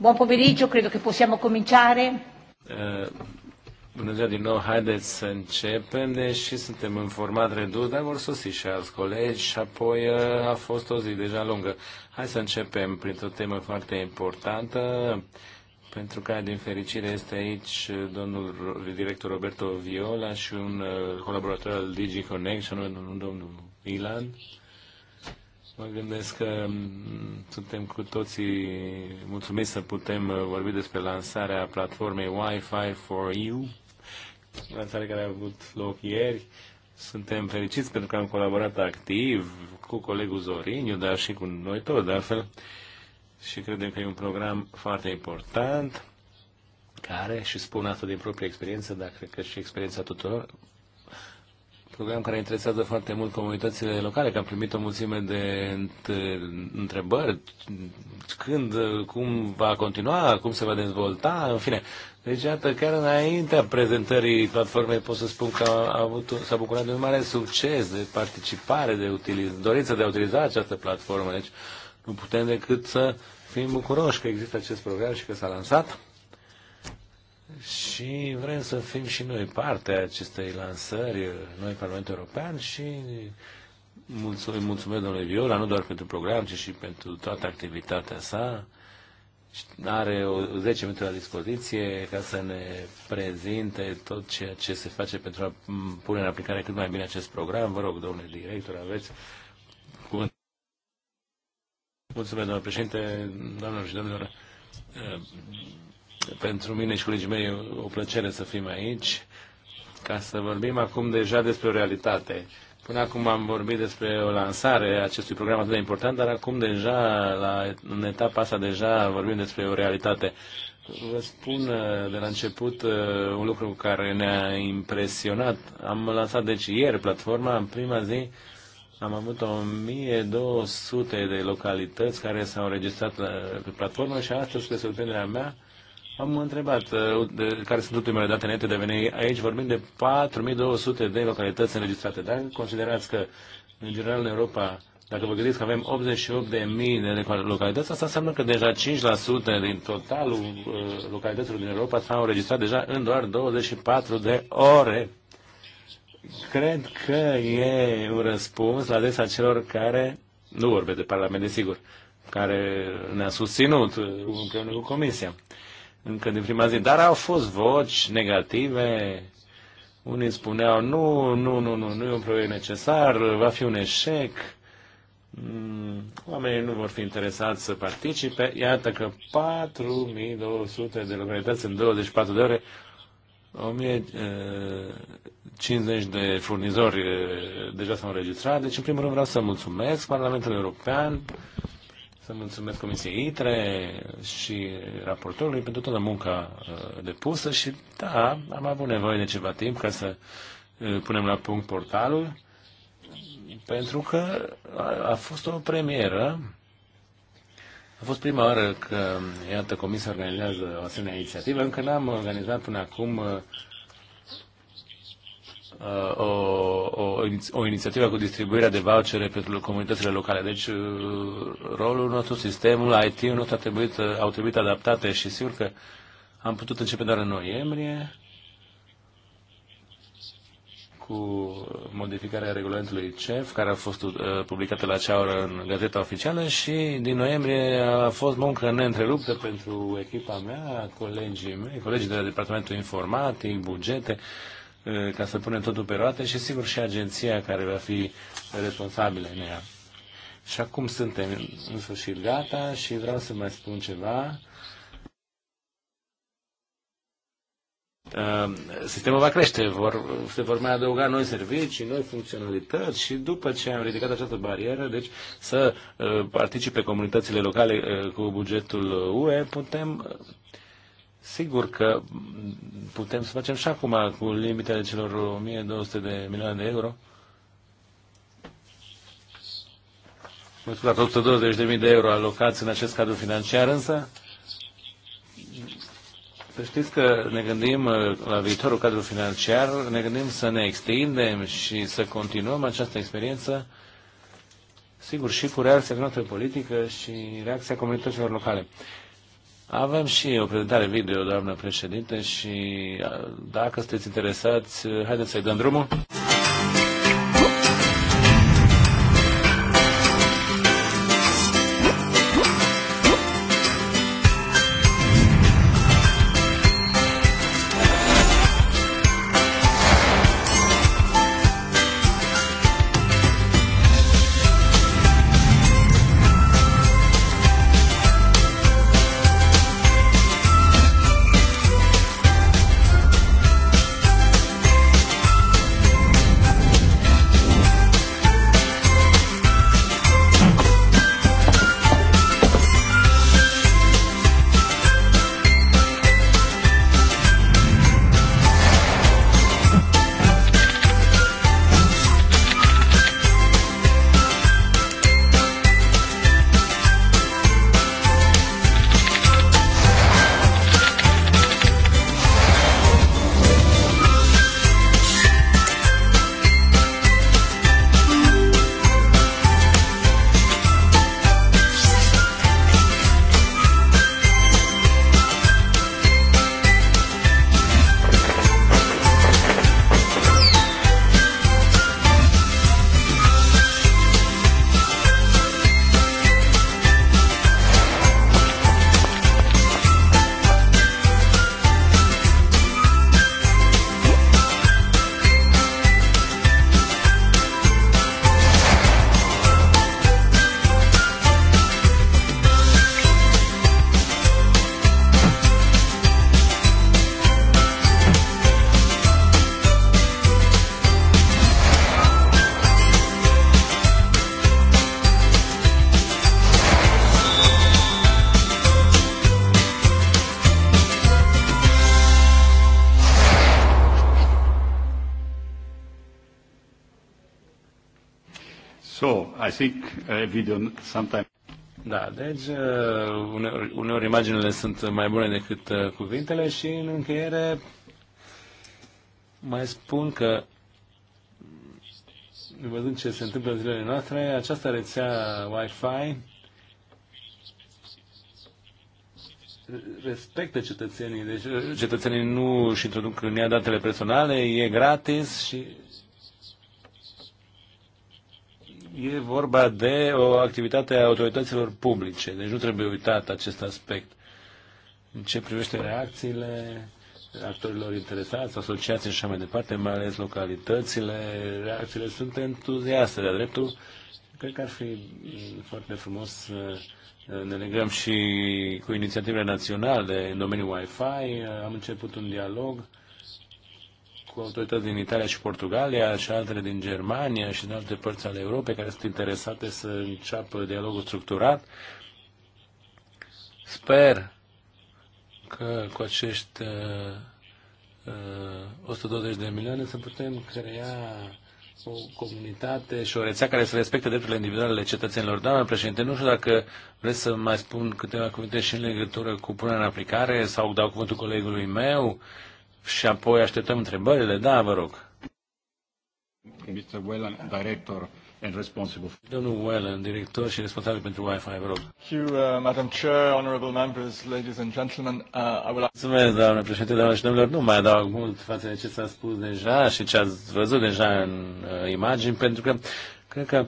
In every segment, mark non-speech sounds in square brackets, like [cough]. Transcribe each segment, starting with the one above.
Buon pomeriggio, credo che possiamo cominciare. Uh, bună ziua din nou, haideți să începem, deși suntem în format redus, dar vor sosi și alți colegi și apoi uh, a fost o zi deja lungă. Hai să începem printr-o temă foarte importantă, pentru care, din fericire, este aici domnul director Roberto Viola și un uh, colaborator al DigiConnect, și anume domnul Ilan. Mă gândesc că mm, suntem cu toții mulțumiți să putem uh, vorbi despre lansarea platformei Wi-Fi for You, lansare care a avut loc ieri. Suntem fericiți pentru că am colaborat activ cu colegul Zoriniu, dar și cu noi tot, de altfel. Și credem că e un program foarte important care, și spun asta din proprie experiență, dar cred că și experiența tuturor, program care interesează foarte mult comunitățile locale, că am primit o mulțime de întrebări, când, cum va continua, cum se va dezvolta, în fine. Deci, iată, chiar înaintea prezentării platformei pot să spun că a avut, s-a bucurat de un mare succes de participare, de utiliz, dorință de a utiliza această platformă. Deci, nu putem decât să fim bucuroși că există acest program și că s-a lansat și vrem să fim și noi parte a acestei lansări, noi Parlamentul European și mulțumim mulțumesc domnului Viola, nu doar pentru program, ci și pentru toată activitatea sa. Are o 10 minute la dispoziție ca să ne prezinte tot ceea ce se face pentru a pune în aplicare cât mai bine acest program. Vă rog, domnule director, aveți cuvânt. Mulțumesc, domnule președinte, doamnelor și domnilor pentru mine și colegii mei o plăcere să fim aici ca să vorbim acum deja despre o realitate. Până acum am vorbit despre o lansare a acestui program atât de important, dar acum deja, la, în etapa asta, deja vorbim despre o realitate. Vă spun uh, de la început uh, un lucru care ne-a impresionat. Am lansat, deci, ieri platforma, în prima zi, am avut 1200 de localități care s-au înregistrat uh, pe platformă și astăzi, spre surprinderea mea, am întrebat uh, de care sunt ultimele date înainte de a veni aici. Vorbim de 4200 de localități înregistrate. Dar considerați că, în general, în Europa, dacă vă gândiți că avem 88.000 de localități, asta înseamnă că deja 5% din totalul uh, localităților din Europa s-au înregistrat deja în doar 24 de ore. Cred că e un răspuns la adresa celor care, nu vorbesc de Parlament, desigur, care ne-a susținut uh, împreună cu Comisia încă din prima zi, dar au fost voci negative. Unii spuneau, nu, nu, nu, nu, nu e un proiect necesar, va fi un eșec, mm, oamenii nu vor fi interesați să participe. Iată că 4200 de localități în 24 de ore 1050 de furnizori eh, deja s-au înregistrat. Deci, în primul rând, vreau să mulțumesc Parlamentului European să mulțumesc Comisiei ITRE și raportorului pentru toată munca uh, depusă și da, am avut nevoie de ceva timp ca să uh, punem la punct portalul pentru că a fost o premieră a fost prima oară că, iată, Comisia organizează o asemenea inițiativă. Încă n-am organizat până acum uh, Uh, o, o, o inițiativă cu distribuirea de vouchere pentru comunitățile locale. Deci uh, rolul nostru, sistemul, IT-ul nostru a trebuit, uh, au trebuit adaptate și sigur că am putut începe doar în noiembrie cu modificarea regulamentului CEF, care a fost uh, publicată la cea oră în gazeta oficială și din noiembrie a fost muncă neîntreruptă pentru echipa mea, colegii mei, colegii de la Departamentul Informatic, bugete, uh, Eh, ca să punem totul pe roate și sigur și agenția care va fi responsabilă în ea. Și acum suntem în sfârșit gata și vreau să mai spun ceva. Eh, sistemul va crește, vor, se vor mai adăuga noi servicii, noi funcționalități și după ce am ridicat această barieră, deci să eh, participe comunitățile locale cu bugetul UE, putem Sigur că putem să facem și acum cu limitele celor 1200 de milioane de euro. Mă scuzați, 820 de euro alocați în acest cadru financiar, însă să știți că ne gândim uh, la viitorul cadru financiar, ne gândim să ne extindem și să continuăm această experiență, sigur, și cu reacția noastră politică și reacția comunităților locale. Avem și o prezentare video, doamnă președinte, și dacă sunteți interesați, haideți să-i dăm drumul. think, video sometimes. Da, deci uh, uneori, uneori imaginele sunt mai bune decât uh, cuvintele și în încheiere mai spun că văzând ce se întâmplă în zilele noastre, această rețea Wi-Fi respectă cetățenii, deci cetățenii nu își introduc în ea datele personale, e gratis și E vorba de o activitate a autorităților publice, deci nu trebuie uitat acest aspect. În ce privește reacțiile actorilor interesați, asociații și așa mai departe, mai ales localitățile, reacțiile sunt entuziaste de-a dreptul. Cred că ar fi foarte frumos să ne legăm și cu inițiativele naționale în domeniul Wi-Fi. Am început un dialog cu autorități din Italia și Portugalia și altele din Germania și din alte părți ale Europei care sunt interesate să înceapă dialogul structurat. Sper că cu acești uh, 120 uh, de milioane să putem crea o comunitate și o rețea care să respecte drepturile individuale ale cetățenilor. Doamna președinte, nu știu dacă vreți să mai spun câteva cuvinte și în legătură cu punerea în aplicare sau dau cuvântul colegului meu. Uh, și apoi așteptăm întrebările. Da, vă rog. Mr. Whelan, director and responsible. Domnul Whelan, director și responsabil pentru Wi-Fi, vă rog. Thank you, uh, Madam Chair, honorable members, ladies and gentlemen. Uh, I will... Mulțumesc, doamnă președinte, doamnă și domnilor. Nu mai adaug mult față de ce s-a spus deja și ce ați văzut deja în uh, imagini, pentru că cred că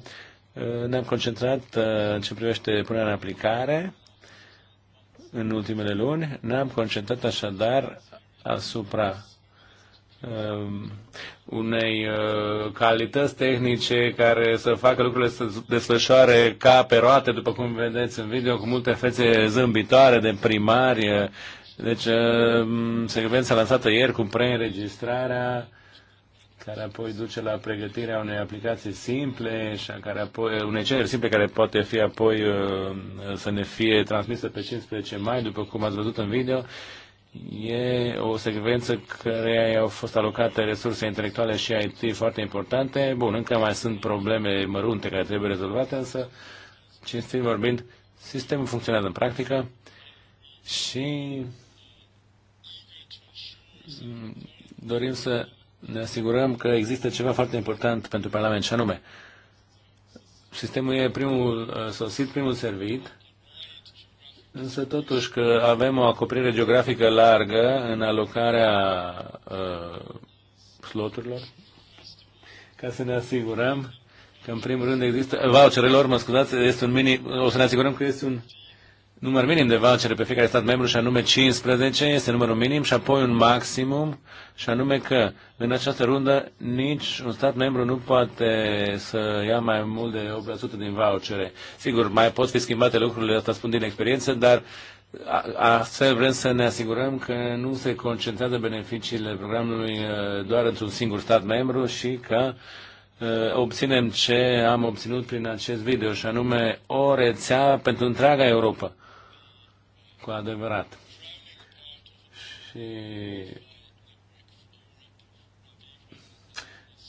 uh, ne-am concentrat uh, în ce privește punerea în aplicare în ultimele luni. Ne-am concentrat așadar asupra um, unei uh, calități tehnice care să facă lucrurile să desfășoare ca pe roate, după cum vedeți în video, cu multe fețe zâmbitoare de primari. Deci, um, secvența lansată ieri cu preînregistrarea, care apoi duce la pregătirea unei aplicații simple și a care apoi, unei cereri simple care poate fi apoi uh, să ne fie transmisă pe 15 mai, după cum ați văzut în video. E o secvență care au fost alocate resurse intelectuale și IT foarte importante. Bun, încă mai sunt probleme mărunte care trebuie rezolvate, însă, cinstit vorbind, sistemul funcționează în practică și dorim să ne asigurăm că există ceva foarte important pentru Parlament, și anume, sistemul e primul uh, sosit, primul servit Însă totuși că avem o acoperire geografică largă în alocarea uh, sloturilor, ca să ne asigurăm că în primul rând există, voucherelor, mă scuzați, este un mini, o să ne asigurăm că este un număr minim de vouchere pe fiecare stat membru, și anume 15, este numărul minim, și apoi un maximum, și anume că în această rundă nici un stat membru nu poate să ia mai mult de 8% din vouchere. Sigur, mai pot fi schimbate lucrurile, asta spun din experiență, dar astfel vrem să ne asigurăm că nu se concentrează beneficiile programului uh, doar într-un singur stat membru și că uh, obținem ce am obținut prin acest video, și anume o rețea pentru întreaga Europa cu adevărat. Și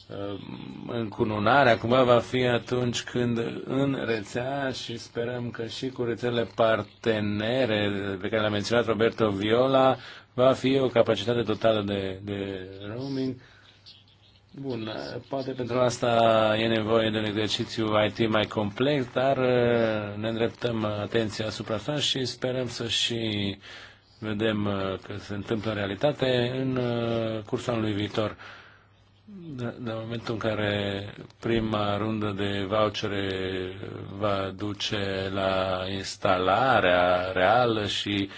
uh, încununarea cumva va fi atunci când în rețea și sperăm că și cu rețelele partenere pe care le-a menționat Roberto Viola va fi o capacitate totală de, de roaming Bun, eh, poate pentru asta e nevoie de un exercițiu IT mai complex, dar eh, ne îndreptăm atenția asupra asta și sperăm să și vedem eh, că se întâmplă în realitate în cursul anului viitor. Da, da, în momentul în care prima rundă de vouchere va duce la instalarea reală și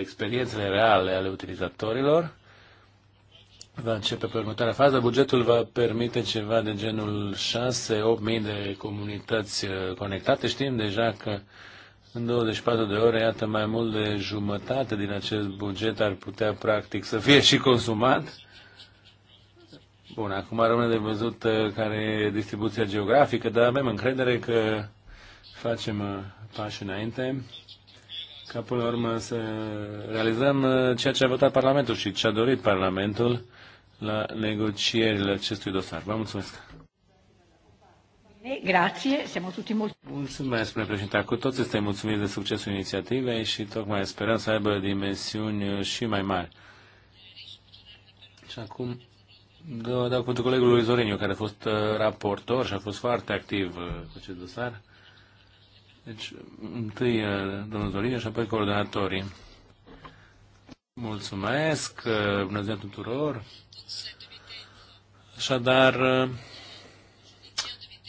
experiențele reale ale utilizatorilor, va începe pe următoarea fază. Bugetul va permite ceva de genul 6-8.000 de comunități uh, conectate. Știm deja că în 24 de ore, iată, mai mult de jumătate din acest buget ar putea, practic, să fie și consumat. Bun, acum rămâne de văzut uh, care e distribuția geografică, dar avem încredere că facem uh, pași înainte ca până la urmă să realizăm ceea ce a votat Parlamentul și ce a dorit Parlamentul la negocierile acestui dosar. Vă mulțumesc! Grazie, siamo tutti molto... Mulțumesc, domnule președinte. Cu toți suntem mulțumiți de succesul inițiativei și tocmai sperăm să aibă dimensiuni și mai mari. Și acum dau, da, cuvântul colegului Zoreniu, care a fost uh, raportor și a fost foarte activ uh, cu acest dosar. Deci, întâi uh, domnul Zoreniu și apoi coordonatorii. Mulțumesc, bună ziua tuturor! Așadar, uh,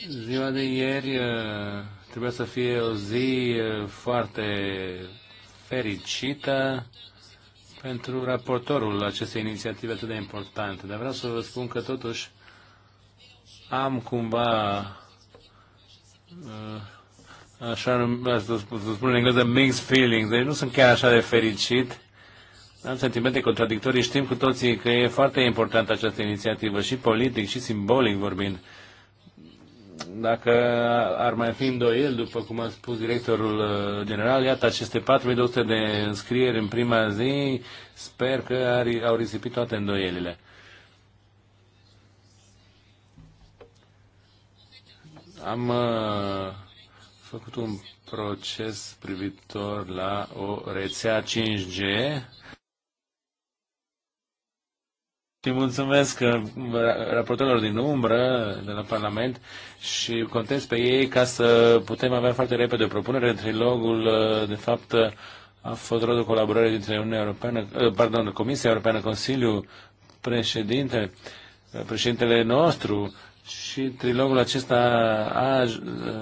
ziua de ieri uh, trebuia să fie o zi uh, foarte fericită pentru raportorul acestei inițiative atât de importante. Dar vreau să vă spun că totuși am cumva așa să spun în engleză mixed feelings, deci nu sunt chiar așa de fericit am sentimente contradictorii. Știm cu toții că e foarte importantă această inițiativă și politic și simbolic vorbind. Dacă ar mai fi îndoiel, după cum a spus directorul uh, general, iată aceste 4200 de înscrieri în prima zi, sper că ar, au risipit toate îndoielile. Am uh, făcut un proces privitor la o rețea 5G și mulțumesc uh, raportorilor din umbră de la Parlament și contez pe ei ca să putem avea foarte repede o propunere. Trilogul, uh, de fapt, a fost de colaborare dintre Uniunea Europeană, uh, pardon, Comisia Europeană, Consiliu, președinte, președintele nostru și trilogul acesta a,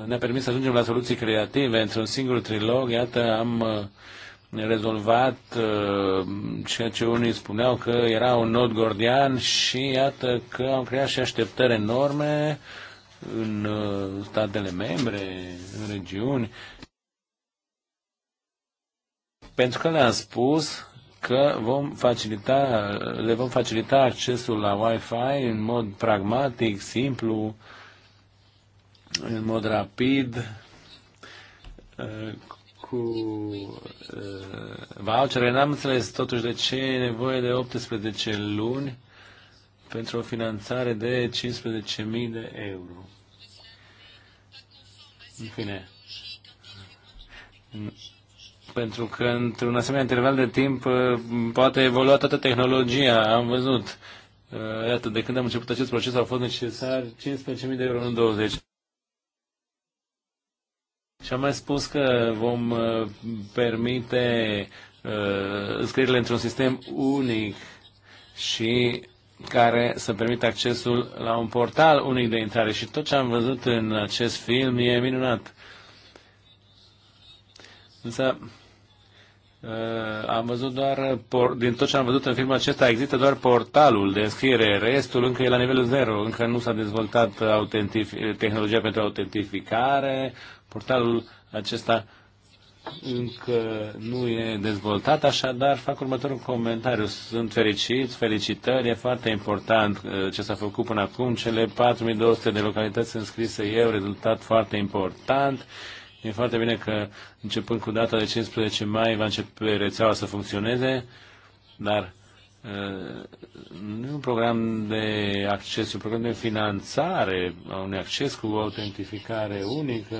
ne-a permis să ajungem la soluții creative. Într-un singur trilog, iată, am uh, nerezolvat uh, ceea ce unii spuneau că era un nod gordian și iată că am creat și așteptări enorme în uh, statele membre, în regiuni, pentru că le-am spus că vom facilita, le vom facilita accesul la Wi-Fi în mod pragmatic, simplu, în mod rapid, uh, cu uh, vouchere. N-am înțeles totuși de ce e nevoie de 18 luni pentru o finanțare de 15.000 de euro. În fine. Pentru că într-un asemenea interval de timp uh, poate evolua toată tehnologia. Am văzut. Uh, iată, de când am început acest proces au fost necesari 15.000 de euro, nu 20. Și am mai spus că vom uh, permite uh, scrierile într-un sistem unic și care să permită accesul la un portal unic de intrare. Și tot ce am văzut în acest film e minunat. Însă uh, am văzut doar, din tot ce am văzut în filmul acesta, există doar portalul de înscriere. Restul încă e la nivelul zero. Încă nu s-a dezvoltat autentif, tehnologia pentru autentificare, Portalul acesta încă nu e dezvoltat, așadar fac următorul comentariu. Sunt fericit, felicitări, e foarte important uh, ce s-a făcut până acum. Cele 4200 de localități înscrise e un rezultat foarte important. E foarte bine că începând cu data de 15 mai va începe rețeaua să funcționeze, dar Uh, nu e un program de acces, e un program de finanțare a unui acces cu autentificare unică,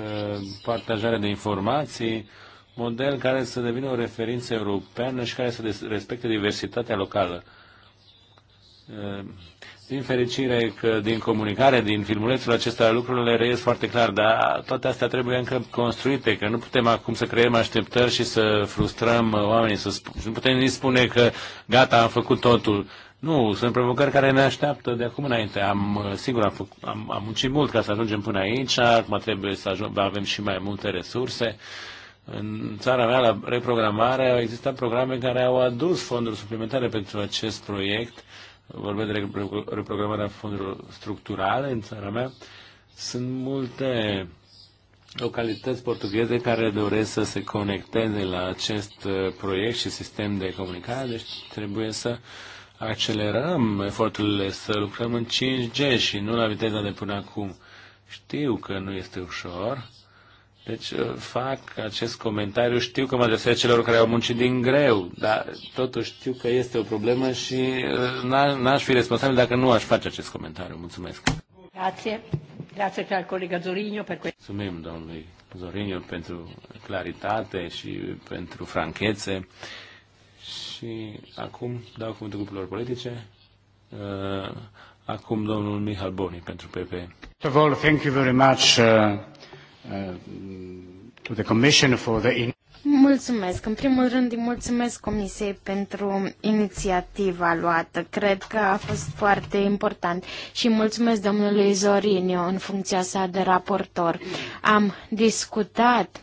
partajare de informații, model care să devină o referință europeană și care să respecte diversitatea locală. Uh, din fericire că din comunicare, din filmulețul acesta, lucrurile reies foarte clar, dar toate astea trebuie încă construite, că nu putem acum să creăm așteptări și să frustrăm oamenii, să nu putem nici spune că gata, am făcut totul. Nu, sunt provocări care ne așteaptă de acum înainte. Am, sigur, am, făcut, am, am muncit mult ca să ajungem până aici, acum trebuie să ajung, avem și mai multe resurse. În țara mea, la reprogramare, au existat programe care au adus fonduri suplimentare pentru acest proiect vorbesc de reprogramarea fondurilor structurale în țara mea, sunt multe localități portugheze care doresc să se conecteze la acest uh, proiect și sistem de comunicare, deci trebuie să accelerăm eforturile, să lucrăm în 5G și nu la viteza de până acum. Știu că nu este ușor, deci uh, fac acest comentariu, știu că mă adresez celor care au muncit din greu, dar totuși știu că este o problemă și uh, n-aș fi responsabil dacă nu aș face acest comentariu. Mulțumesc. Grazie. Grazie al colega Zorinio per questo. Mulțumim domnului Zorinio pentru claritate și pentru franchețe. Și acum dau cuvântul grupurilor politice. Uh, acum domnul Mihal Boni pentru PP. Thank you very much. Uh, to the Commission for the Mulțumesc. În primul rând îi mulțumesc Comisiei pentru inițiativa luată. Cred că a fost foarte important și mulțumesc domnului Zorinio în funcția sa de raportor. Am discutat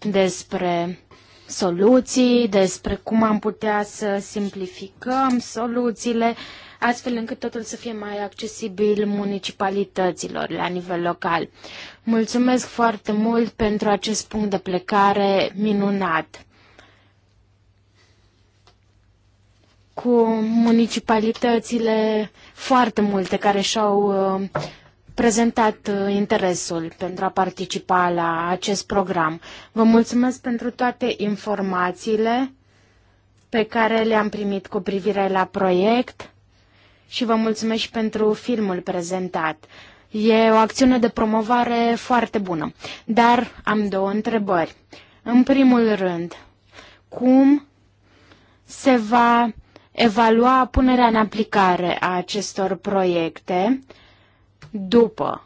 despre soluții, despre cum am putea să simplificăm soluțiile, astfel încât totul să fie mai accesibil municipalităților la nivel local. Mulțumesc foarte mult pentru acest punct de plecare minunat. Cu municipalitățile foarte multe care și-au uh, prezentat uh, interesul pentru a participa la acest program. Vă mulțumesc pentru toate informațiile pe care le-am primit cu privire la proiect și vă mulțumesc și pentru filmul prezentat. E o acțiune de promovare foarte bună. Dar am două întrebări. În primul rând, cum se va evalua punerea în aplicare a acestor proiecte după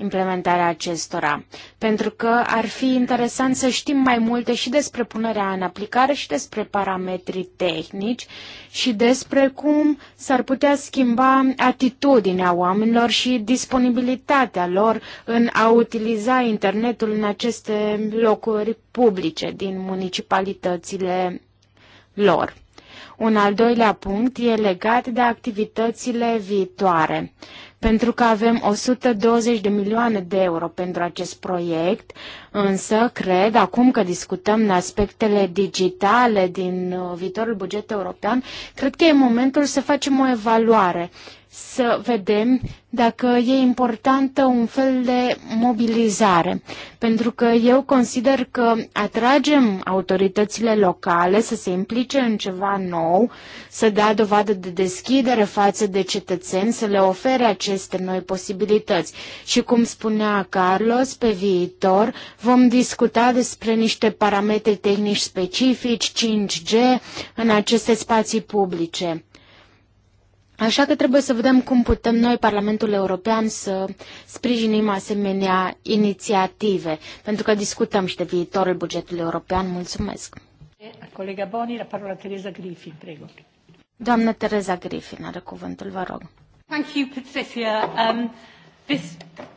implementarea acestora, pentru că ar fi interesant să știm mai multe și despre punerea în aplicare și despre parametrii tehnici și despre cum s-ar putea schimba atitudinea oamenilor și disponibilitatea lor în a utiliza internetul în aceste locuri publice din municipalitățile lor. Un al doilea punct e legat de activitățile viitoare pentru că avem 120 de milioane de euro pentru acest proiect, însă cred, acum că discutăm aspectele digitale din uh, viitorul buget european, cred că e momentul să facem o evaluare să vedem dacă e importantă un fel de mobilizare. Pentru că eu consider că atragem autoritățile locale să se implice în ceva nou, să dea dovadă de deschidere față de cetățeni, să le ofere aceste noi posibilități. Și cum spunea Carlos, pe viitor vom discuta despre niște parametri tehnici specifici, 5G, în aceste spații publice. Așa că trebuie să vedem cum putem noi, Parlamentul European, să sprijinim asemenea inițiative, pentru că discutăm și de viitorul bugetului european. Mulțumesc! Colega Boni, la parola Teresa Griffin, prego. Doamna Teresa Griffin are cuvântul, vă rog. Thank you, Patricia. Um... This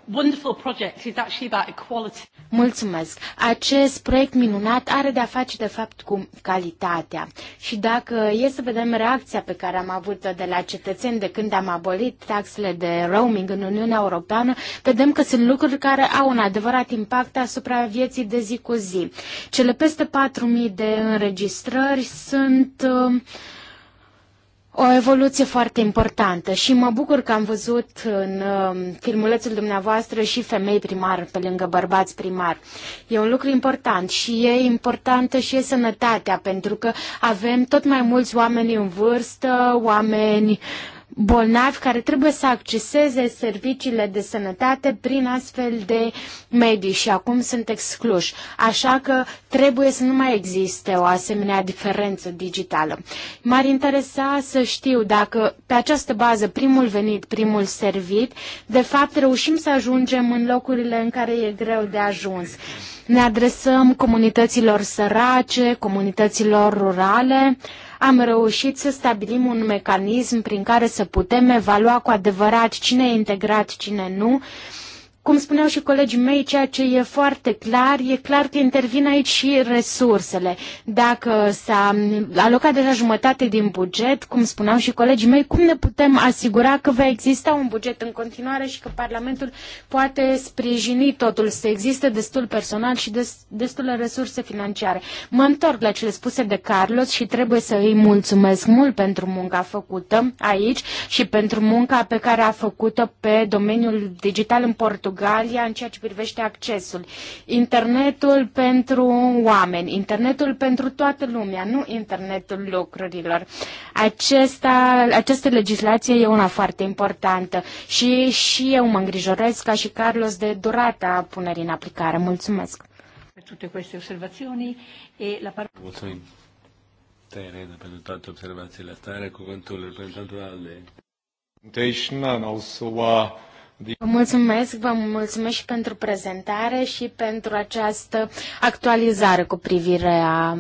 wonderful project is actually about equality. Mulțumesc. Acest proiect minunat are de-a face de fapt cu calitatea. Și dacă e să vedem reacția pe care am avut-o de la cetățeni de când am abolit taxele de roaming în Uniunea Europeană, vedem că sunt lucruri care au un adevărat impact asupra vieții de zi cu zi. Cele peste 4.000 de înregistrări sunt uh, o evoluție foarte importantă și mă bucur că am văzut în um, filmulețul dumneavoastră și femei primar pe lângă bărbați primar. E un lucru important și e importantă și e sănătatea pentru că avem tot mai mulți oameni în vârstă, oameni uh, bolnavi care trebuie să acceseze serviciile de sănătate prin astfel de medii și acum sunt excluși. Așa că trebuie să nu mai existe o asemenea diferență digitală. M-ar interesa să știu dacă pe această bază primul venit, primul servit, de fapt reușim să ajungem în locurile în care e greu de ajuns. Ne adresăm comunităților sărace, comunităților rurale, am reușit să stabilim un mecanism prin care să putem evalua cu adevărat cine e integrat, cine nu, cum spuneau și colegii mei, ceea ce e foarte clar, e clar că intervin aici și resursele. Dacă s-a alocat deja jumătate din buget, cum spuneau și colegii mei, cum ne putem asigura că va exista un buget în continuare și că Parlamentul poate sprijini totul, să existe destul personal și destule resurse financiare. Mă întorc la cele spuse de Carlos și trebuie să îi mulțumesc mult pentru munca făcută aici și pentru munca pe care a făcut-o pe domeniul digital în Portugal. Portugalia în ceea ce privește accesul. Internetul pentru oameni, internetul pentru toată lumea, nu internetul lucrurilor. Acesta, această legislație e una foarte importantă și, și eu mă îngrijorez ca și Carlos de durata punerii în aplicare. Mulțumesc! tutte queste osservazioni e la parola... Mulțumim, Terena, pentru toate observațiile astea. Are cuvântul reprezentantul al de... Presentation and also uh, Vă mulțumesc, vă mulțumesc și pentru prezentare și pentru această actualizare cu privire a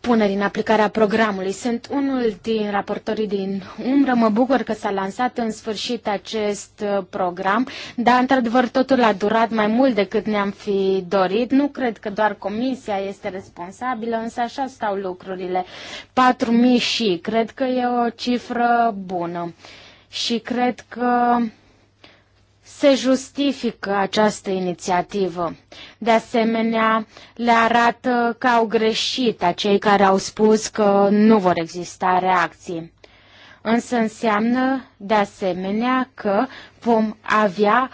punerii în aplicare a programului. Sunt unul din raportorii din umbră. Mă bucur că s-a lansat în sfârșit acest uh, program, dar într-adevăr totul a durat mai mult decât ne-am fi dorit. Nu cred că doar comisia este responsabilă, însă așa stau lucrurile. 4.000 și cred că e o cifră bună și cred că se justifică această inițiativă. De asemenea, le arată că au greșit acei care au spus că nu vor exista reacții. Însă înseamnă, de asemenea, că vom avea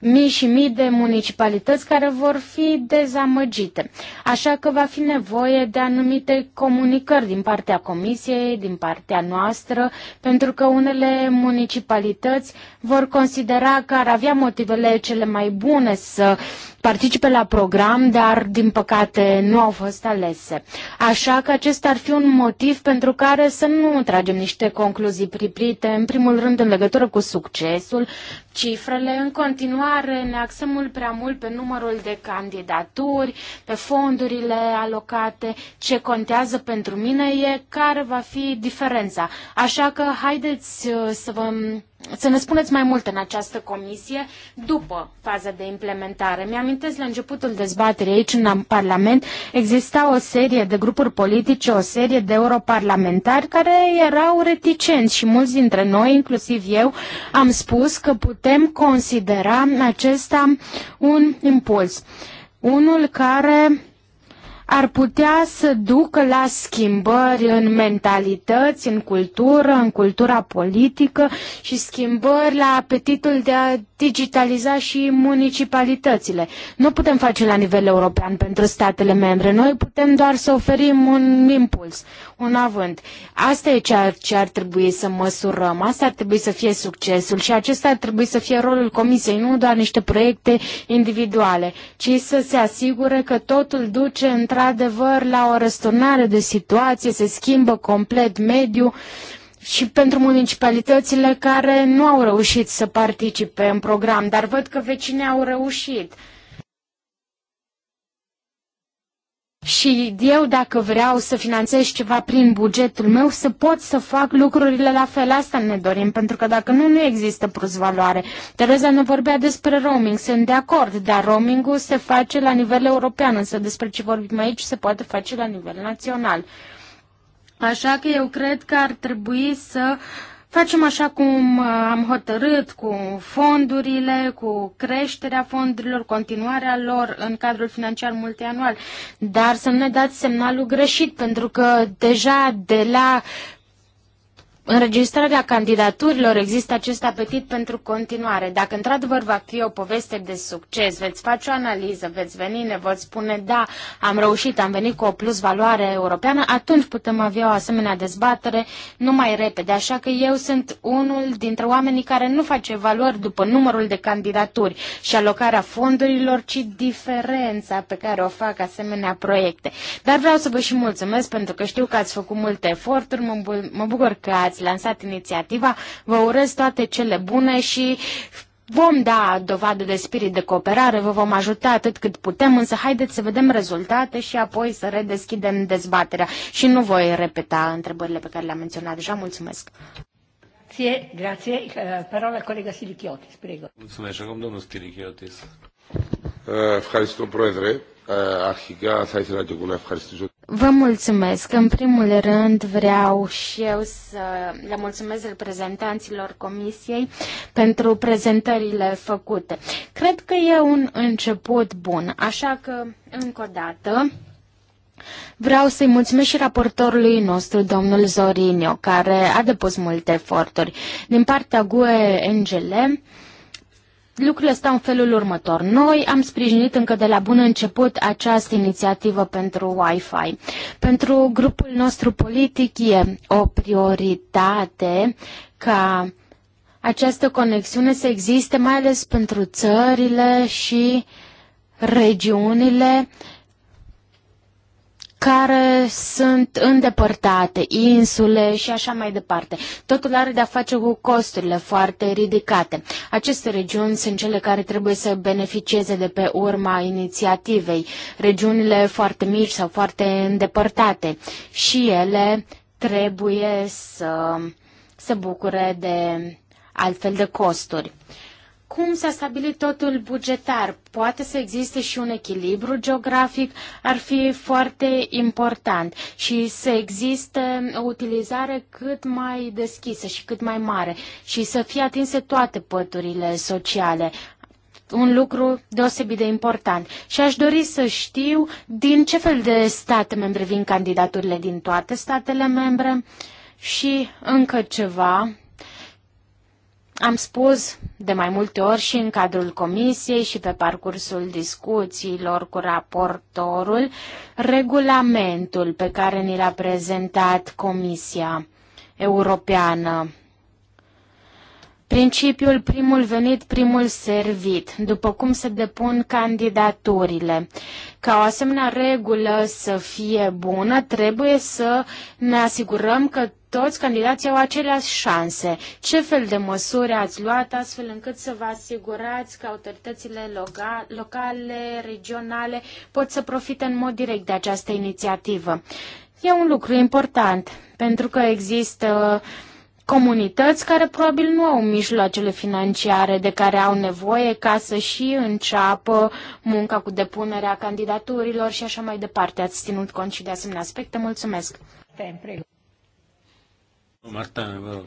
mii și mii de municipalități care vor fi dezamăgite. Așa că va fi nevoie de anumite comunicări din partea Comisiei, din partea noastră, pentru că unele municipalități vor considera că ar avea motivele cele mai bune să participe la program, dar din păcate nu au fost alese. Așa că acesta ar fi un motiv pentru care să nu tragem niște concluzii priprite, în primul rând în legătură cu succesul, cifrele în continuare dar ne axăm mult prea mult pe numărul de candidaturi, pe fondurile alocate, ce contează pentru mine e care va fi diferența. Așa că haideți uh, să vă să ne spuneți mai mult în această comisie după faza de implementare. Mi-amintesc la începutul dezbaterii aici în Parlament exista o serie de grupuri politice, o serie de europarlamentari care erau reticenți și mulți dintre noi, inclusiv eu, am spus că putem considera acesta un impuls. Unul care ar putea să ducă la schimbări în mentalități, în cultură, în cultura politică și schimbări la apetitul de a digitaliza și municipalitățile. Nu putem face la nivel european pentru statele membre. Noi putem doar să oferim un impuls, un avânt. Asta e ar, ce ar trebui să măsurăm. Asta ar trebui să fie succesul și acesta ar trebui să fie rolul comisiei, nu doar niște proiecte individuale, ci să se asigure că totul duce într-adevăr la o răsturnare de situație, se schimbă complet mediul, și pentru municipalitățile care nu au reușit să participe în program, dar văd că vecinii au reușit. Și eu, dacă vreau să finanțez ceva prin bugetul meu, să pot să fac lucrurile la fel. Asta ne dorim, pentru că dacă nu, nu există plus valoare. Tereza nu vorbea despre roaming, sunt de acord, dar roamingul se face la nivel european, însă despre ce vorbim aici se poate face la nivel național. Așa că eu cred că ar trebui să facem așa cum uh, am hotărât cu fondurile, cu creșterea fondurilor, continuarea lor în cadrul financiar multianual. Dar să nu ne dați semnalul greșit, pentru că deja de la înregistrarea candidaturilor există acest apetit pentru continuare. Dacă într-adevăr va fi o poveste de succes, veți face o analiză, veți veni, ne veți spune da, am reușit, am venit cu o plus valoare europeană, atunci putem avea o asemenea dezbatere nu mai repede. Așa că eu sunt unul dintre oamenii care nu face valori după numărul de candidaturi și alocarea fondurilor, ci diferența pe care o fac asemenea proiecte. Dar vreau să vă și mulțumesc pentru că știu că ați făcut multe eforturi, mă, mă bucur că ați lansat inițiativa. Vă urez toate cele bune și vom da dovadă de spirit de cooperare, vă vom ajuta atât cât putem, însă haideți să vedem rezultate și apoi să redeschidem dezbaterea. Și nu voi repeta întrebările pe care le-am menționat deja. Mulțumesc! Grazie, grazie. Parola colega Silichiotis, prego. Mulțumesc. Acum domnul Silichiotis. Ευχαριστώ, Πρόεδρε. Αρχικά θα ήθελα και εγώ να ευχαριστήσω. Vă mulțumesc. În primul rând vreau și eu să le mulțumesc reprezentanților Comisiei pentru prezentările făcute. Cred că e un început bun, așa că, încă o dată, Vreau să-i mulțumesc și raportorului nostru, domnul Zorinio, care a depus multe eforturi. Din partea GUE NGL, lucrurile stau în felul următor. Noi am sprijinit încă de la bun început această inițiativă pentru Wi-Fi. Pentru grupul nostru politic e o prioritate ca această conexiune să existe mai ales pentru țările și regiunile care sunt îndepărtate, insule și așa mai departe. Totul are de-a face cu costurile foarte ridicate. Aceste regiuni sunt cele care trebuie să beneficieze de pe urma inițiativei. Regiunile foarte mici sau foarte îndepărtate și ele trebuie să se bucure de altfel de costuri cum s-a stabilit totul bugetar? Poate să existe și un echilibru geografic, ar fi foarte important și să existe o utilizare cât mai deschisă și cât mai mare și să fie atinse toate păturile sociale un lucru deosebit de important. Și aș dori să știu din ce fel de state membre vin candidaturile din toate statele membre și încă ceva am spus de mai multe ori și în cadrul comisiei și pe parcursul discuțiilor cu raportorul regulamentul pe care ni l-a prezentat Comisia Europeană. Principiul primul venit, primul servit, după cum se depun candidaturile. Ca o asemenea regulă să fie bună, trebuie să ne asigurăm că toți candidații au aceleași șanse. Ce fel de măsuri ați luat astfel încât să vă asigurați că autoritățile loca locale, regionale pot să profite în mod direct de această inițiativă? E un lucru important, pentru că există comunități care probabil nu au mijloacele financiare de care au nevoie ca să și înceapă munca cu depunerea candidaturilor și așa mai departe. Ați ținut cont și de asemenea aspecte. Mulțumesc! Tem, Martin, vă rog.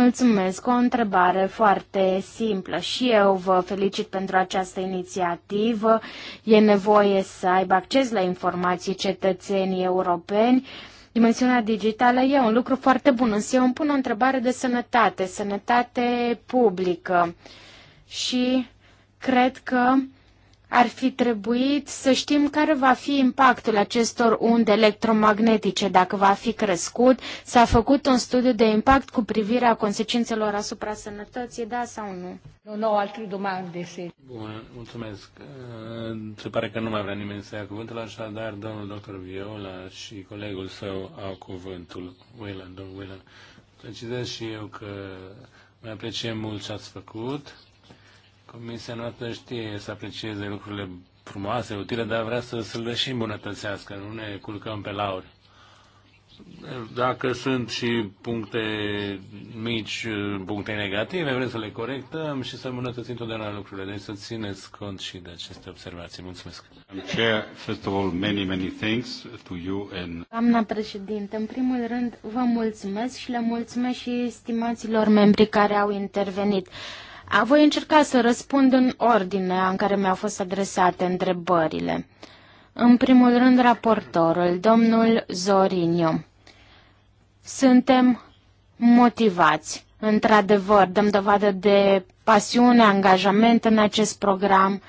Mulțumesc, o întrebare foarte simplă și eu vă felicit pentru această inițiativă. E nevoie să aibă acces la informații cetățenii europeni. Dimensiunea digitală e un lucru foarte bun, însă eu îmi pun o întrebare de sănătate, sănătate publică. Și cred că ar fi trebuit să știm care va fi impactul acestor unde electromagnetice, dacă va fi crescut. S-a făcut un studiu de impact cu privirea consecințelor asupra sănătății, da sau nu? Nu, nu, de domande. Bun, mulțumesc. Se pare că nu mai vrea nimeni să ia cuvântul, dar domnul doctor Viola și colegul său au cuvântul. Willen, domnul Willen. Precizez și eu că mai apreciem mult ce ați făcut Comisia noastră știe să aprecieze lucrurile frumoase, utile, dar vrea să, să le și îmbunătățească, nu ne culcăm pe lauri. Dacă sunt și puncte mici, puncte negative, vrem să le corectăm și să îmbunătățim totdeauna lucrurile. Deci să țineți cont și de aceste observații. Mulțumesc. Chair, first of all, many, many thanks to you and... Doamna președinte, în primul rând vă mulțumesc și le mulțumesc și estimaților membri care au intervenit. A voi încerca să răspund în ordinea în care mi-au fost adresate întrebările. În primul rând, raportorul, domnul Zorinio. Suntem motivați. Într-adevăr, dăm dovadă de pasiune, angajament în acest program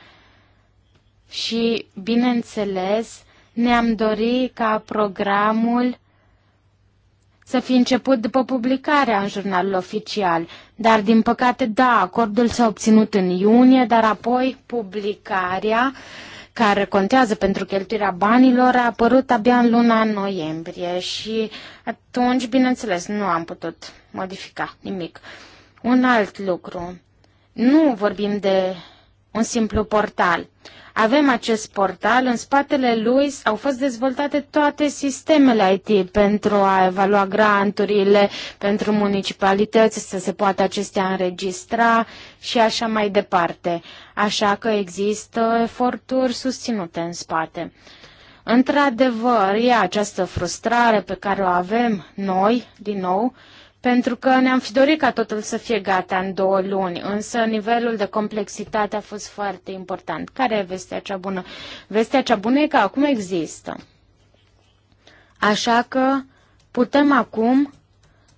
și, bineînțeles, ne-am dorit ca programul să fi început după publicarea în jurnalul oficial, dar din păcate, da, acordul s-a obținut în iunie, dar apoi publicarea care contează pentru cheltuirea banilor a apărut abia în luna noiembrie și atunci, bineînțeles, nu am putut modifica nimic. Un alt lucru. Nu vorbim de un simplu portal. Avem acest portal, în spatele lui au fost dezvoltate toate sistemele IT pentru a evalua granturile, pentru municipalități, să se poată acestea înregistra și așa mai departe. Așa că există eforturi susținute în spate. Într-adevăr, e această frustrare pe care o avem noi, din nou, uh, pentru că ne-am fi dorit ca totul să fie gata în două luni, însă nivelul de complexitate a fost foarte important. Care e vestea cea bună? Vestea cea bună e că acum există. Așa că putem acum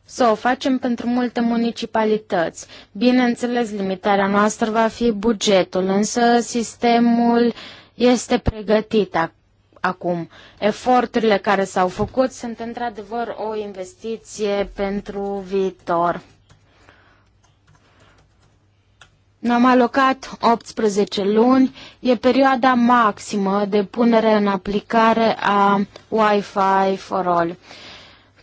să o facem pentru multe municipalități. Bineînțeles, limitarea noastră va fi bugetul, însă sistemul este pregătit acum. Eforturile care s-au făcut sunt într-adevăr o investiție pentru viitor. Ne-am alocat 18 luni, e perioada maximă de punere în aplicare a Wi-Fi for All.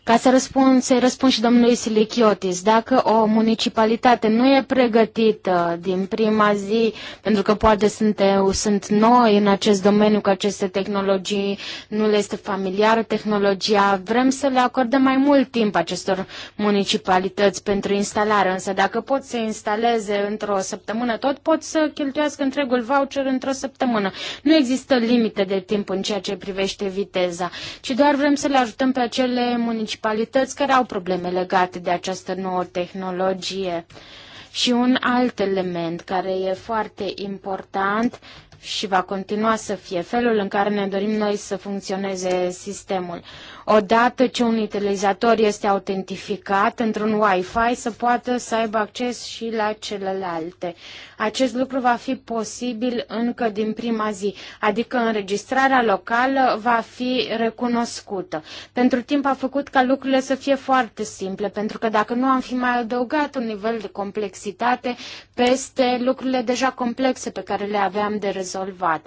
Ca să răspund, să răspund și domnului Silichiotis, dacă o municipalitate nu e pregătită din prima zi, pentru că poate sunt, sunt noi în acest domeniu cu aceste tehnologii, nu le este familiară tehnologia, vrem să le acordăm mai mult timp acestor municipalități pentru instalare, însă dacă pot să instaleze într-o săptămână tot, pot să cheltuiască întregul voucher într-o săptămână. Nu există limite de timp în ceea ce privește viteza, ci doar vrem să le ajutăm pe acele municipalități municipalități care au probleme legate de această nouă tehnologie. Și un alt element care e foarte important și va continua să fie felul în care ne dorim noi să funcționeze sistemul. Odată ce un utilizator este autentificat într-un Wi-Fi, să poată să aibă acces și la celelalte. Acest lucru va fi posibil încă din prima zi, adică înregistrarea locală va fi recunoscută. Pentru timp a făcut ca lucrurile să fie foarte simple, pentru că dacă nu am fi mai adăugat un nivel de complexitate peste lucrurile deja complexe pe care le aveam de rezolvat.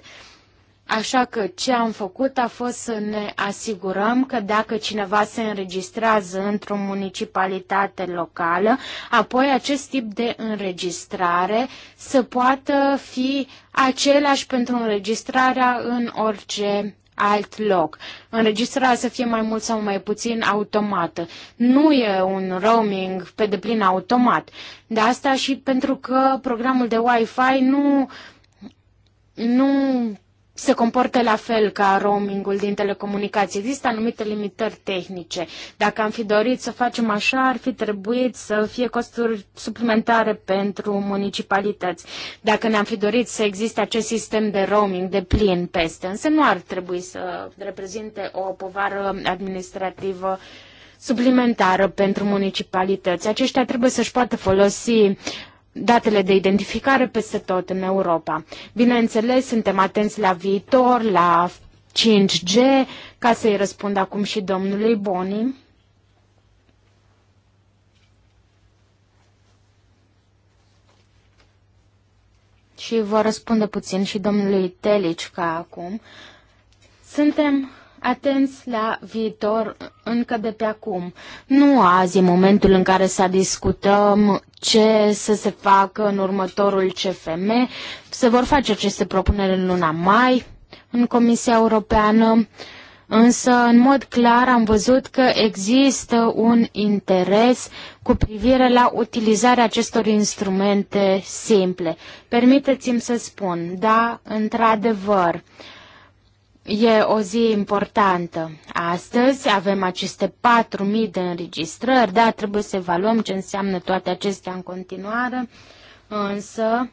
Așa că ce am făcut a fost să ne asigurăm că dacă cineva se înregistrează într-o municipalitate locală, apoi acest tip de înregistrare să poată fi același pentru înregistrarea în orice alt loc. Înregistrarea să fie mai mult sau mai puțin automată. Nu e un roaming pe deplin automat. De asta și pentru că programul de Wi-Fi nu nu se comporte la fel ca roamingul din telecomunicații. Există anumite limitări tehnice. Dacă am fi dorit să facem așa, ar fi trebuit să fie costuri suplimentare pentru municipalități. Dacă ne-am fi dorit să existe acest sistem de roaming de plin peste, însă nu ar trebui să reprezinte o povară administrativă suplimentară pentru municipalități. Aceștia trebuie să-și poată folosi datele de identificare peste tot în Europa. Bineînțeles, suntem atenți la viitor, la 5G, ca să-i răspund acum și domnului Boni. Și vă răspunde puțin și domnului Telici ca acum. Suntem atenți la viitor încă de pe acum. Nu azi e momentul în care să discutăm ce să se facă în următorul CFM. Se vor face aceste propuneri în luna mai în Comisia Europeană, însă în mod clar am văzut că există un interes cu privire la utilizarea acestor instrumente simple. Permiteți-mi să spun, da, într-adevăr, uh, E o zi importantă. Astăzi avem aceste 4.000 de înregistrări, dar trebuie să evaluăm ce înseamnă toate acestea în continuare, însă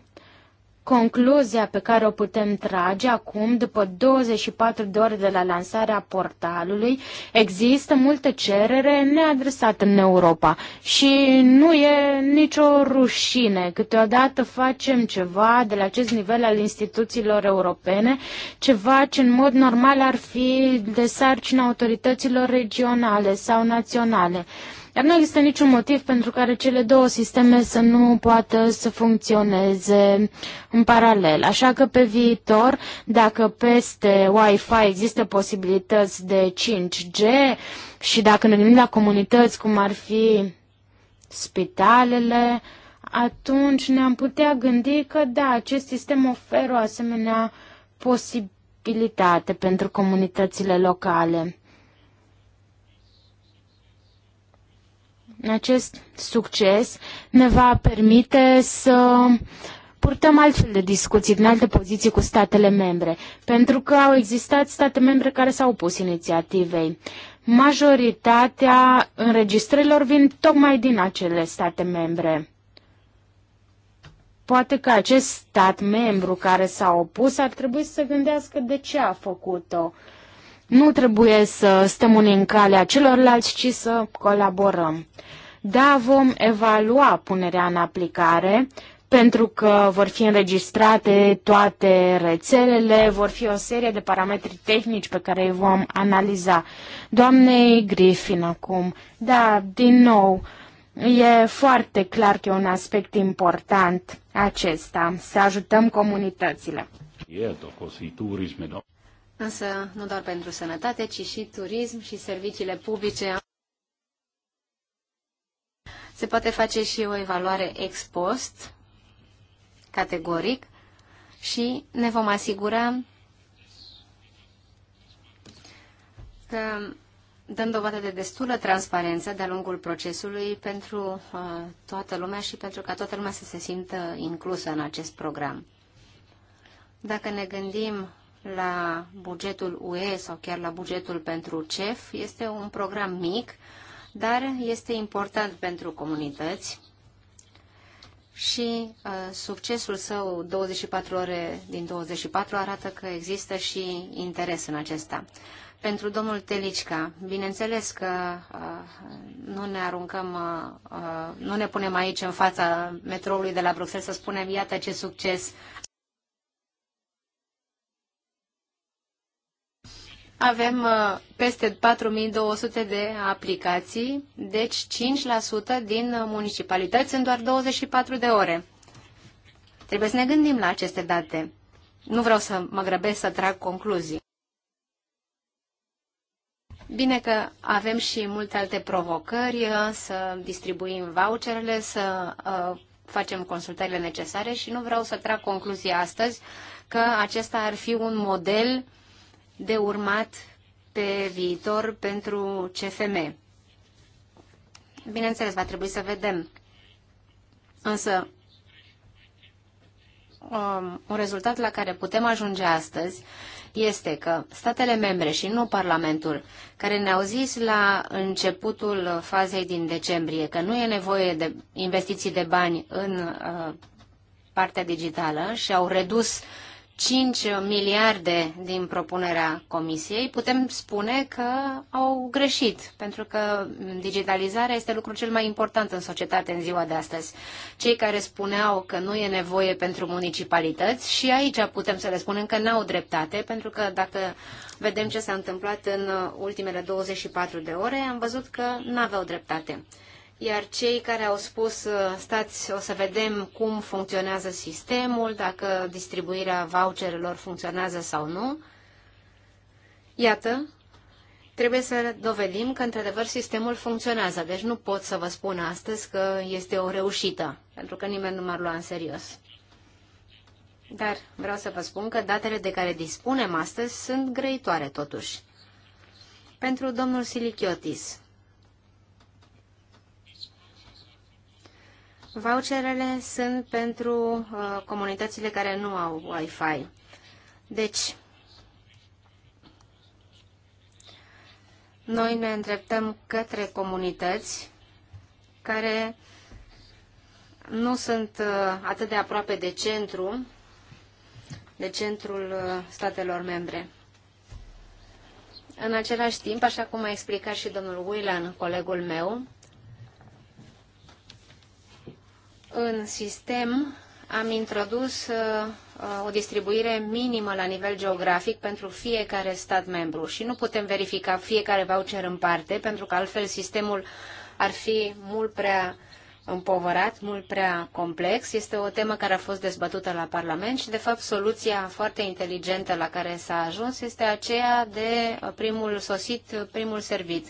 Concluzia pe care o putem trage acum, după 24 de ore de la lansarea portalului, există multă cerere neadresată în Europa și nu e nicio rușine. Câteodată facem ceva de la acest nivel al instituțiilor europene, ceva ce în mod normal ar fi de sarcină autorităților regionale sau naționale. Dar nu există niciun motiv pentru care cele două sisteme să nu poată să funcționeze în paralel. Așa că pe viitor, dacă peste Wi-Fi există posibilități de 5G și dacă ne gândim la comunități cum ar fi spitalele, atunci ne-am putea gândi că da, acest sistem oferă o asemenea posibilitate pentru comunitățile locale. Acest succes ne va permite să purtăm altfel de discuții din alte poziții cu statele membre, pentru că au existat state membre care s-au opus inițiativei. Majoritatea înregistrărilor vin tocmai din acele state membre. Poate că acest stat membru care s-a opus ar trebui să gândească de ce a făcut-o. Uh, nu trebuie să stăm unii în calea celorlalți, ci să colaborăm. Da, vom evalua punerea în aplicare, pentru că vor fi înregistrate toate rețelele, vor fi o serie de parametri tehnici pe care îi vom analiza. Doamnei Griffin acum, da, din nou, e foarte clar că e un aspect important acesta, să ajutăm comunitățile. Yeah, însă nu doar pentru sănătate, ci și turism și serviciile publice. Se poate face și o evaluare ex post, categoric, și ne vom asigura că dăm dovadă de destulă transparență de-a lungul procesului pentru uh, toată lumea și pentru ca toată lumea să se simtă inclusă în acest program. Dacă ne gândim la bugetul UE sau chiar la bugetul pentru CEF. Este un program mic, dar este important pentru comunități și uh, succesul său 24 ore din 24 arată că există și interes în acesta. Pentru domnul Telicca, bineînțeles că uh, nu ne aruncăm, uh, uh, nu ne punem aici în fața metroului de la Bruxelles să spunem iată ce succes avem uh, peste 4200 de aplicații, deci 5% din uh, municipalități în doar 24 de ore. Trebuie să ne gândim la aceste date. Nu vreau să mă grăbesc să trag concluzii. Bine că avem și multe alte provocări, uh, să distribuim voucherele, să facem consultările necesare și nu vreau să trag concluzia astăzi că acesta ar fi un model uh, de urmat pe viitor pentru CFM. Bineînțeles, va trebui să vedem. Însă, um, un rezultat la care putem ajunge astăzi este că statele membre și nu Parlamentul, care ne-au zis la începutul fazei din decembrie că nu e nevoie de investiții de bani în uh, partea digitală și au redus uh, 5 miliarde din propunerea Comisiei, putem spune că au greșit, pentru că digitalizarea este lucrul cel mai important în societate în ziua de astăzi. Cei care spuneau că nu e nevoie pentru municipalități și aici putem să le spunem că n-au dreptate, pentru că dacă vedem ce s-a întâmplat în ultimele 24 de ore, am văzut că n-aveau dreptate iar cei care au spus, uh, stați, o să vedem cum funcționează sistemul, dacă distribuirea voucherelor funcționează sau nu, iată, trebuie să dovedim că, într-adevăr, sistemul funcționează. Deci nu pot să vă spun astăzi că este o reușită, pentru că nimeni nu m-ar lua în serios. Dar vreau să vă spun că datele de care dispunem astăzi sunt grăitoare, totuși. Pentru domnul Silichiotis, Voucherele sunt pentru uh, comunitățile care nu au Wi-Fi. Deci, noi ne îndreptăm către comunități care nu sunt uh, atât de aproape de centru, de centrul uh, statelor membre. În același timp, așa cum a explicat și domnul Whelan, colegul meu, În sistem am introdus uh, uh, o distribuire minimă la nivel geografic pentru fiecare stat membru și nu putem verifica fiecare voucher în parte, pentru că altfel sistemul ar fi mult prea împovărat, mult prea complex. Este o temă care a fost dezbătută la Parlament și, de fapt, soluția foarte inteligentă la care s-a ajuns este aceea de uh, primul sosit, primul servit.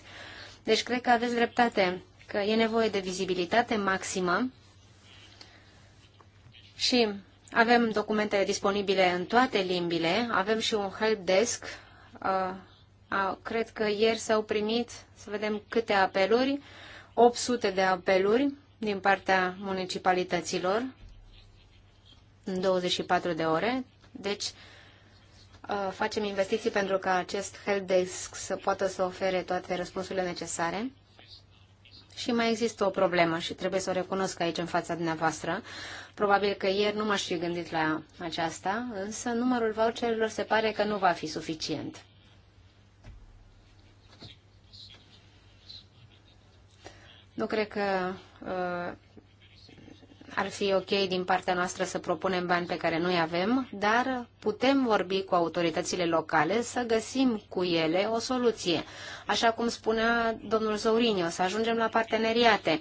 Deci, cred că aveți dreptate că e nevoie de vizibilitate maximă și avem documente disponibile în toate limbile, avem și un helpdesk. Uh, cred că ieri s-au primit, să vedem câte apeluri, 800 de apeluri din partea municipalităților în 24 de ore. Deci uh, facem investiții pentru ca acest helpdesk să poată să ofere toate răspunsurile necesare. Și mai există o problemă și trebuie să o recunosc aici în fața dumneavoastră. Probabil că ieri nu m-aș fi gândit la aceasta, însă numărul voucherilor se pare că nu va fi suficient. Nu cred că uh, ar fi ok din partea noastră să propunem bani pe care nu-i avem, dar putem vorbi cu autoritățile locale să găsim cu ele o soluție. Așa cum spunea domnul Zourinio, să ajungem la parteneriate.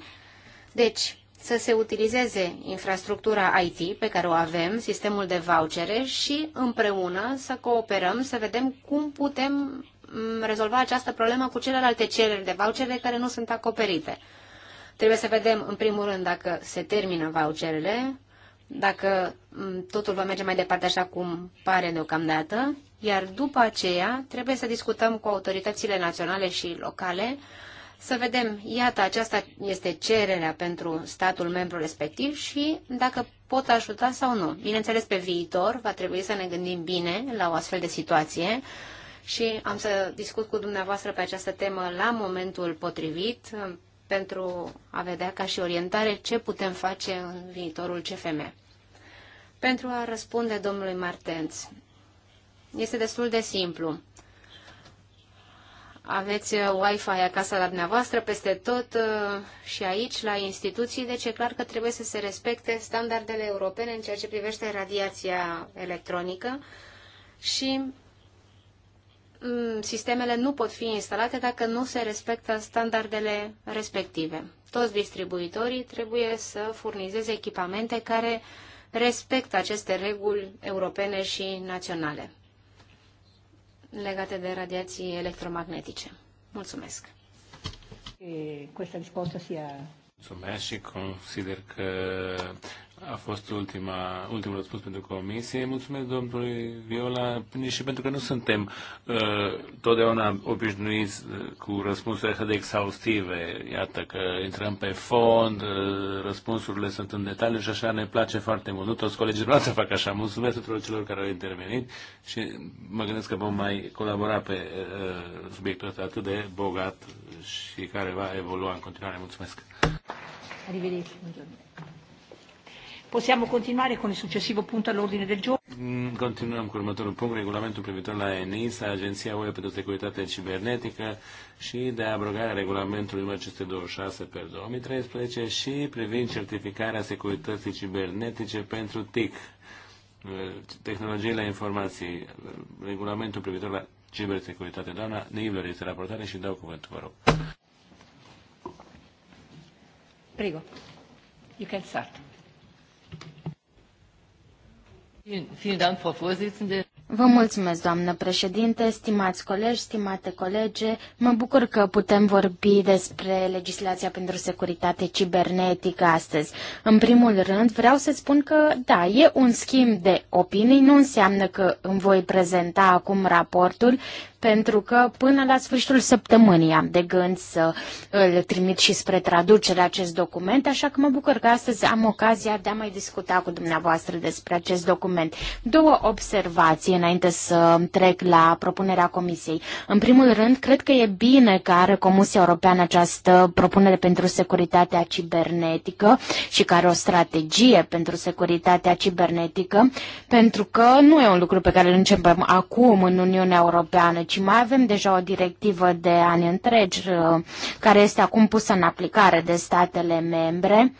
Deci, să se utilizeze infrastructura IT pe care o avem, sistemul de vouchere și împreună să cooperăm, să vedem cum putem mm, rezolva această problemă cu celelalte cereri de vouchere care nu sunt acoperite. Trebuie să vedem, în primul rând, dacă se termină voucherele, dacă mm, totul va merge mai departe așa cum pare deocamdată, iar după aceea trebuie să discutăm cu autoritățile naționale și locale să vedem, iată, aceasta este cererea pentru statul membru respectiv și dacă pot ajuta sau nu. Bineînțeles, pe viitor va trebui să ne gândim bine la o astfel de situație și am să discut cu dumneavoastră pe această temă la momentul potrivit pentru a vedea ca și orientare ce putem face în viitorul CFM. Pentru a răspunde domnului Martens, este destul de simplu. Aveți uh, Wi-Fi acasă la dumneavoastră, peste tot uh, și aici, la instituții, deci e clar că trebuie să se respecte standardele europene în ceea ce privește radiația electronică și Mm, sistemele nu pot fi instalate dacă nu se respectă standardele respective. Toți distribuitorii trebuie să furnizeze echipamente care respectă aceste reguli europene și naționale legate de radiații electromagnetice. Mulțumesc! Mulțumesc și consider că a fost ultima, ultimul răspuns pentru comisie. Mulțumesc domnului Viola și pentru că nu suntem uh, totdeauna obișnuiți uh, cu răspunsurile așa de exhaustive. Iată că intrăm pe fond, uh, răspunsurile sunt în detaliu și așa ne place foarte mult. Nu toți colegii noastre fac așa. Mulțumesc tuturor celor care au intervenit și mă gândesc că vom mai colabora pe uh, subiectul ăsta atât de bogat și care va evolua în continuare. Mulțumesc! Arrivederci, buongiorno. Possiamo continuare con il successivo punto all'ordine del giorno. Mm, continuăm cu următorul punct, regulamentul privitor la ENISA, Agenția UE pentru Securitate Cibernetică și de abrogarea regulamentului 1526 pe 2013 și privind certificarea securității cibernetice pentru TIC, uh, tehnologiile informației, regulamentul privitor la cibersecuritate. Doamna Nibler este raportare și dau cuvântul, vă rog. Prego. You can start. Vă mulțumesc, doamnă președinte, stimați colegi, stimate colege. Mă bucur că putem vorbi despre legislația pentru securitate cibernetică astăzi. În primul rând, vreau să spun că, da, e un schimb de opinii, nu înseamnă că îmi voi prezenta acum raportul, pentru că până la sfârșitul săptămânii am de gând să îl trimit și spre traducere acest document, așa că mă bucur că astăzi am ocazia de a mai discuta cu dumneavoastră despre acest document. Două observații înainte să trec la propunerea Comisiei. În primul rând, cred că e bine că are Comisia Europeană această propunere pentru securitatea cibernetică și care o strategie pentru securitatea cibernetică, pentru că nu e un lucru pe care îl începem acum în Uniunea Europeană, ci deci Mai avem deja o directivă de ani întregi uh, care este acum pusă în aplicare de statele membre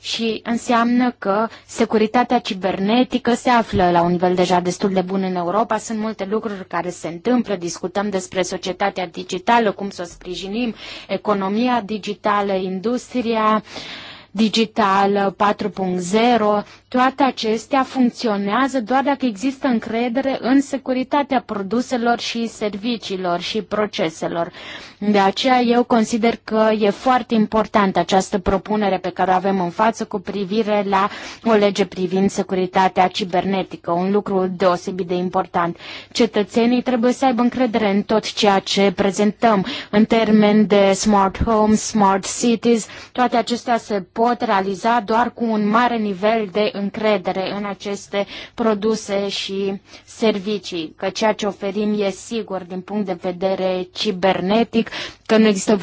și înseamnă că securitatea cibernetică se află la un nivel deja destul de bun în Europa. Sunt multe lucruri care se întâmplă, discutăm despre societatea digitală, cum să o sprijinim, economia digitală, industria. Uh, digital 4.0, toate acestea funcționează doar dacă există încredere în securitatea produselor și serviciilor și proceselor. De aceea eu consider că e foarte importantă această propunere pe care o avem în față cu privire la o lege privind securitatea cibernetică, un lucru deosebit de important. Cetățenii trebuie să aibă încredere în tot ceea ce prezentăm în termen de smart homes, smart cities, toate acestea se pot pot realiza doar cu un mare nivel de încredere în aceste produse și servicii, că ceea ce oferim e sigur din punct de vedere cibernetic, că nu există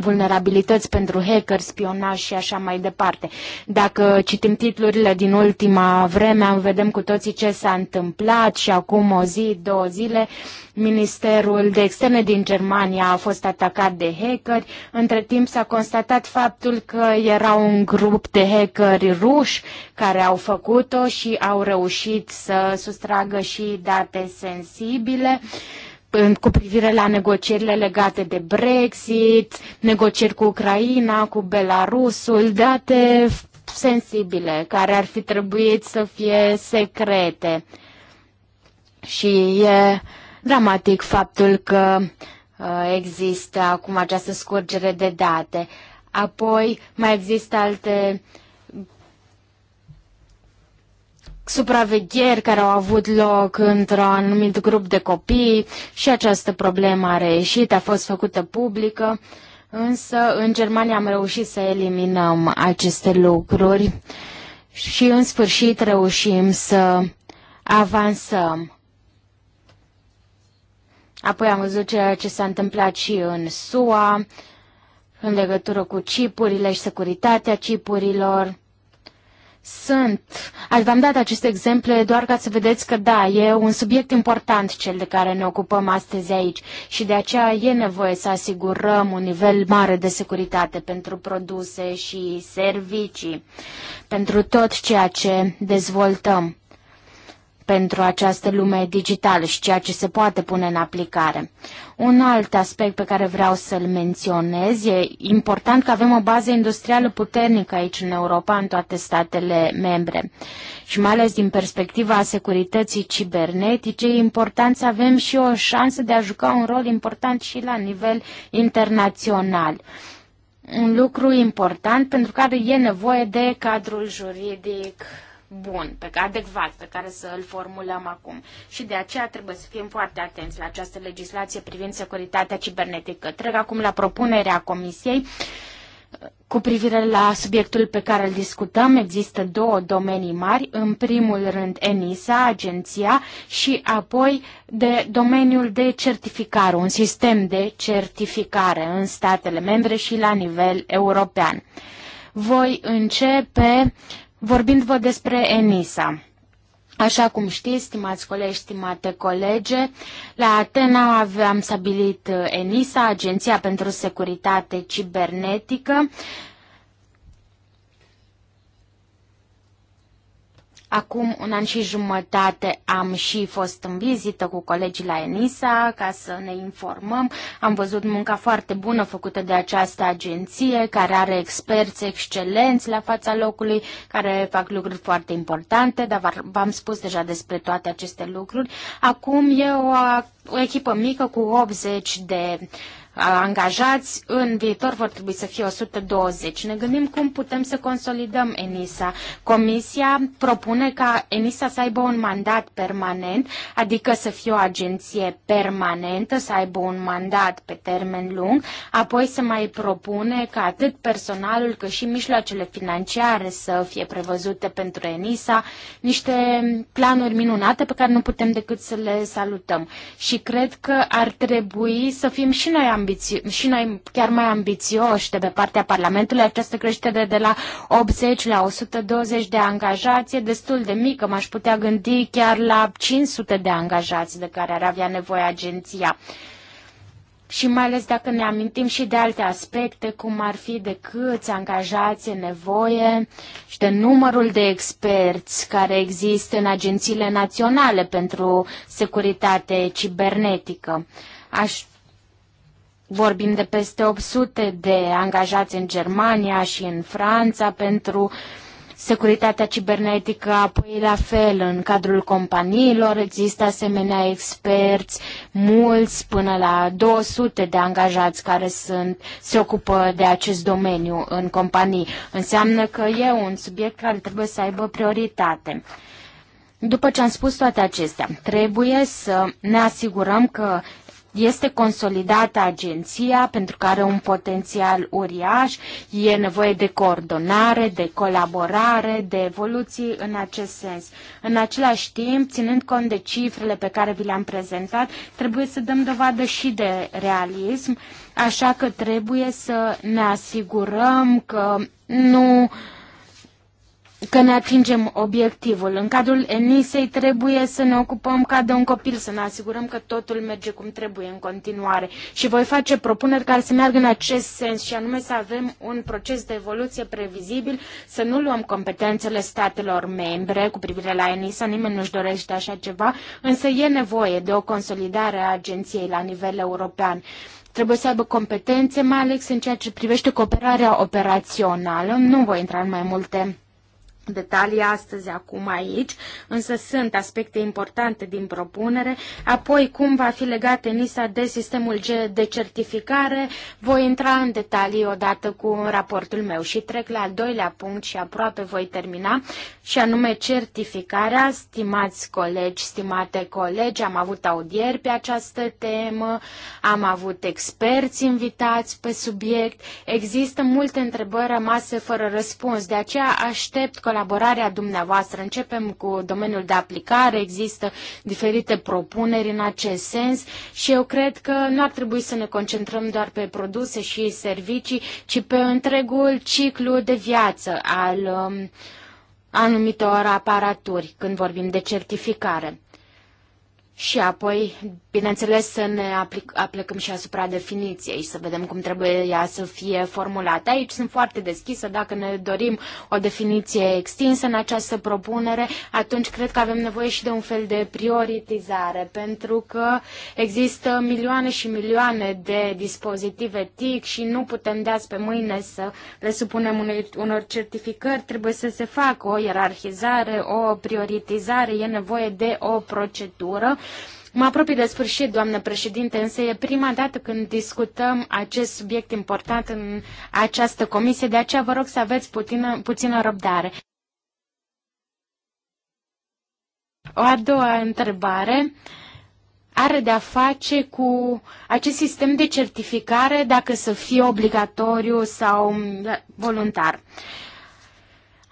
vulnerabilități pentru hacker, spionaj și așa mai departe. Dacă citim titlurile din ultima vreme, vedem cu toții ce s-a întâmplat și acum o zi, două zile, uh, Ministerul de Externe din Germania a fost atacat de hackeri. Între timp s-a constatat faptul că era un grup de hackeri ruși care au făcut-o și au reușit să sustragă și date sensibile cu privire la negocierile legate de Brexit, negocieri cu Ucraina, cu Belarusul, date sensibile care ar fi trebuit să fie secrete. Și e dramatic faptul că uh, există acum această scurgere de date. Apoi mai există alte supravegheri care au avut loc într-un anumit grup de copii și această problemă a reieșit, a fost făcută publică, însă în Germania am reușit să eliminăm aceste lucruri și în sfârșit reușim să avansăm. Apoi am văzut ceea ce s-a întâmplat și în SUA, în legătură cu cipurile și securitatea cipurilor. Sunt. V-am dat aceste exemple doar ca să vedeți că da, e un subiect important cel de care ne ocupăm astăzi aici și de aceea e nevoie să asigurăm un nivel mare de securitate pentru produse și servicii, pentru tot ceea ce dezvoltăm pentru această lume digitală și ceea ce se poate pune în aplicare. Un alt aspect pe care vreau să-l menționez, e important că avem o bază industrială puternică aici în Europa, în toate statele membre. Și mai ales din perspectiva securității cibernetice, e important să avem și o șansă de a juca un rol important și la nivel internațional un lucru important pentru care e nevoie de cadrul juridic bun, pe care, adecvat, pe care să îl formulăm acum. Și de aceea trebuie să fim foarte atenți la această legislație privind securitatea cibernetică. Trec acum la propunerea Comisiei. Cu privire la subiectul pe care îl discutăm, există două domenii mari. În primul rând ENISA, agenția, și apoi de domeniul de certificare, un sistem de certificare în statele membre și la nivel european. Voi începe vorbind-vă despre ENISA. Așa cum știți, stimați colegi, stimate colege, la Atena am stabilit uh, ENISA, Agenția pentru Securitate Cibernetică, Acum un an și jumătate am și fost în vizită cu colegii la ENISA ca să ne informăm. Am văzut munca foarte bună făcută de această agenție care are experți excelenți la fața locului, care fac lucruri foarte importante, dar v-am spus deja despre toate aceste lucruri. Acum e o, o echipă mică cu 80 de uh, angajați, în viitor vor trebui să fie 120. Ne gândim cum putem să consolidăm ENISA. Comisia propune ca ENISA să aibă un mandat permanent, adică să fie o agenție permanentă, să aibă un mandat pe termen lung, apoi se mai propune ca atât personalul cât și mijloacele financiare să fie prevăzute pentru ENISA, niște planuri minunate pe care nu putem decât să le salutăm. Și cred că ar trebui să fim și noi am și noi chiar mai ambițioși de pe partea Parlamentului. Această creștere de la 80 la 120 de angajați e destul de mică. M-aș putea gândi chiar la 500 de angajați de care ar avea nevoie agenția și mai ales dacă ne amintim și de alte aspecte, cum ar fi de câți angajați e nevoie și de numărul de experți care există în agențiile naționale pentru securitate cibernetică. Aș Vorbim de peste 800 de angajați în Germania și în Franța pentru securitatea cibernetică, apoi la fel în cadrul companiilor există asemenea experți, mulți până la 200 de angajați care sunt, se ocupă de acest domeniu în companii. Înseamnă că e un subiect care trebuie să aibă prioritate. După ce am spus toate acestea, trebuie să ne asigurăm că este consolidată agenția pentru că are un potențial uriaș, e nevoie de coordonare, de colaborare, de evoluții în acest sens. În același timp, ținând cont de cifrele pe care vi le-am prezentat, trebuie să dăm dovadă și de realism, așa că trebuie să ne asigurăm că nu uh, că ne atingem obiectivul. În cadrul ENISEI trebuie să ne ocupăm ca de un copil, să ne asigurăm că totul merge cum trebuie în continuare. Și voi face propuneri care să meargă în acest sens și anume să avem un proces de evoluție previzibil, să nu luăm competențele statelor membre cu privire la ENISA, nimeni nu-și dorește așa ceva, însă e nevoie de o consolidare a agenției la nivel european trebuie să aibă competențe, mai ales în ceea ce privește cooperarea operațională. Nu voi intra în mai multe detalii astăzi, acum, aici, însă sunt aspecte importante din propunere, apoi cum va fi legat ENISA de sistemul de certificare, voi intra în detalii odată cu raportul meu și trec la al doilea punct și aproape voi termina, și anume certificarea, stimați colegi, stimate colegi, am avut audieri pe această temă, am avut experți invitați pe subiect, există multe întrebări rămase fără răspuns, de aceea aștept colaborarea dumneavoastră. Începem cu domeniul de aplicare, există diferite propuneri în acest sens și eu cred că nu ar trebui să ne concentrăm doar pe produse și servicii, ci pe întregul ciclu de viață al um, anumitor aparaturi când vorbim de certificare. Și apoi, bineînțeles, să ne aplicăm și asupra definiției, să vedem cum trebuie ea să fie formulată. Aici sunt foarte deschisă, dacă ne dorim o definiție extinsă în această propunere, atunci cred că avem nevoie și de un fel de prioritizare, pentru că există milioane și milioane de dispozitive TIC și nu putem de azi pe mâine să le supunem unei, unor certificări, trebuie să se facă o ierarhizare, o prioritizare, e nevoie de o procedură Mă apropii de sfârșit, doamnă președinte, însă e prima dată când discutăm acest subiect important în această comisie, de aceea vă rog să aveți puțină, puțină răbdare. O a doua întrebare are de-a face cu acest sistem de certificare, dacă să fie obligatoriu sau voluntar. Uh,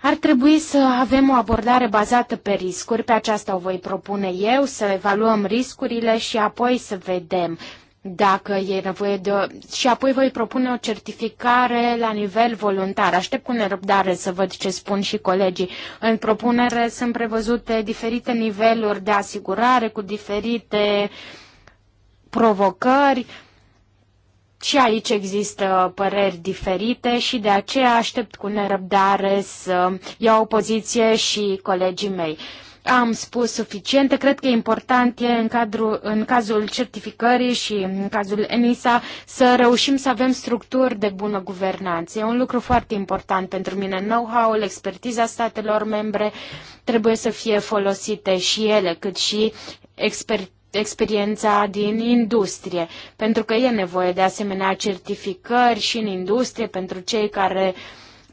ar trebui să avem o abordare bazată pe riscuri, pe aceasta o voi propune eu, să evaluăm riscurile și apoi să vedem dacă e nevoie de o... Și apoi voi propune o certificare la nivel voluntar. Aștept cu nerăbdare să văd ce spun și colegii. În propunere sunt prevăzute diferite niveluri de asigurare cu diferite provocări. Și aici există păreri diferite și de aceea aștept cu nerăbdare să iau o poziție și colegii mei. Am spus suficiente, cred că important e în, cadru, în cazul certificării și în cazul ENISA să reușim să avem structuri de bună guvernanță. E un lucru foarte important pentru mine. Know-how-ul, expertiza statelor membre trebuie să fie folosite și ele, cât și expertiza experiența din industrie, pentru că e nevoie de asemenea certificări și în industrie pentru cei care uh,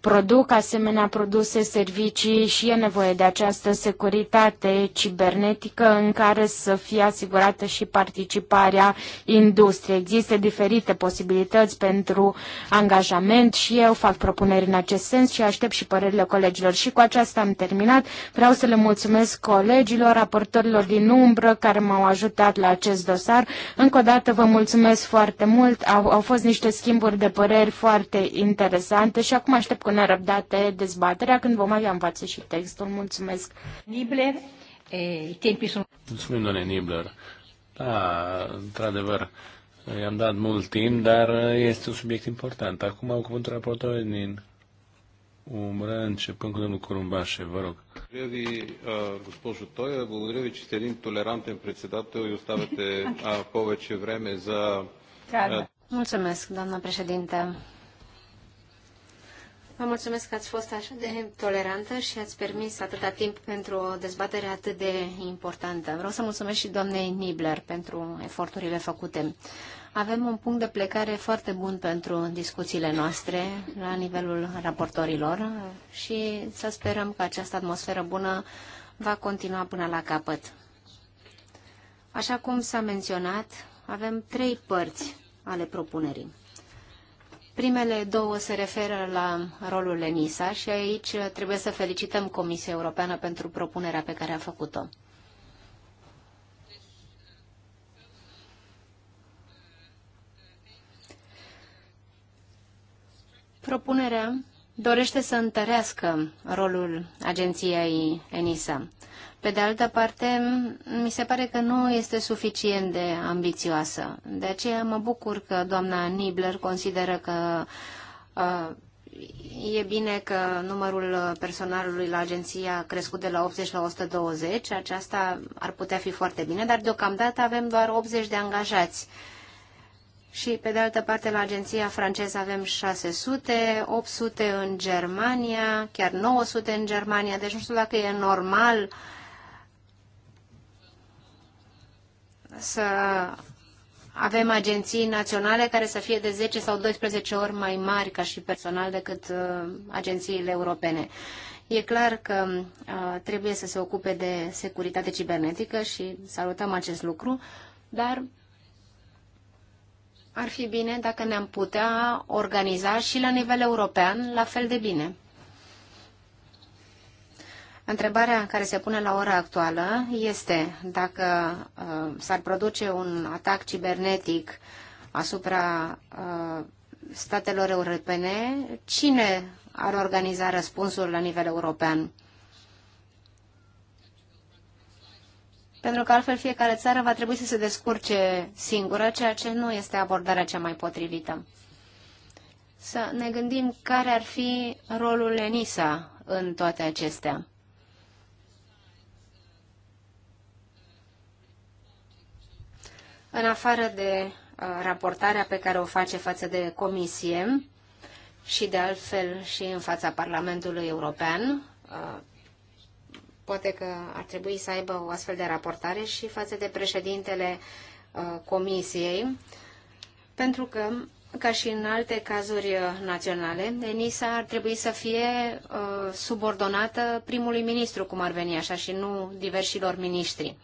produc asemenea produse, servicii și e nevoie de această securitate cibernetică în care să fie asigurată și participarea industriei. Există diferite posibilități pentru angajament și eu fac propuneri în acest sens și aștept și părerile colegilor. Și cu aceasta am terminat. Vreau să le mulțumesc colegilor, raportorilor din umbră care m-au ajutat la acest dosar. Încă o dată vă mulțumesc foarte mult. Au, au fost niște schimburi de păreri foarte interesante și acum aștept cu nerăbdate dezbaterea când vom avea în față și textul. Mulțumesc! Nibler, e, timpii sunt... Mulțumim, doamne Nibler! Da, într-adevăr, i-am dat mult timp, dar este un subiect important. Acum au cuvântul raportorului din umbră, începând cu domnul Curumbașe, vă rog. Благодаря ви, Vă Тоя. Благодаря ви, че сте един толерантен председател и povece vreme. za... за... Mulțumesc, doamna președinte. Vă mulțumesc că ați fost așa de tolerantă și ați permis atâta timp pentru o dezbatere atât de importantă. Vreau să mulțumesc și doamnei Nibler pentru eforturile făcute. Avem un punct de plecare foarte bun pentru discuțiile noastre la nivelul raportorilor și să sperăm că această atmosferă bună va continua până la capăt. Așa cum s-a menționat, avem trei părți ale propunerii. Primele două se referă la rolul ENISA și aici trebuie să felicităm Comisia Europeană pentru propunerea pe care a făcut-o. Propunerea dorește să întărească rolul agenției ENISA. Pe de altă parte, mi se pare că nu este suficient de ambițioasă. De aceea mă bucur că doamna Nibler consideră că uh, e bine că numărul personalului la agenție a crescut de la 80 la 120. Aceasta ar putea fi foarte bine, dar deocamdată avem doar 80 de angajați. Și, pe de altă parte, la agenția franceză avem 600, 800 în Germania, chiar 900 în Germania. Deci nu știu dacă e normal uh, să avem agenții naționale care să fie de 10 sau 12 ori mai mari ca și personal decât uh, agențiile europene. E clar că uh, trebuie să se ocupe de securitate cibernetică și salutăm acest lucru, dar ar fi bine dacă ne-am putea organiza și la nivel european la fel de bine. Întrebarea care se pune la ora actuală este dacă uh, s-ar produce un atac cibernetic asupra uh, statelor europene, cine ar organiza răspunsul la nivel european? Pentru că altfel fiecare țară va trebui să se descurce singură, ceea ce nu este abordarea cea mai potrivită. Să ne gândim care ar fi rolul ENISA în toate acestea. În afară de uh, raportarea pe care o face față de Comisie și de altfel și în fața Parlamentului European, uh, poate că ar trebui să aibă o astfel de raportare și față de președintele uh, Comisiei, pentru că, ca și în alte cazuri naționale, Denisa ar trebui să fie subordonată primului ministru, cum ar veni așa, și nu diversilor miniștri.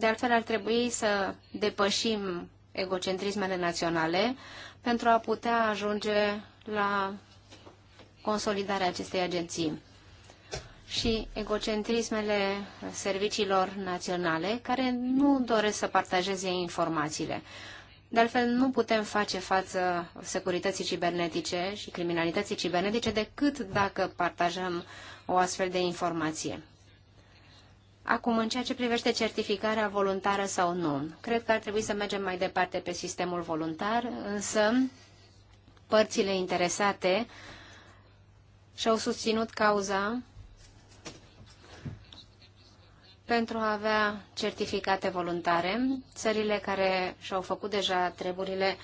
De altfel, ar trebui să depășim egocentrismele naționale pentru a putea ajunge la consolidarea acestei agenții și egocentrismele serviciilor naționale care nu doresc să partajeze informațiile. De altfel, nu putem face față securității cibernetice și criminalității cibernetice decât dacă partajăm o astfel de informație. Acum, în ceea ce privește certificarea voluntară sau nu, cred că ar trebui să mergem mai departe pe sistemul voluntar, însă părțile interesate și-au susținut cauza pentru a avea certificate voluntare. Țările care și-au făcut deja treburile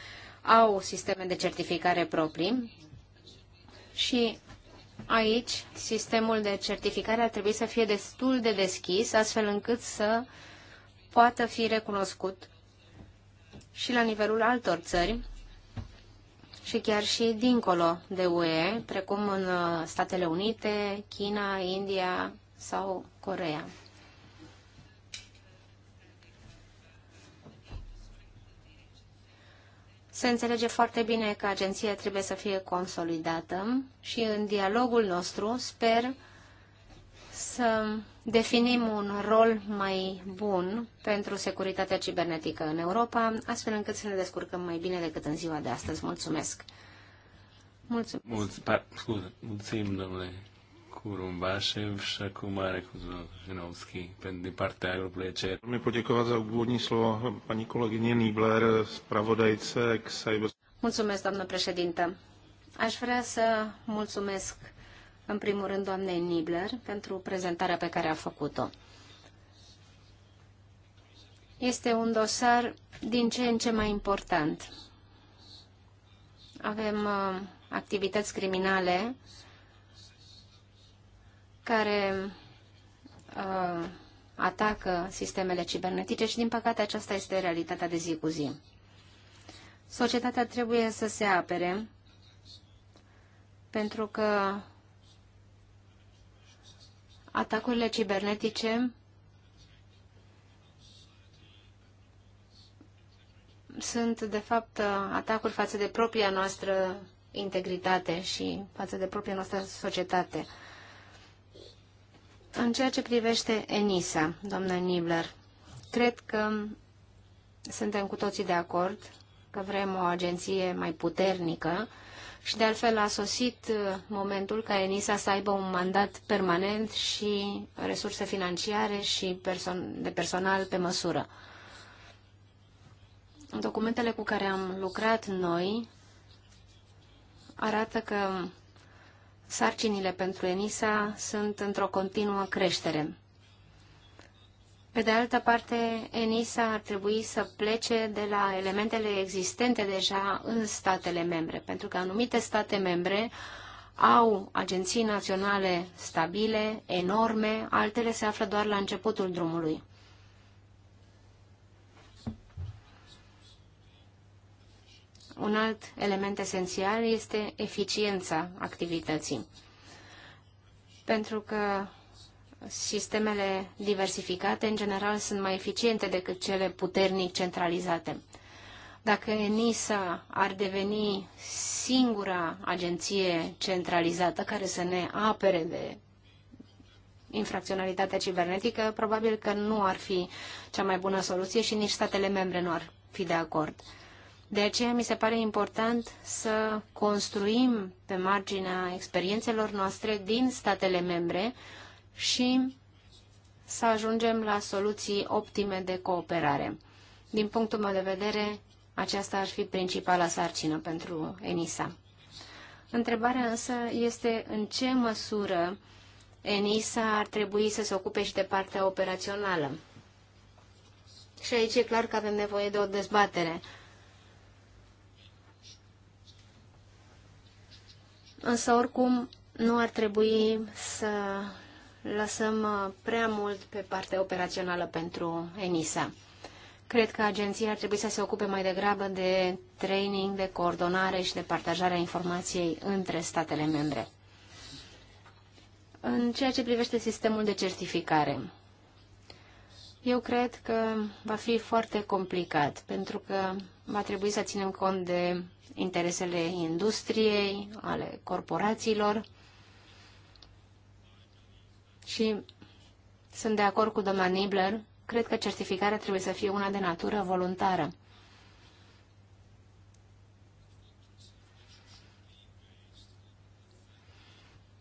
au sisteme de certificare proprii și Aici, sistemul de certificare ar trebui să fie destul de deschis, astfel încât să poată fi recunoscut și la nivelul altor țări și chiar și dincolo de UE, precum în uh, Statele Unite, China, India sau Corea. Se înțelege foarte bine că agenția trebuie să fie consolidată și în dialogul nostru sper să definim un rol mai bun pentru securitatea cibernetică în Europa, astfel încât să ne descurcăm mai bine decât în ziua de astăzi. Mulțumesc! Mulțumesc! Mulțumim, domnule cu Rumbașev și acum are cu partea Mi poděkovat za úvodní slovo paní kolegyně Niebler, spravodajce k cyber... Mulțumesc, doamnă președintă. Aș vrea să mulțumesc în primul rând doamnei Nibler pentru prezentarea pe care a făcut-o. Este un dosar din ce în ce mai important. Avem uh, activități criminale uh, care uh, atacă sistemele cibernetice și, din păcate, aceasta este realitatea de zi cu zi. Societatea trebuie să se apere pentru că atacurile cibernetice sunt, de fapt, atacuri față de propria noastră integritate și față de propria noastră societate. În ceea ce privește ENISA, domnul Nibler, cred că suntem cu toții de acord că vrem o agenție mai puternică și de altfel a sosit uh, momentul ca ENISA să aibă un mandat permanent și resurse financiare și person de personal pe măsură. Documentele cu care am lucrat noi arată că sarcinile pentru ENISA sunt într-o continuă creștere. Pe de altă parte, ENISA ar trebui să plece de la elementele existente deja în statele membre, pentru că anumite state membre au agenții naționale stabile, enorme, altele se află doar la începutul drumului. Un alt element esențial este eficiența activității. Pentru că sistemele diversificate, în general, sunt mai eficiente decât cele puternic centralizate. Dacă ENISA ar deveni singura agenție centralizată care să ne apere de infracționalitatea cibernetică, probabil că nu ar fi cea mai bună soluție și nici statele membre nu ar fi de acord. De aceea mi se pare important să construim pe marginea experiențelor noastre din statele membre și să ajungem la soluții optime de cooperare. Din punctul meu de vedere, aceasta ar fi principala sarcină pentru ENISA. Întrebarea însă este în ce măsură ENISA ar trebui să se ocupe și de partea operațională. Și aici e clar că avem nevoie de o dezbatere însă oricum nu ar trebui să lăsăm uh, prea mult pe partea operațională pentru ENISA. Cred că agenția ar trebui să se ocupe mai degrabă de training, de coordonare și de partajarea informației între statele membre. În ceea ce privește sistemul de certificare, eu cred că va fi foarte complicat, pentru că va trebui să ținem cont de interesele industriei, ale corporațiilor și sunt de acord cu doamna Nibler, cred că certificarea trebuie să fie una de natură voluntară.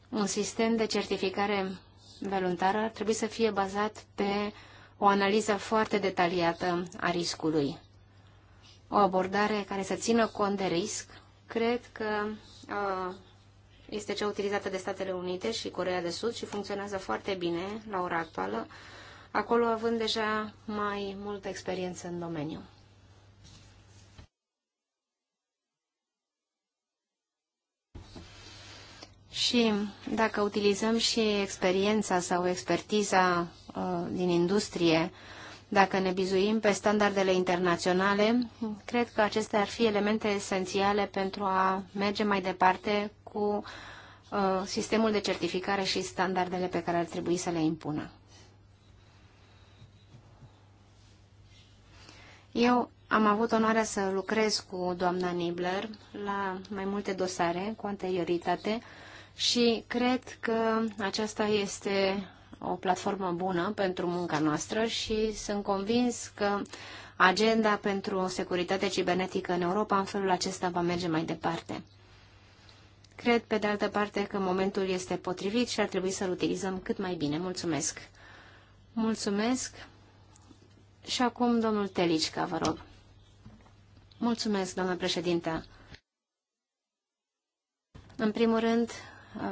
Un sistem de certificare voluntară trebuie să fie bazat pe o analiză foarte detaliată a riscului o abordare care să țină cont de risc, cred că este cea utilizată de Statele Unite și Corea de Sud și funcționează foarte bine la ora actuală, acolo având deja mai multă experiență în domeniu. Și dacă utilizăm și experiența sau expertiza uh, din industrie, uh, dacă ne bizuim pe standardele internaționale, cred că acestea ar fi elemente esențiale pentru a merge mai departe cu uh, sistemul de certificare și standardele pe care ar trebui să le impună. Eu am avut onoarea să lucrez cu doamna Nibler la mai multe dosare cu anterioritate și cred că aceasta este o platformă bună pentru munca noastră și sunt convins că agenda pentru o securitate cibernetică în Europa în felul acesta va merge mai departe. Cred, pe de altă parte, că momentul este potrivit și ar trebui să-l utilizăm cât mai bine. Mulțumesc! Mulțumesc! Și acum, domnul Telicca, vă rog. Mulțumesc, doamnă președinte. În primul rând,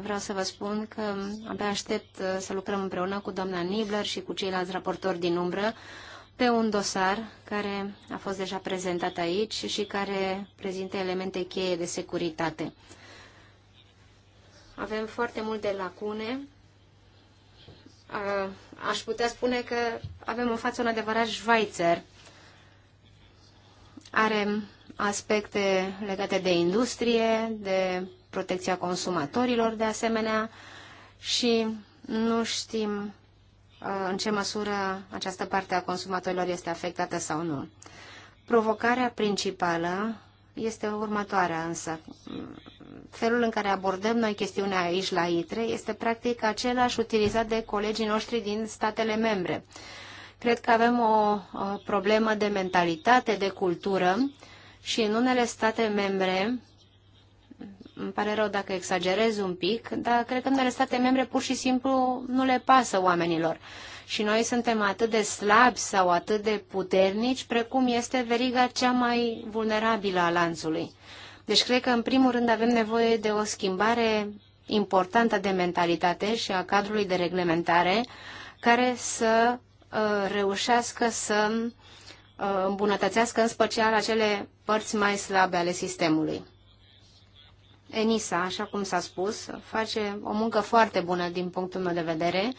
vreau să vă spun că abia aștept uh, să lucrăm împreună cu doamna Nibler și cu ceilalți raportori din umbră pe un dosar care a fost deja prezentat aici și care prezintă elemente cheie de securitate. Avem foarte multe lacune. Uh, aș putea spune că avem în față un adevărat Schweizer. Are aspecte legate de industrie, de protecția consumatorilor de asemenea și nu știm uh, în ce măsură această parte a consumatorilor este afectată sau nu. Provocarea principală este următoarea însă. Felul în care abordăm noi chestiunea aici la ITRE este practic același utilizat de colegii noștri din statele membre. Cred că avem o, problemă de mentalitate, de cultură și în unele state membre îmi pare rău dacă exagerez un pic, dar cred că unele state membre pur și simplu nu le pasă oamenilor. Și noi suntem atât de slabi sau atât de puternici, precum este veriga cea mai vulnerabilă a lanțului. Deci cred că, în primul rând, avem nevoie de o schimbare importantă de mentalitate și a cadrului de reglementare care să uh, reușească să uh, îmbunătățească în special acele părți mai slabe ale sistemului. ENISA, așa cum s-a spus, face o muncă foarte bună din punctul meu de vedere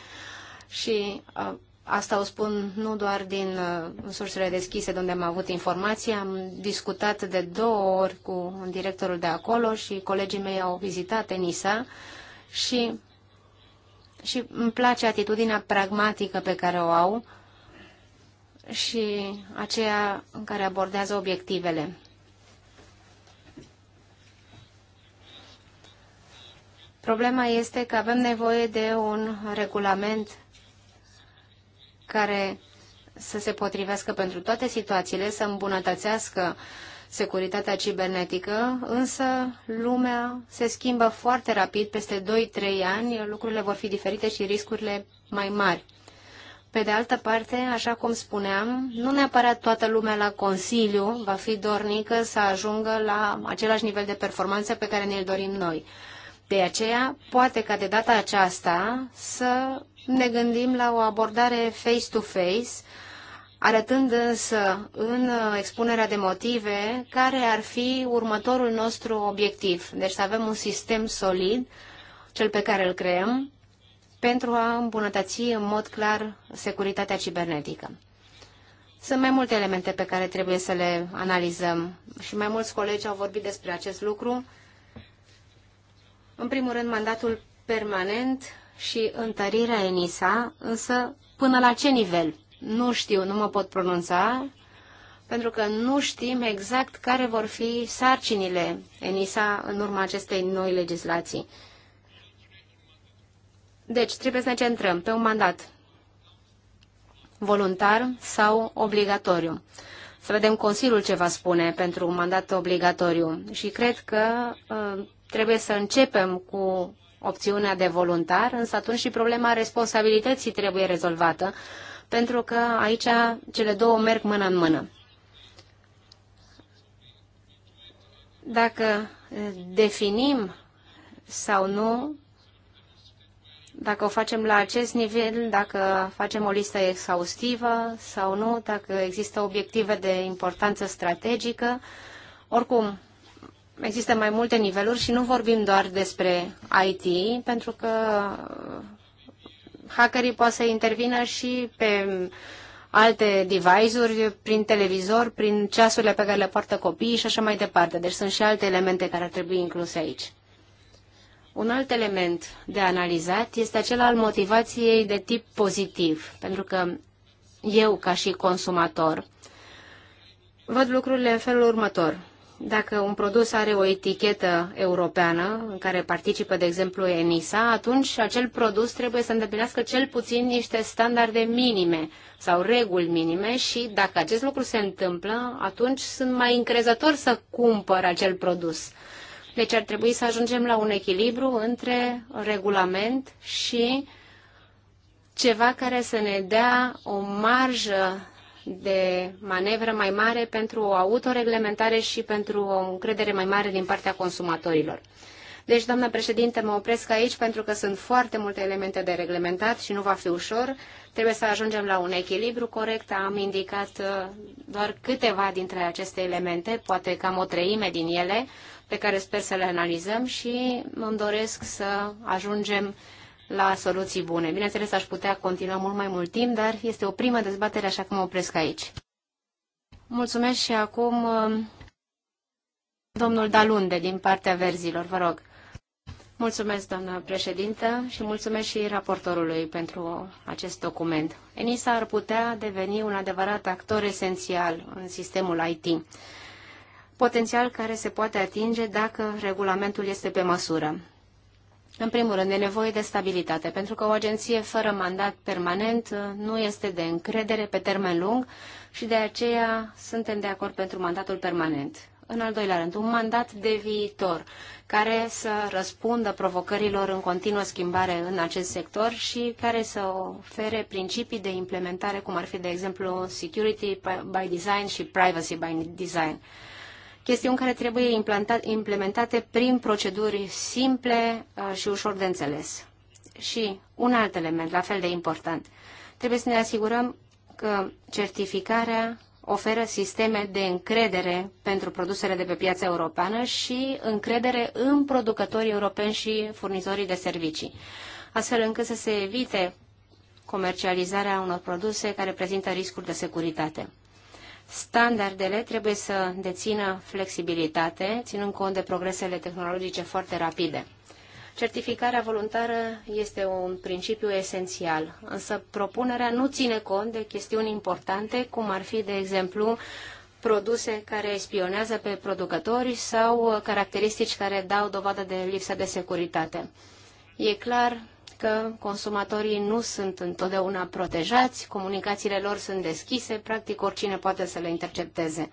și uh, Asta o spun nu doar din uh, sursele deschise de unde am avut informații, am discutat de două ori cu directorul de acolo și colegii mei au vizitat ENISA și, și îmi place atitudinea pragmatică pe care o au și aceea în care abordează obiectivele. Problema este că avem nevoie de un regulament care să se potrivească pentru toate situațiile, să îmbunătățească securitatea cibernetică, însă lumea se schimbă foarte rapid, peste 2-3 ani lucrurile vor fi diferite și riscurile mai mari. Pe de altă parte, așa cum spuneam, nu neapărat toată lumea la Consiliu va fi dornică să ajungă la același nivel de performanță pe care ne-l dorim noi. De aceea, poate ca de data aceasta să ne gândim la o abordare face-to-face, -face, arătând însă în expunerea de motive care ar fi următorul nostru obiectiv. Deci să avem un sistem solid, cel pe care îl creăm, pentru a îmbunătăți în mod clar securitatea cibernetică. Sunt mai multe elemente pe care trebuie să le analizăm și mai mulți colegi au vorbit despre acest lucru. În primul rând, mandatul permanent și întărirea ENISA, însă până la ce nivel? Nu știu, nu mă pot pronunța, pentru că nu știm exact care vor fi sarcinile ENISA în urma acestei noi legislații. Deci, trebuie să ne centrăm pe un mandat voluntar sau obligatoriu. Să vedem Consiliul ce va spune pentru un mandat obligatoriu. Și cred că uh, Trebuie să începem cu opțiunea de voluntar, însă atunci și problema responsabilității trebuie rezolvată, pentru că aici cele două merg mână în mână. Dacă definim sau nu, dacă o facem la acest nivel, dacă facem o listă exhaustivă sau nu, dacă există obiective de importanță strategică, oricum, există mai multe niveluri și nu vorbim doar despre IT, pentru că uh, hackerii pot să intervină și pe um, alte device-uri, prin televizor, prin ceasurile pe care le poartă copiii și așa mai departe. Deci sunt și alte elemente care ar trebui incluse aici. Un alt element de analizat este acela al motivației de tip pozitiv, pentru că eu, ca și consumator, văd lucrurile în felul următor dacă un produs are o etichetă europeană în care participă, de exemplu, ENISA, atunci acel produs trebuie să îndeplinească cel puțin niște standarde minime sau reguli minime și dacă acest lucru se întâmplă, atunci sunt mai încrezător să cumpăr acel produs. Deci ar trebui să ajungem la un echilibru între regulament și ceva care să ne dea o marjă de manevră mai mare pentru o autoreglementare și pentru o încredere mai mare din partea consumatorilor. Deci, doamnă președinte, mă opresc aici pentru că sunt foarte multe elemente de reglementat și nu va fi ușor. Trebuie să ajungem la un echilibru corect. Am indicat uh, doar câteva dintre aceste elemente, poate cam o treime din ele, pe care sper să le analizăm și îmi doresc să ajungem la soluții bune. Bineînțeles, aș putea continua mult mai mult timp, dar este o primă dezbatere, așa cum opresc aici. Mulțumesc și acum domnul Dalunde din partea verzilor, vă rog. Mulțumesc, doamnă președintă, și mulțumesc și raportorului pentru acest document. ENISA ar putea deveni un adevărat actor esențial în sistemul IT, potențial care se poate atinge dacă regulamentul este pe măsură. În primul rând, e nevoie de stabilitate, pentru că o agenție fără mandat permanent uh, nu este de încredere pe termen lung și de aceea suntem de acord pentru mandatul permanent. În al doilea rând, un mandat de viitor care să răspundă provocărilor în continuă schimbare în acest sector și care să ofere principii de implementare, cum ar fi, de exemplu, security by design și privacy by design chestiuni care trebuie implementate prin proceduri simple uh, și ușor de înțeles. Și un alt element, la fel de important, trebuie să ne asigurăm că certificarea oferă sisteme de încredere pentru produsele de pe piața europeană și încredere în producătorii europeni și furnizorii de servicii, astfel încât să se evite comercializarea unor produse care prezintă riscuri de securitate. Standardele trebuie să dețină flexibilitate, ținând cont de progresele tehnologice foarte rapide. Certificarea voluntară este un principiu esențial, însă propunerea nu ține cont de chestiuni importante, cum ar fi, de exemplu, produse care spionează pe producători sau caracteristici care dau dovadă de lipsa de securitate. E clar că consumatorii nu sunt întotdeauna protejați, comunicațiile lor sunt deschise, practic oricine poate să le intercepteze.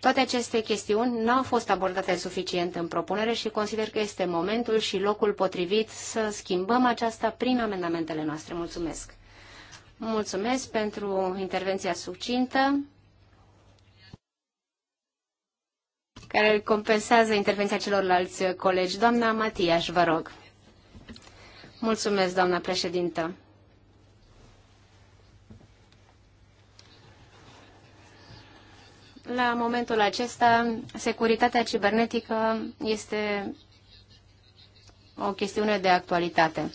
Toate aceste chestiuni nu au fost abordate suficient în propunere și consider că este momentul și locul potrivit să schimbăm aceasta prin amendamentele noastre. Mulțumesc! Mulțumesc pentru intervenția succintă care compensează intervenția celorlalți colegi. Doamna Matiaș, vă rog. Mulțumesc, doamna președintă. La momentul acesta, securitatea cibernetică este o chestiune de actualitate.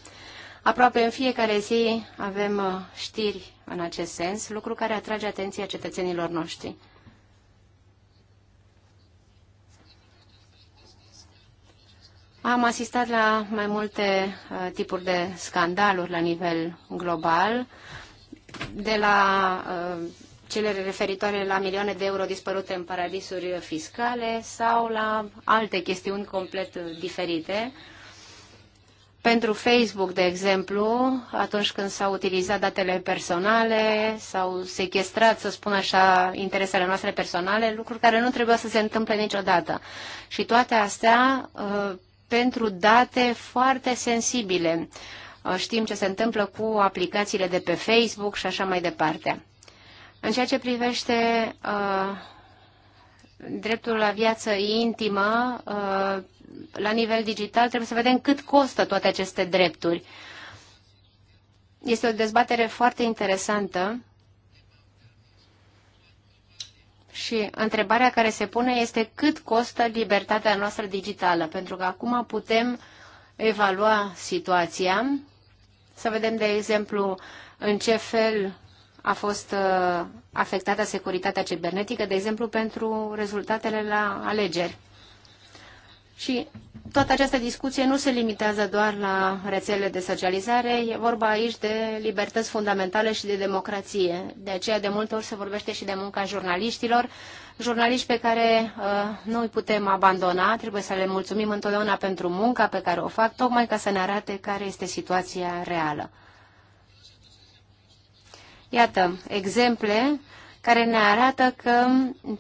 Aproape în fiecare zi avem uh, știri în acest sens, lucru care atrage atenția cetățenilor noștri. Am asistat la mai multe uh, tipuri de scandaluri la nivel global, de la uh, cele referitoare la milioane de euro dispărute în paradisuri fiscale sau la alte chestiuni complet diferite. Pentru Facebook, de exemplu, atunci când s-au utilizat datele personale, s-au sequestrat, să spun așa, interesele noastre personale, lucruri care nu trebuia să se întâmple niciodată. Și toate astea uh, pentru date foarte sensibile. Uh, știm ce se întâmplă cu aplicațiile de pe Facebook și așa mai departe. În ceea ce privește uh, dreptul la viață intimă, uh, la nivel digital, trebuie să vedem cât costă toate aceste drepturi. Este o dezbatere foarte interesantă și întrebarea care se pune este cât costă libertatea noastră digitală, pentru că acum putem evalua situația, să vedem, de exemplu, în ce fel a fost uh, afectată securitatea cibernetică, de exemplu, pentru rezultatele la alegeri. Și toată această discuție nu se limitează doar la rețelele de socializare, e vorba aici de libertăți fundamentale și de democrație. De aceea, de multe ori se vorbește și de munca jurnaliștilor, jurnaliști pe care uh, nu îi putem abandona, trebuie să le mulțumim întotdeauna pentru munca pe care o fac, tocmai ca să ne arate care este situația reală. Iată, exemple care ne arată că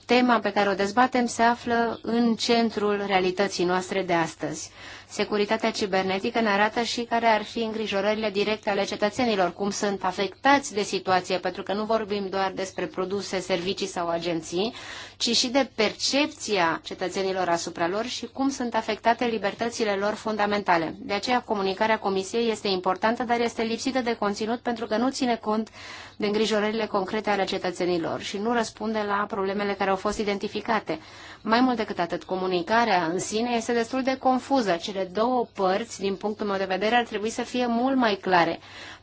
tema pe care o dezbatem se află în centrul realității noastre de astăzi. Securitatea cibernetică ne arată și care ar fi îngrijorările directe ale cetățenilor, cum sunt afectați de situație, pentru că nu vorbim doar despre produse, servicii sau agenții, ci și de percepția cetățenilor asupra lor și cum sunt afectate libertățile lor fundamentale. De aceea, comunicarea Comisiei este importantă, dar este lipsită de conținut pentru că nu ține cont de îngrijorările concrete ale cetățenilor și nu răspunde la problemele care au fost identificate. Mai mult decât atât, comunicarea în sine este destul de confuză. Cele două părți, din punctul meu de vedere, ar trebui să fie mult mai clare.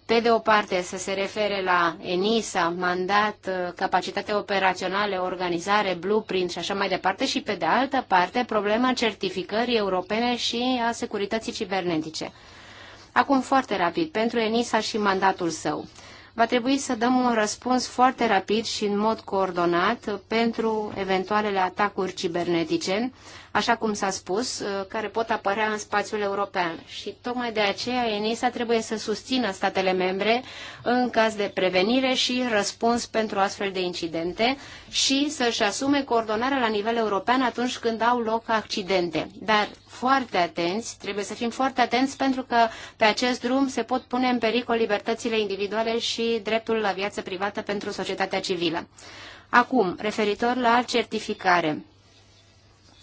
Pe de o parte, să se refere la ENISA, mandat, uh, capacitate operaționale, organizare, blueprint și așa mai departe, și pe de altă parte, problema certificării europene și a securității cibernetice. Acum foarte rapid, pentru ENISA și mandatul său va trebui să dăm un răspuns foarte rapid și în mod coordonat pentru eventualele atacuri cibernetice, așa cum s-a spus, uh, care pot apărea în spațiul european. Și tocmai de aceea ENISA trebuie să susțină statele membre în caz de prevenire și răspuns pentru astfel de incidente și să-și asume coordonarea la nivel european atunci când au loc accidente. Dar foarte atenți, trebuie să fim foarte atenți pentru că pe acest drum se pot pune în pericol libertățile individuale și dreptul la viață privată pentru societatea civilă. Acum, referitor la certificare.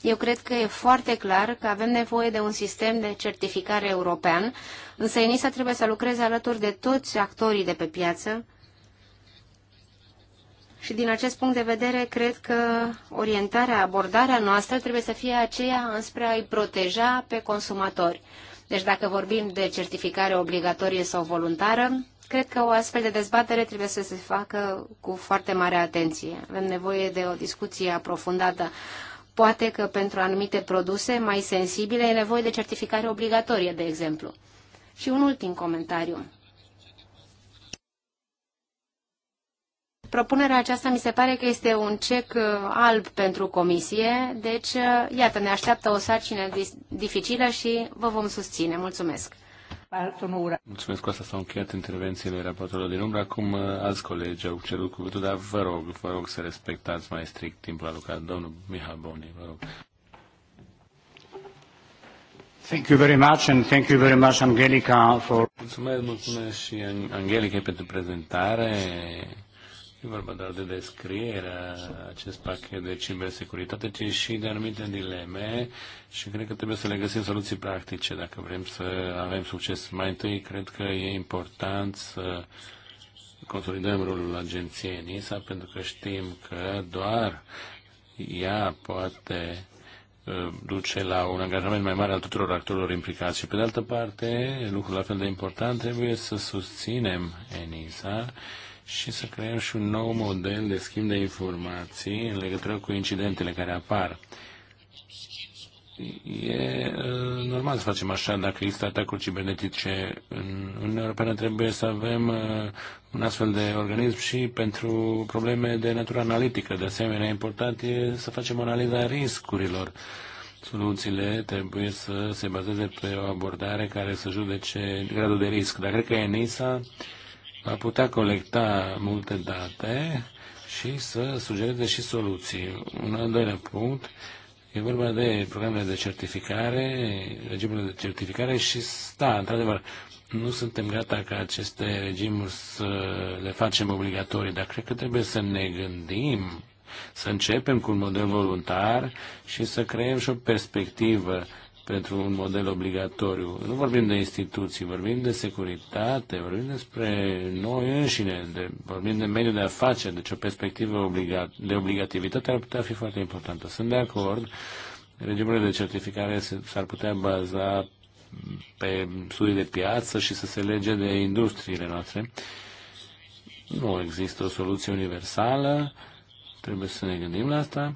Eu cred că e foarte clar că avem nevoie de un sistem de certificare european, însă ENISA trebuie să lucreze alături de toți actorii de pe piață, și din acest punct de vedere, cred că orientarea, abordarea noastră trebuie să fie aceea înspre a-i proteja pe consumatori. Deci dacă vorbim de certificare obligatorie sau voluntară, cred că o astfel de dezbatere trebuie să se facă cu foarte mare atenție. Avem nevoie de o discuție aprofundată. Poate că pentru anumite produse mai sensibile e nevoie de certificare obligatorie, de exemplu. Și un ultim comentariu. propunerea aceasta mi se pare că este un cec uh, alb pentru comisie, deci uh, iată, ne așteaptă o sarcină dificilă și vă vom susține. Mulțumesc! Mulțumesc, cu asta s-au încheiat intervențiile raportorilor din umbră. Acum uh, alți colegi au cerut cuvântul, dar vă rog, vă rog să respectați mai strict timpul alocat. Domnul Mihal Boni, vă rog. Thank you very much and thank you very much, Angelica, for... Mulțumesc, mulțumesc și Angelica pentru prezentare. E vorba doar de descrierea acest pachet de cibersecuritate, ci și de anumite dileme și cred că trebuie să le găsim soluții practice dacă vrem să avem succes. Mai întâi, cred că e important să consolidăm rolul agenției NISA, pentru că știm că doar ea poate uh, duce la un angajament mai mare al tuturor actorilor implicați. Și pe de altă parte, lucrul la fel de important, trebuie să susținem ENISA și să creăm și un nou model de schimb de informații în legătură cu incidentele care apar. E normal să facem așa. Dacă există atacuri cibernetice în Uniunea Europeană, trebuie să avem uh, un astfel de organism și pentru probleme de natură analitică. De asemenea, important e să facem analiza riscurilor. Soluțiile trebuie să se bazeze pe o abordare care să judece gradul de risc. Dar cred că ENISA va putea colecta multe date și să sugereze și soluții. Un al doilea punct e vorba de programele de certificare, regimurile de certificare și, da, într-adevăr, nu suntem gata ca aceste regimuri să le facem obligatorii, dar cred că trebuie să ne gândim, să începem cu un model voluntar și să creăm și o perspectivă pentru un model obligatoriu. Nu vorbim de instituții, vorbim de securitate, vorbim despre noi înșine, de, vorbim de mediul de afaceri, deci o perspectivă obligat, de obligativitate ar putea fi foarte importantă. Sunt de acord, regimurile de certificare s-ar putea baza pe studii de piață și să se lege de industriile noastre. Nu există o soluție universală, trebuie să ne gândim la asta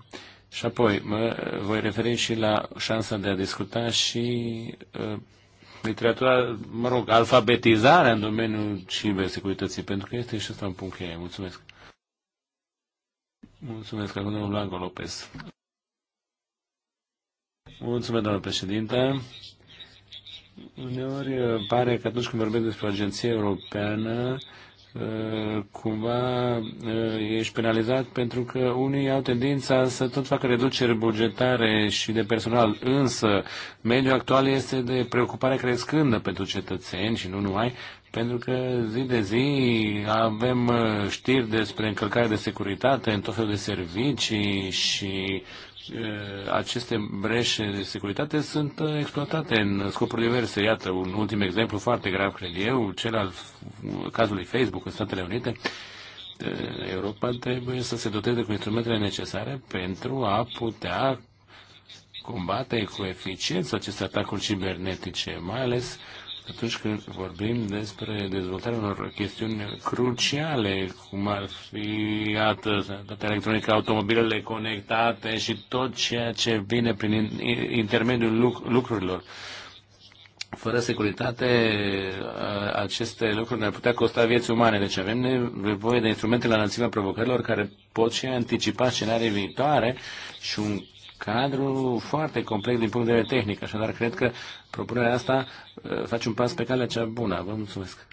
și apoi mă voi referi și la șansa de a discuta și uh, literatura, mă rog, alfabetizarea în domeniul cibersecurității, pentru că este și asta un punct cheie. Mulțumesc. Mulțumesc, acum domnul Blanco Lopez. Mulțumesc, doamnă președintă. Uneori uh, pare că atunci când vorbim despre o agenție europeană, uh, Eh, cumva eh, ești penalizat pentru că unii au tendința să tot facă reduceri bugetare și de personal, însă mediul actual este de preocupare crescândă pentru cetățeni și nu numai, pentru că zi de zi avem eh, știri despre încălcare de securitate în tot felul de servicii și uh, Eh, aceste breșe de securitate sunt eh, exploatate în scopuri diverse. Iată, un ultim exemplu foarte grav, cred eu, cel al cazului Facebook în Statele Unite. Eh, Europa trebuie să se doteze cu instrumentele necesare pentru a putea combate cu eficiență aceste atacuri cibernetice, mai ales uh, atunci când vorbim despre dezvoltarea unor chestiuni cruciale, cum ar fi, iată, sănătatea electronică, automobilele conectate și tot ceea ce vine prin intermediul lucrurilor. Fără securitate, aceste lucruri ne-ar putea costa vieți umane. Deci avem nevoie de instrumente la înălțimea provocărilor care pot și anticipa scenarii viitoare și un cadru foarte complex din punct de vedere tehnic, așadar cred că propunerea asta uh, face un pas pe calea cea bună. Vă mulțumesc!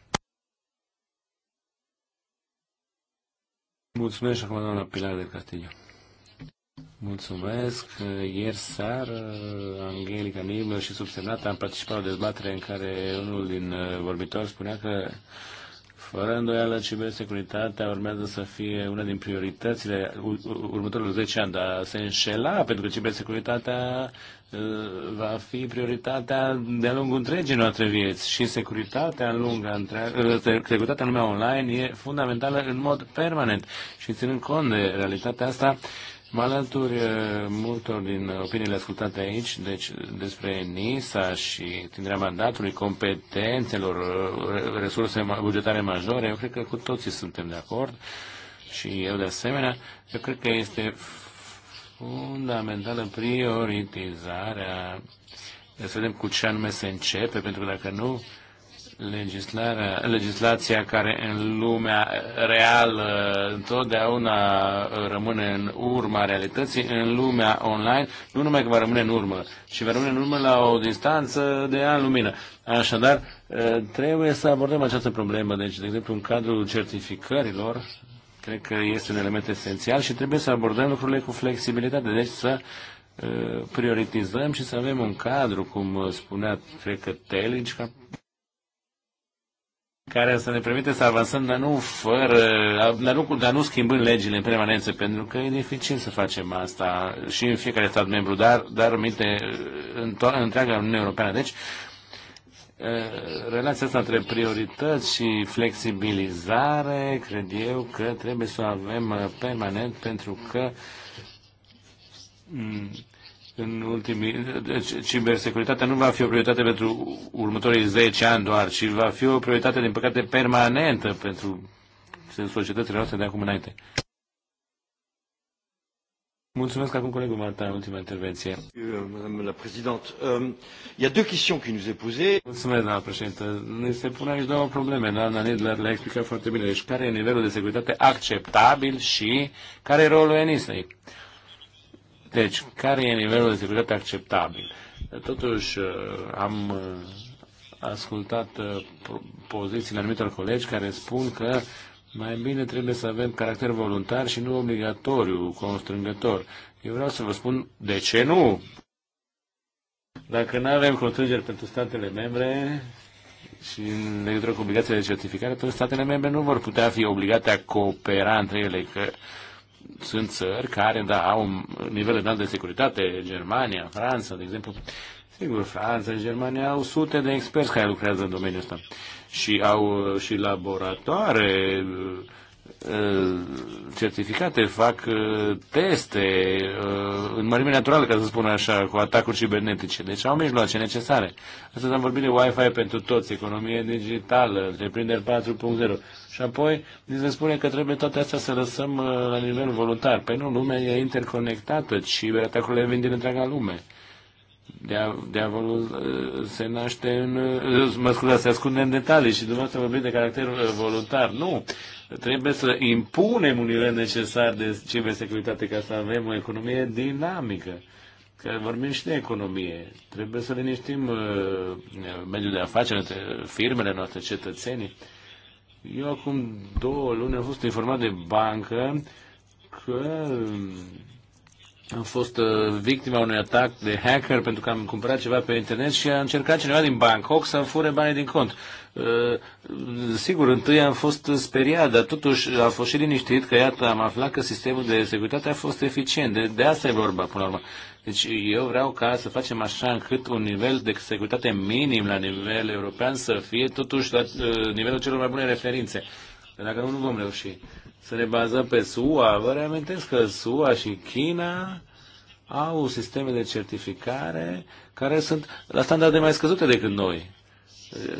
Mulțumesc și acum doamna Pilar de Castillo. Mulțumesc. Ieri seară, Angelica Nibler și subsemnată am participat la o dezbatere în care unul din uh, vorbitori spunea că fără îndoială, cibersecuritatea urmează să fie una din prioritățile următorilor 10 ani, dar se înșela pentru că cibersecuritatea uh, va fi prioritatea de-a lungul întregii noastre vieți și securitatea în lunga întreagă, uh, securitatea în lumea online e fundamentală în mod permanent și ținând cont de realitatea asta, Mă alătur eh, multor din opiniile ascultate aici, deci despre NISA și tinderea mandatului, competențelor, eh, resurse bugetare majore, eu cred că cu toții suntem de acord și eu de asemenea, eu cred că este fundamentală prioritizarea, să vedem cu ce anume se începe, pentru că dacă nu, legislarea, legislația care în lumea reală întotdeauna rămâne în urma realității, în lumea online, nu numai că va rămâne în urmă, ci va rămâne în urmă la o distanță de an lumină. Așadar, trebuie să abordăm această problemă. Deci, de exemplu, în cadrul certificărilor, cred că este un element esențial și trebuie să abordăm lucrurile cu flexibilitate. Deci să uh, prioritizăm și să avem un cadru, cum spunea, cred că Telici, ca care să ne permite să avansăm, dar nu fără, dar nu, dar nu schimbând legile în permanență, pentru că e dificil să facem asta și în fiecare stat membru, dar, dar minte, în to- întreaga Uniune Europeană. Deci, eh, relația asta între priorități și flexibilizare, cred eu că trebuie să o avem eh, permanent, pentru că mm, în ultimii... Deci cibersecuritatea nu va fi o prioritate pentru următorii 10 ani doar, ci va fi o prioritate, din păcate, permanentă pentru societățile noastre de acum înainte. Mulțumesc acum colegul Martin, ultima intervenție. Madame la Présidente, euh, il y a deux questions qui nous est Mulțumesc, doamna președintă. Ne se pune aici două probleme. Doamna Nidler le-a explicat foarte bine. Deci care e nivelul de securitate acceptabil și care e rolul ENISA-i? Deci, care e nivelul de securitate acceptabil? Totuși, uh, am uh, ascultat uh, pozițiile anumitor colegi care spun că mai bine trebuie să avem caracter voluntar și nu obligatoriu, constrângător. Eu vreau să vă spun de ce nu. Dacă nu avem constrângeri pentru statele membre și în legătură cu obligația de certificare, atunci statele membre nu vor putea fi obligate a coopera între ele, că sunt țări care da, au un nivel înalt de securitate, Germania, Franța, de exemplu. Sigur, Franța și Germania au sute de experți care lucrează în domeniul ăsta și au uh, și laboratoare uh, Uh, certificate, fac uh, teste uh, în mărime naturală, ca să spun așa, cu atacuri cibernetice. Deci au mijloace necesare. Astăzi am vorbit de Wi-Fi pentru toți, economie digitală, întreprinderi 4.0. Și apoi ni se spune că trebuie toate astea să lăsăm la nivel voluntar. Păi nu, lumea e interconectată, ciberatacurile vin din întreaga lume. Diavolul se naște în... Mă scuzați, se ascunde în detalii și dumneavoastră vorbim de caracter voluntar. Nu! Trebuie să impunem un nivel necesar de cibersecuritate ca să avem o economie dinamică. Că vorbim și de economie. Trebuie să liniștim uh, mediul de afaceri, firmele noastre, cetățenii. Eu acum două luni am fost informat de bancă că am fost uh, victima unui atac de hacker pentru că am cumpărat ceva pe internet și a încercat cineva din Bangkok să fure banii din cont. Uh, sigur, întâi am fost speriat, dar totuși a fost și liniștit că, iată, am aflat că sistemul de securitate a fost eficient. De, de asta e vorba, până la urmă. Deci eu vreau ca să facem așa încât un nivel de securitate minim la nivel european să fie totuși la uh, nivelul celor mai bune referințe. Dacă nu, nu vom reuși. Să ne bazăm pe SUA. Vă reamintesc că SUA și China au sisteme de certificare care sunt la standarde mai scăzute decât noi.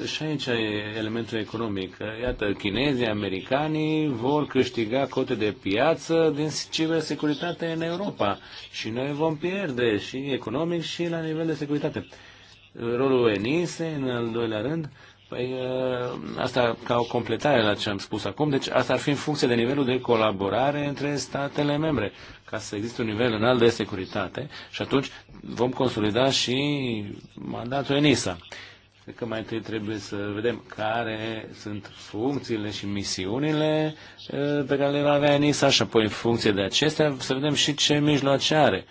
Și aici e elementul economic. Iată, chinezii, americanii vor câștiga cote de piață din cibersecuritate în Europa și noi vom pierde și economic și la nivel de securitate. Rolul ENISE, în al doilea rând, păi, ă, asta ca o completare la ce am spus acum, deci asta ar fi în funcție de nivelul de colaborare între statele membre, ca să existe un nivel înalt de securitate și atunci vom consolida și mandatul ENISA. Cred că mai întâi trebuie să vedem care sunt funcțiile și misiunile pe care le va avea NISA și apoi în funcție de acestea să vedem și ce mijloace are.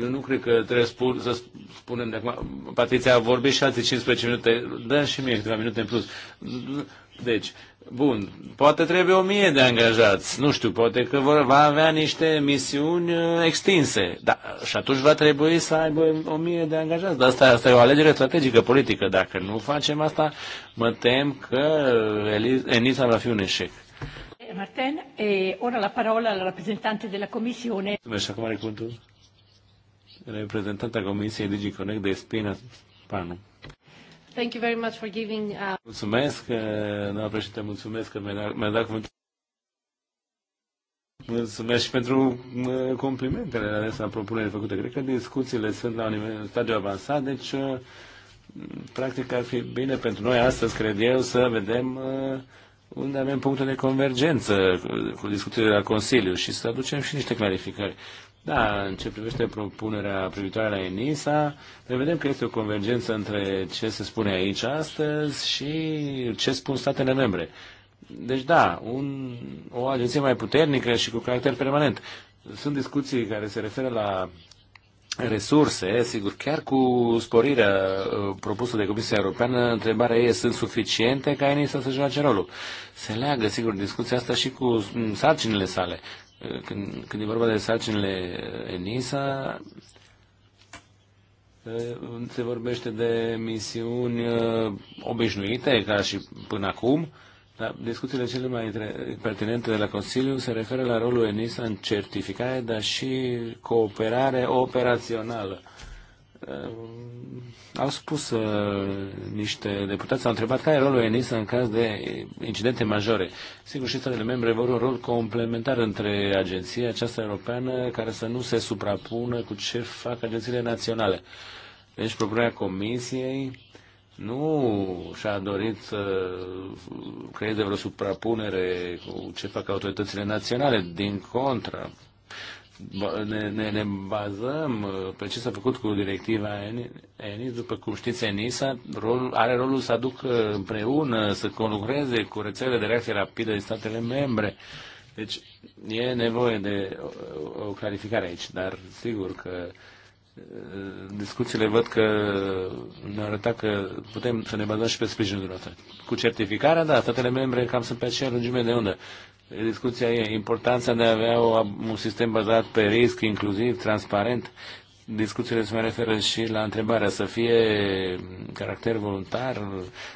Eu nu cred că trebuie spun, să spunem de acum, Patriția a vorbit și alții 15 minute, dă da, și mie câteva minute în plus. Deci, Bun, poate trebuie o mie de angajați, nu știu, poate că vor, va avea niște misiuni uh, extinse, da, și atunci va trebui să aibă o mie de angajați, dar asta, asta e o alegere strategică politică, dacă nu facem asta, mă tem că Enisa va fi un eșec. Eh, Martin, e eh, ora la parola al rappresentante della Commissione. Mulțumesc, acum are cuvântul reprezentanta Comisiei DigiConnect de Spina Panu. Thank you very much for giving... Uh... Mulțumesc, uh, doamna președinte, mulțumesc că mi-a dat, cuvântul. Mulțumesc și pentru uh, complimentele la adresa propunerii făcute. Cred că discuțiile sunt la un nivel, stadiu avansat, deci uh, practic ar fi bine pentru noi astăzi, cred eu, să vedem unde avem puncte de convergență cu discuțiile la Consiliu și să aducem și niște clarificări. Da, în ce privește propunerea privitoare la ENISA, ne vedem că este o convergență între ce se spune aici astăzi și ce spun statele membre. Deci da, un, o agenție mai puternică și cu caracter permanent. Sunt discuții care se referă la resurse, sigur, chiar cu sporirea uh, propusă de Comisia Europeană, întrebarea ei sunt suficiente ca ei să se joace rolul? Se leagă, sigur, discuția asta și cu mm, sarcinile sale când, când e vorba de sarcinile ENISA, eh, se vorbește de misiuni eh, obișnuite, ca și până acum, dar discuțiile cele mai pertinente de la Consiliu se referă la rolul ENISA în certificare, dar și cooperare operațională. Ehm, au spus uh, niște deputați, au întrebat care e rolul ENISA în caz de incidente majore. Sigur, și statele membre vor un rol complementar între agenția aceasta europeană care să nu se suprapună cu ce fac agențiile naționale. Deci propunerea Comisiei nu și-a dorit să creeze vreo suprapunere cu ce fac autoritățile naționale. Din contră, ne, ne, ne bazăm uh, pe ce s-a făcut cu directiva ENIS. După cum știți, ENISA rol, are rolul să aducă împreună, să conlucreze cu rețelele de reacție rapidă din statele membre. Deci e nevoie de o, o clarificare aici, dar sigur că uh, discuțiile văd că ne arăta că putem să ne bazăm și pe sprijinul dumneavoastră. Cu certificarea, da, statele membre cam sunt pe aceeași lungime de undă discuția e importanța de a avea o, un sistem bazat pe risc, inclusiv, transparent. Discuțiile se mai referă și la întrebarea să fie caracter voluntar,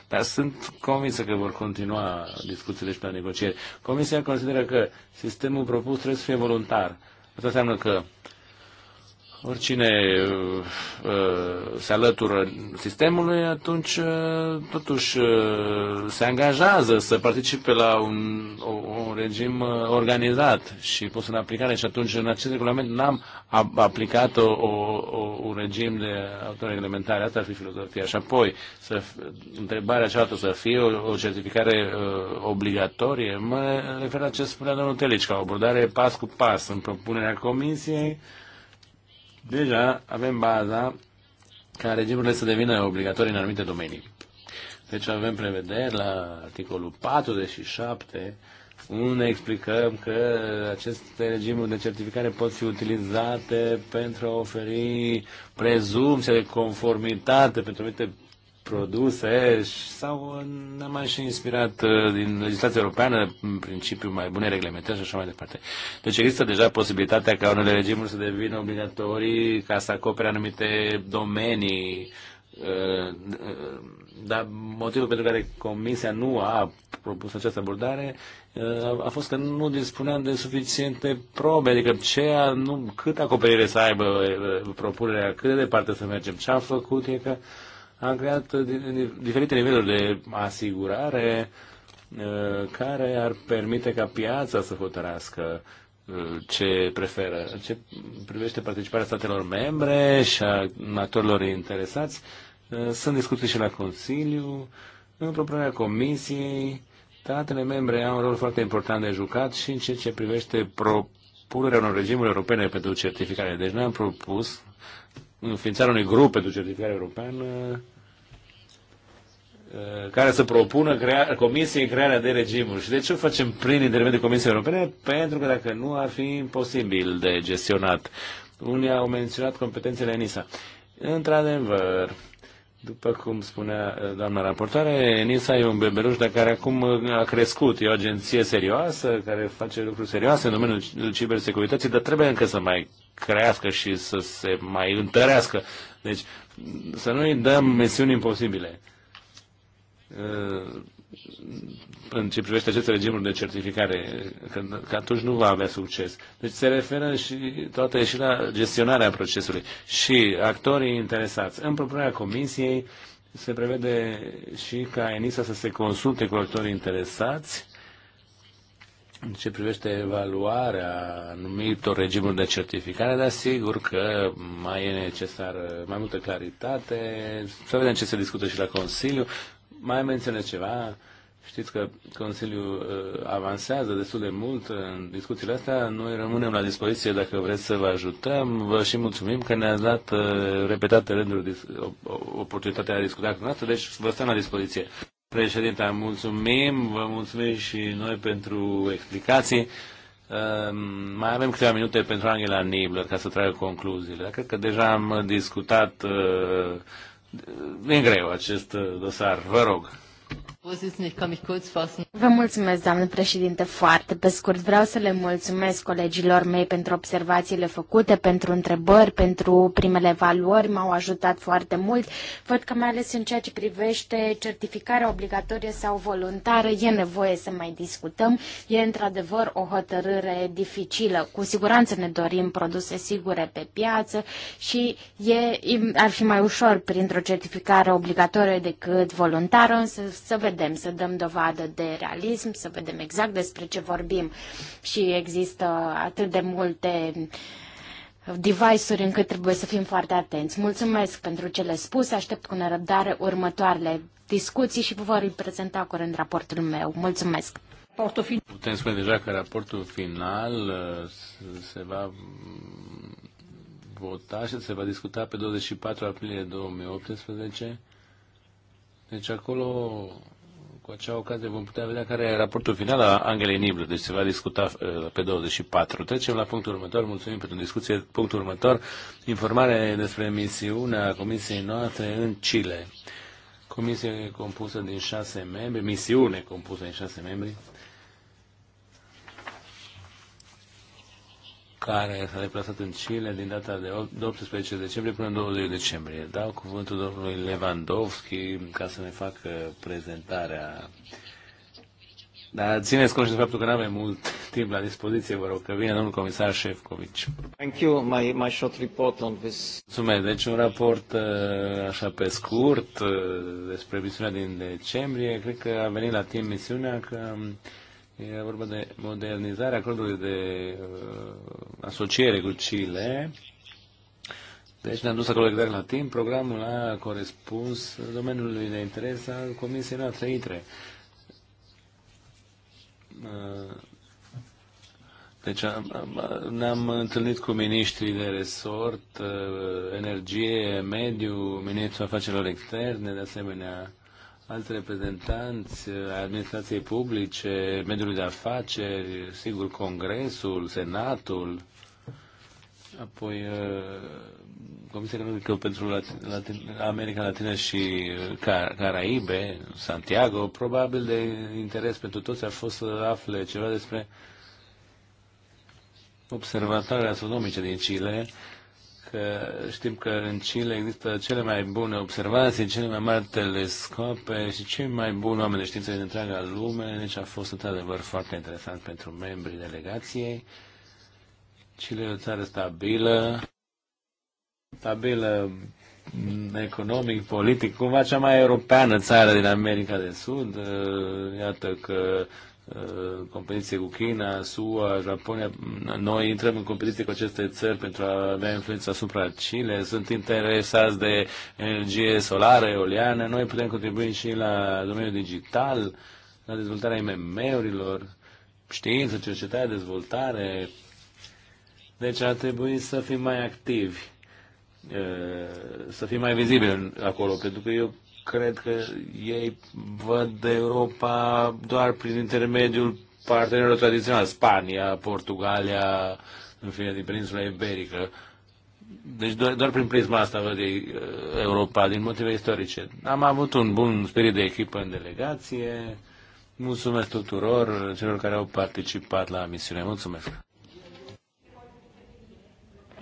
dar sunt convinsă că vor continua discuțiile și la negocieri. Comisia consideră că sistemul propus trebuie să fie voluntar. Asta înseamnă că oricine uh, uh, se alătură sistemului, atunci uh, totuși uh, se angajează să participe la un, o, un regim uh, organizat și pus în aplicare și atunci în acest regulament n-am aplicat o, o, o, un regim de autoreglementare. Asta ar fi filozofia. Și apoi, să, întrebarea cealaltă să fie o, o certificare uh, obligatorie. Mă refer la ce spunea domnul Telici, ca o abordare pas cu pas în propunerea comisiei deja avem baza ca regimurile să devină obligatorii în anumite domenii. Deci avem prevederi la articolul 47 unde explicăm că aceste regimuri de certificare pot fi utilizate pentru a oferi prezumția de conformitate pentru anumite produse sau ne-am mai și inspirat uh, din legislația europeană, în principiu mai bune reglementări și așa mai departe. Deci există deja posibilitatea ca unele regimuri să devină obligatorii ca să acopere anumite domenii, uh, uh, dar motivul pentru care Comisia nu a propus această abordare a fost că nu dispuneam de suficiente probe, adică ce a, nu, cât acoperire să aibă propunerea, cât de departe să mergem. Ce a făcut e că am creat diferite niveluri de asigurare uh, care ar permite ca piața să hotărască uh, ce preferă. Ce privește participarea statelor membre și a actorilor interesați, uh, sunt discuții și la Consiliu, în propunerea Comisiei, statele membre au un rol foarte important de jucat și în ceea ce privește propunerea unor regimuri europene pentru certificare. Deci noi am propus înființarea unui grup pentru certificare europeană uh, care să propună crea, Comisiei crearea de regimuri. Și de ce o facem prin intermediul Comisiei Europene? Pentru că dacă nu ar fi imposibil de gestionat. Unii au menționat competențele ENISA. Într-adevăr, după cum spunea uh, doamna raportoare, ENISA e un bebeluș, dar care acum uh, a crescut. E o agenție serioasă care face lucruri serioase în domeniul cibersecurității, dar trebuie încă să mai crească și să se mai întărească. Deci să nu-i dăm misiuni imposibile uh, în ce privește aceste regimuri de certificare, că, că atunci nu va avea succes. Deci se referă și toată și la gestionarea procesului și actorii interesați. În propunerea comisiei se prevede și ca ENISA să se consulte cu actorii interesați în ce privește evaluarea anumitor regimuri de certificare, dar sigur că mai e necesar mai multă claritate. Să vedem ce se discută și la Consiliu. Mai menționez ceva. Știți că Consiliul uh, avansează destul de mult în discuțiile astea. Noi rămânem la dispoziție dacă vreți să vă ajutăm. Vă și mulțumim că ne-ați dat uh, repetate rânduri oportunitatea de a discuta cu noastră, deci vă stăm la dispoziție. Președinte, mulțumim, vă mulțumim și noi pentru explicații. Ehm, mai avem câteva minute pentru Angela Nibler ca să tragă concluziile. Cred că deja am discutat din eh, greu acest dosar. Vă rog. Vă mulțumesc, doamnă președinte, foarte pe scurt. Vreau să le mulțumesc colegilor mei pentru observațiile făcute, pentru întrebări, pentru primele valori. M-au ajutat foarte mult. Văd că mai ales în ceea ce privește certificarea obligatorie sau voluntară, e nevoie să mai discutăm. E într-adevăr o hotărâre dificilă. Cu siguranță ne dorim produse sigure pe piață și e, ar fi mai ușor printr-o certificare obligatorie decât voluntară, însă să vedem vedem, să dăm dovadă de realism, să vedem exact despre ce vorbim și există atât de multe device-uri încât trebuie să fim foarte atenți. Mulțumesc pentru cele spuse, aștept cu nerăbdare următoarele discuții și vă voi prezenta curând raportul meu. Mulțumesc! Putem spune deja că raportul final uh, se va mm, vota și se va discuta pe 24 aprilie 2018. Deci acolo cu acea ocazie vom putea vedea care e raportul final a Angelei Niblu. deci se va discuta uh, pe 24. Trecem la punctul următor, mulțumim pentru discuție. Punctul următor, informare despre misiunea Comisiei noastre în Chile. Comisie compusă din șase membri, misiune compusă din șase membri, care s-a deplasat în Chile din data de 18 decembrie până în 22 decembrie. Dau cuvântul domnului Lewandowski ca să ne facă prezentarea. Dar țineți conștient de faptul că nu avem mult timp la dispoziție, vă rog, că vine domnul comisar Șefcovici. Thank you. My, my short report on this. Mulțumesc. Deci un raport uh, așa pe scurt uh, despre misiunea din decembrie. Cred că a venit la timp misiunea că um, era vorba de modernizarea acordului de uh, asociere cu Chile. Deci ne-am dus acolo exact la timp. Programul a corespuns domeniului de interes al Comisiei noastre ITRE. Uh, deci ne-am întâlnit cu miniștrii de resort, uh, energie, mediu, ministrul afacerilor externe, de asemenea alți reprezentanți administrației publice, mediului de afaceri, sigur, Congresul, Senatul, apoi uh, Comisia Economică pentru Latin, America Latină și uh, Caraibe, Santiago, probabil de interes pentru toți ar fost să afle ceva despre observatoarele astronomice din Chile, că știm că în Chile există cele mai bune observații, cele mai mari telescope și cei mai buni oameni de știință din întreaga lume, deci a fost într-adevăr foarte interesant pentru membrii delegației. Chile e o țară stabilă, stabilă mm, economic, politic, cumva cea mai europeană țară din America de Sud. Iată că Uh, competiție cu China, SUA, Japonia. Noi intrăm în competiție cu aceste țări pentru a avea influență asupra Chile. Sunt interesați de energie solară, eoliană. Noi putem contribui și la domeniul digital, la dezvoltarea IMM-urilor, știință, cercetare, dezvoltare. Deci ar trebui să fim mai activi, uh, să fim mai vizibili acolo, pentru că eu cred că ei văd Europa doar prin intermediul partenerilor tradiționali, Spania, Portugalia, în fine, din peninsula iberică. Deci doar, doar prin prisma asta văd uh, Europa, din motive istorice. Am avut un bun spirit de echipă în delegație. Mulțumesc tuturor celor care au participat la misiune. Mulțumesc!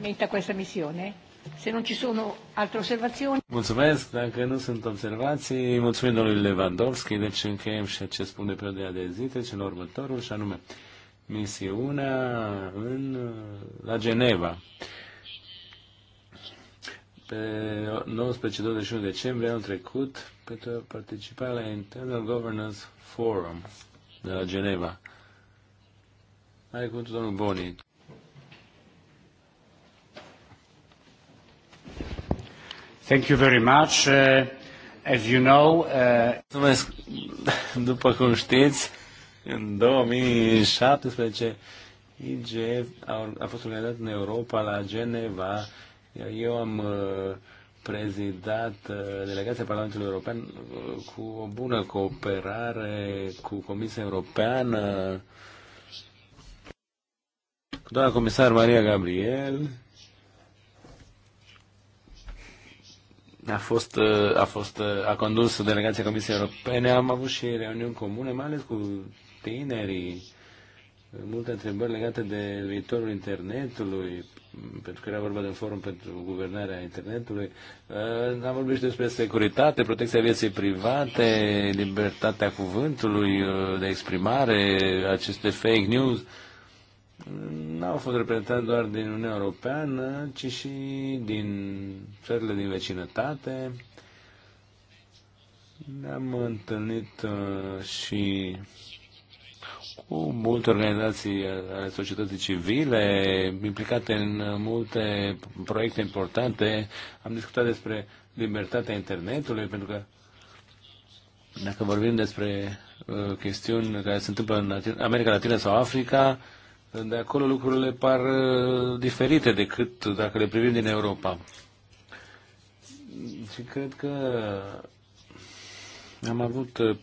Mita questa missione? Se nu ci sono altre Mulțumesc, dacă nu sunt observații, mulțumim domnului Lewandowski, deci încheiem și ce spune pe de zi, trecem în următorul, și anume misiunea în, la Geneva. Pe 19-21 decembrie anul trecut, pentru a participa la Internal Governance Forum de la Geneva. Ai cuvântul domnul Boni. Thank you very much. Uh, as you know, uh, Mulțumesc. [laughs] După cum știți, în 2017 IGF a, a fost organizat în Europa la Geneva. Eu am uh, prezidat delegația Parlamentului European cu o bună cooperare cu Comisia Europeană, cu doamna comisar Maria Gabriel a fost, uh, a fost, uh, a condus delegația Comisiei Europene, am avut și reuniuni comune, mai ales cu tinerii, multe întrebări legate de viitorul internetului, pentru că era vorba de un forum pentru guvernarea internetului. Uh, am vorbit și despre securitate, protecția vieții private, libertatea cuvântului de exprimare, aceste fake news n-au fost reprezentate doar din Uniunea Europeană, ci și din țările din vecinătate. Ne-am întâlnit uh, și cu multe organizații ale societății civile implicate în multe proiecte importante. Am discutat despre libertatea internetului, pentru că dacă vorbim despre uh, chestiuni care se întâmplă în America Latină sau Africa, de acolo lucrurile par uh, diferite decât dacă le privim din Europa. Și cred că am avut uh,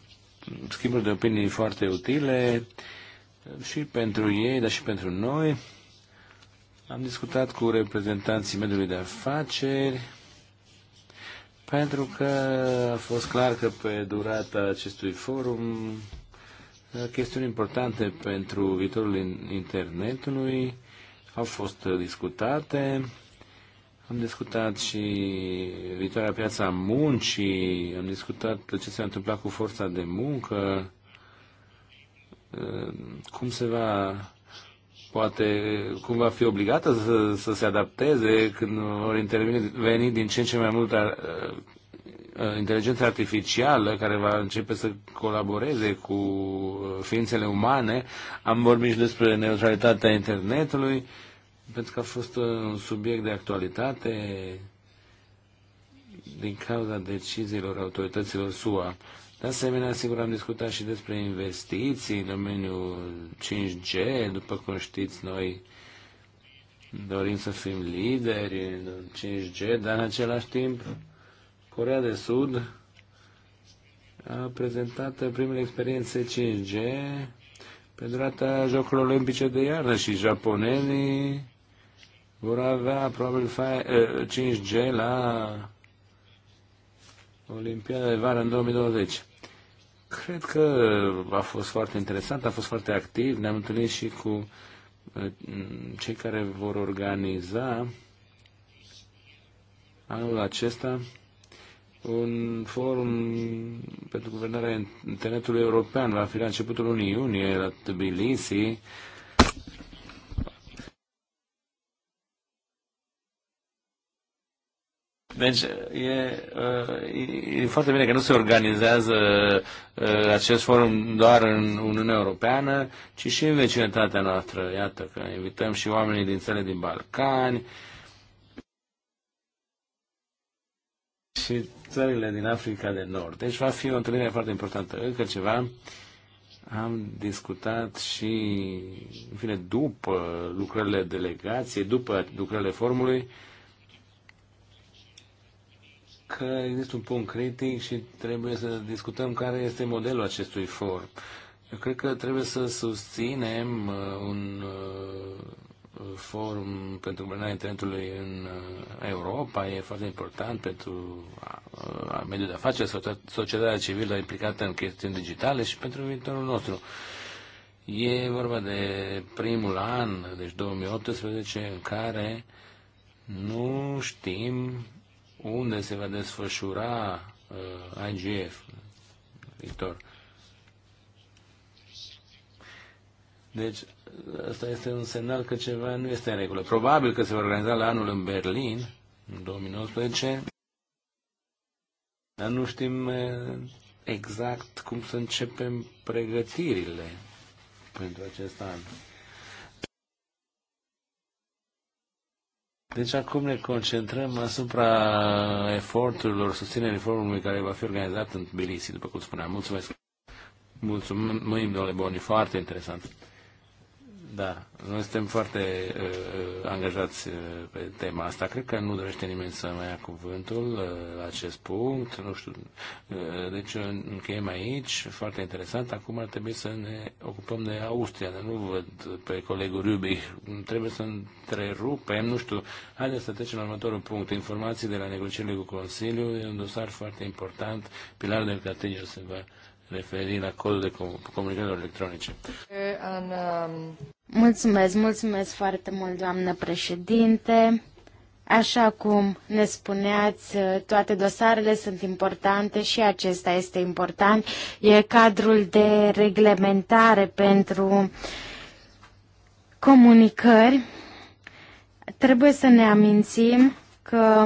schimburi de opinii foarte utile uh, și pentru ei, dar și pentru noi. Am discutat cu reprezentanții mediului de afaceri, pentru că a fost clar că pe durata acestui forum chestiuni importante pentru viitorul internetului au fost discutate. Am discutat și viitoarea piața muncii, am discutat ce se va întâmpla cu forța de muncă, eh, cum se va poate cum va fi obligată să, să se adapteze când vor interveni din ce în ce mai mult eh, Uh, inteligența artificială care va începe să colaboreze cu uh, ființele umane. Am vorbit și despre neutralitatea internetului, pentru că a fost uh, un subiect de actualitate din cauza deciziilor autorităților SUA. De asemenea, sigur, am discutat și despre investiții în domeniul 5G. După cum știți, noi dorim să fim lideri în 5G, dar în același timp Corea de Sud a prezentat primele experiențe 5G pe durata Jocurilor Olimpice de iarnă și japonenii vor avea probabil 5G eh, la Olimpiada de vară în 2020. Cred că a fost foarte interesant, a fost foarte activ. Ne-am întâlnit și cu eh, cei care vor organiza anul acesta un forum pentru guvernarea internetului european va fi la începutul lunii iunie la Tbilisi. Deci e, uh, e foarte bine că nu se organizează uh, acest forum doar în Uniunea Europeană, ci și în vecinătatea noastră. Iată că invităm și oamenii din țările din Balcani. Și țările din Africa de Nord. Deci va fi o întâlnire foarte importantă. Încă ceva, am discutat și, în fine, după lucrările delegației, după lucrările formului, că există un punct critic și trebuie să discutăm care este modelul acestui form. Eu cred că trebuie să susținem uh, un uh, forum pentru guvernarea internetului în uh, Europa e foarte important pentru uh, uh, mediul de afaceri, societatea civilă implicată în chestiuni digitale și pentru viitorul nostru. E vorba de primul an, deci 2018, în care nu știm unde se va desfășura uh, IGF viitor. Deci asta este un semnal că ceva nu este în regulă. Probabil că se va organiza la anul în Berlin, în 2019, dar nu știm exact cum să începem pregătirile pentru acest an. Deci acum ne concentrăm asupra eforturilor susținerii forumului care va fi organizat în Tbilisi, după cum spuneam. Mulțumesc! Mulțumim, domnule Boni, foarte interesant. Da, noi suntem foarte uh, uh, angajați uh, pe tema asta. Cred că nu dorește nimeni să mai ia cuvântul uh, la acest punct. Nu știu. Uh, deci uh, încheiem aici. Foarte interesant. Acum ar trebui să ne ocupăm de Austria, nu văd pe colegul Rubi. Trebuie să întrerupem. Nu știu. Haideți să trecem la următorul punct. Informații de la negocierile cu Consiliul. E un dosar foarte important. Pilarul de Catillo se va referind la codul de comunicări electronice. Um, mulțumesc, mulțumesc foarte mult, doamnă președinte. Așa cum ne spuneați, toate dosarele sunt importante și acesta este important. E cadrul de reglementare pentru comunicări. Trebuie să ne amintim că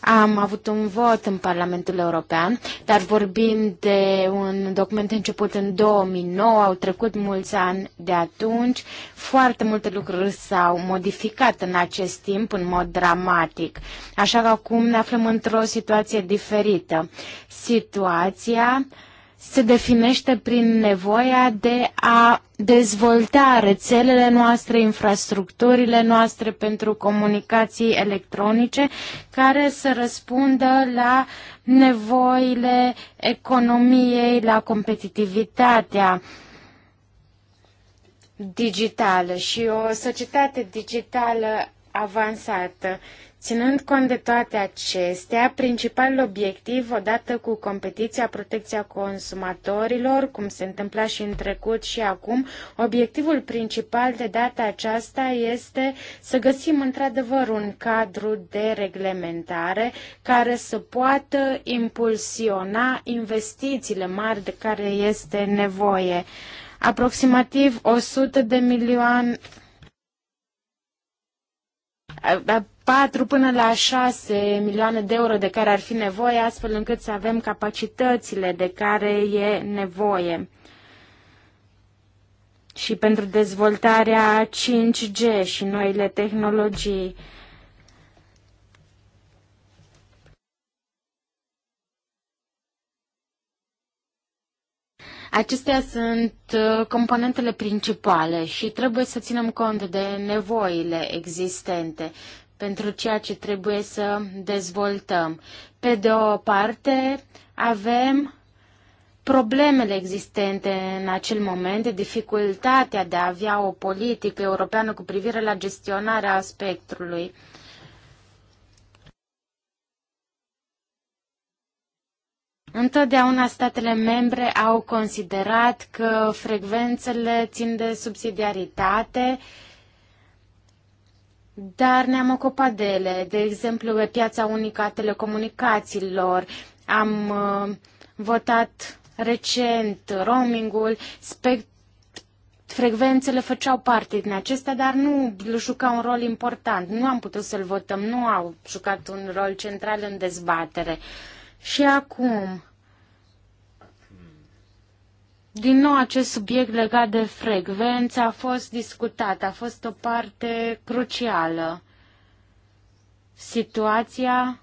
am avut un vot în Parlamentul European, dar vorbind de un document început în 2009, au trecut mulți ani de atunci, foarte multe lucruri s-au modificat în acest timp în mod dramatic. Așa că acum ne aflăm într-o situație diferită. Situația uh, se definește prin nevoia de a dezvolta rețelele noastre, infrastructurile noastre pentru comunicații electronice, care să răspundă la nevoile economiei, la competitivitatea digitală și o societate digitală avansată. Ținând cont de toate acestea, principalul obiectiv, odată cu competiția, protecția consumatorilor, cum se întâmpla și în trecut și acum, obiectivul principal de data aceasta este să găsim într-adevăr un cadru de reglementare care să poată impulsiona investițiile mari de care este nevoie aproximativ 100 de milioane, 4 până la 6 milioane de euro de care ar fi nevoie, astfel încât să avem capacitățile de care e nevoie. Și pentru dezvoltarea 5G și noile tehnologii. Acestea sunt uh, componentele principale și trebuie să ținem cont de nevoile existente pentru ceea ce trebuie să dezvoltăm. Pe de o parte, avem problemele existente în acel moment, dificultatea de a avea o politică europeană cu privire la gestionarea spectrului. Întotdeauna statele membre au considerat că frecvențele țin de subsidiaritate, dar ne-am ocupat de ele. De exemplu, pe piața unică a telecomunicațiilor am uh, votat recent roamingul, spect frecvențele făceau parte din acestea, dar nu juca un rol important. Nu am putut să-l votăm, nu au jucat un rol central în dezbatere. Uh, și acum, din nou acest subiect legat de frecvență a fost discutat, a fost o parte crucială. Situația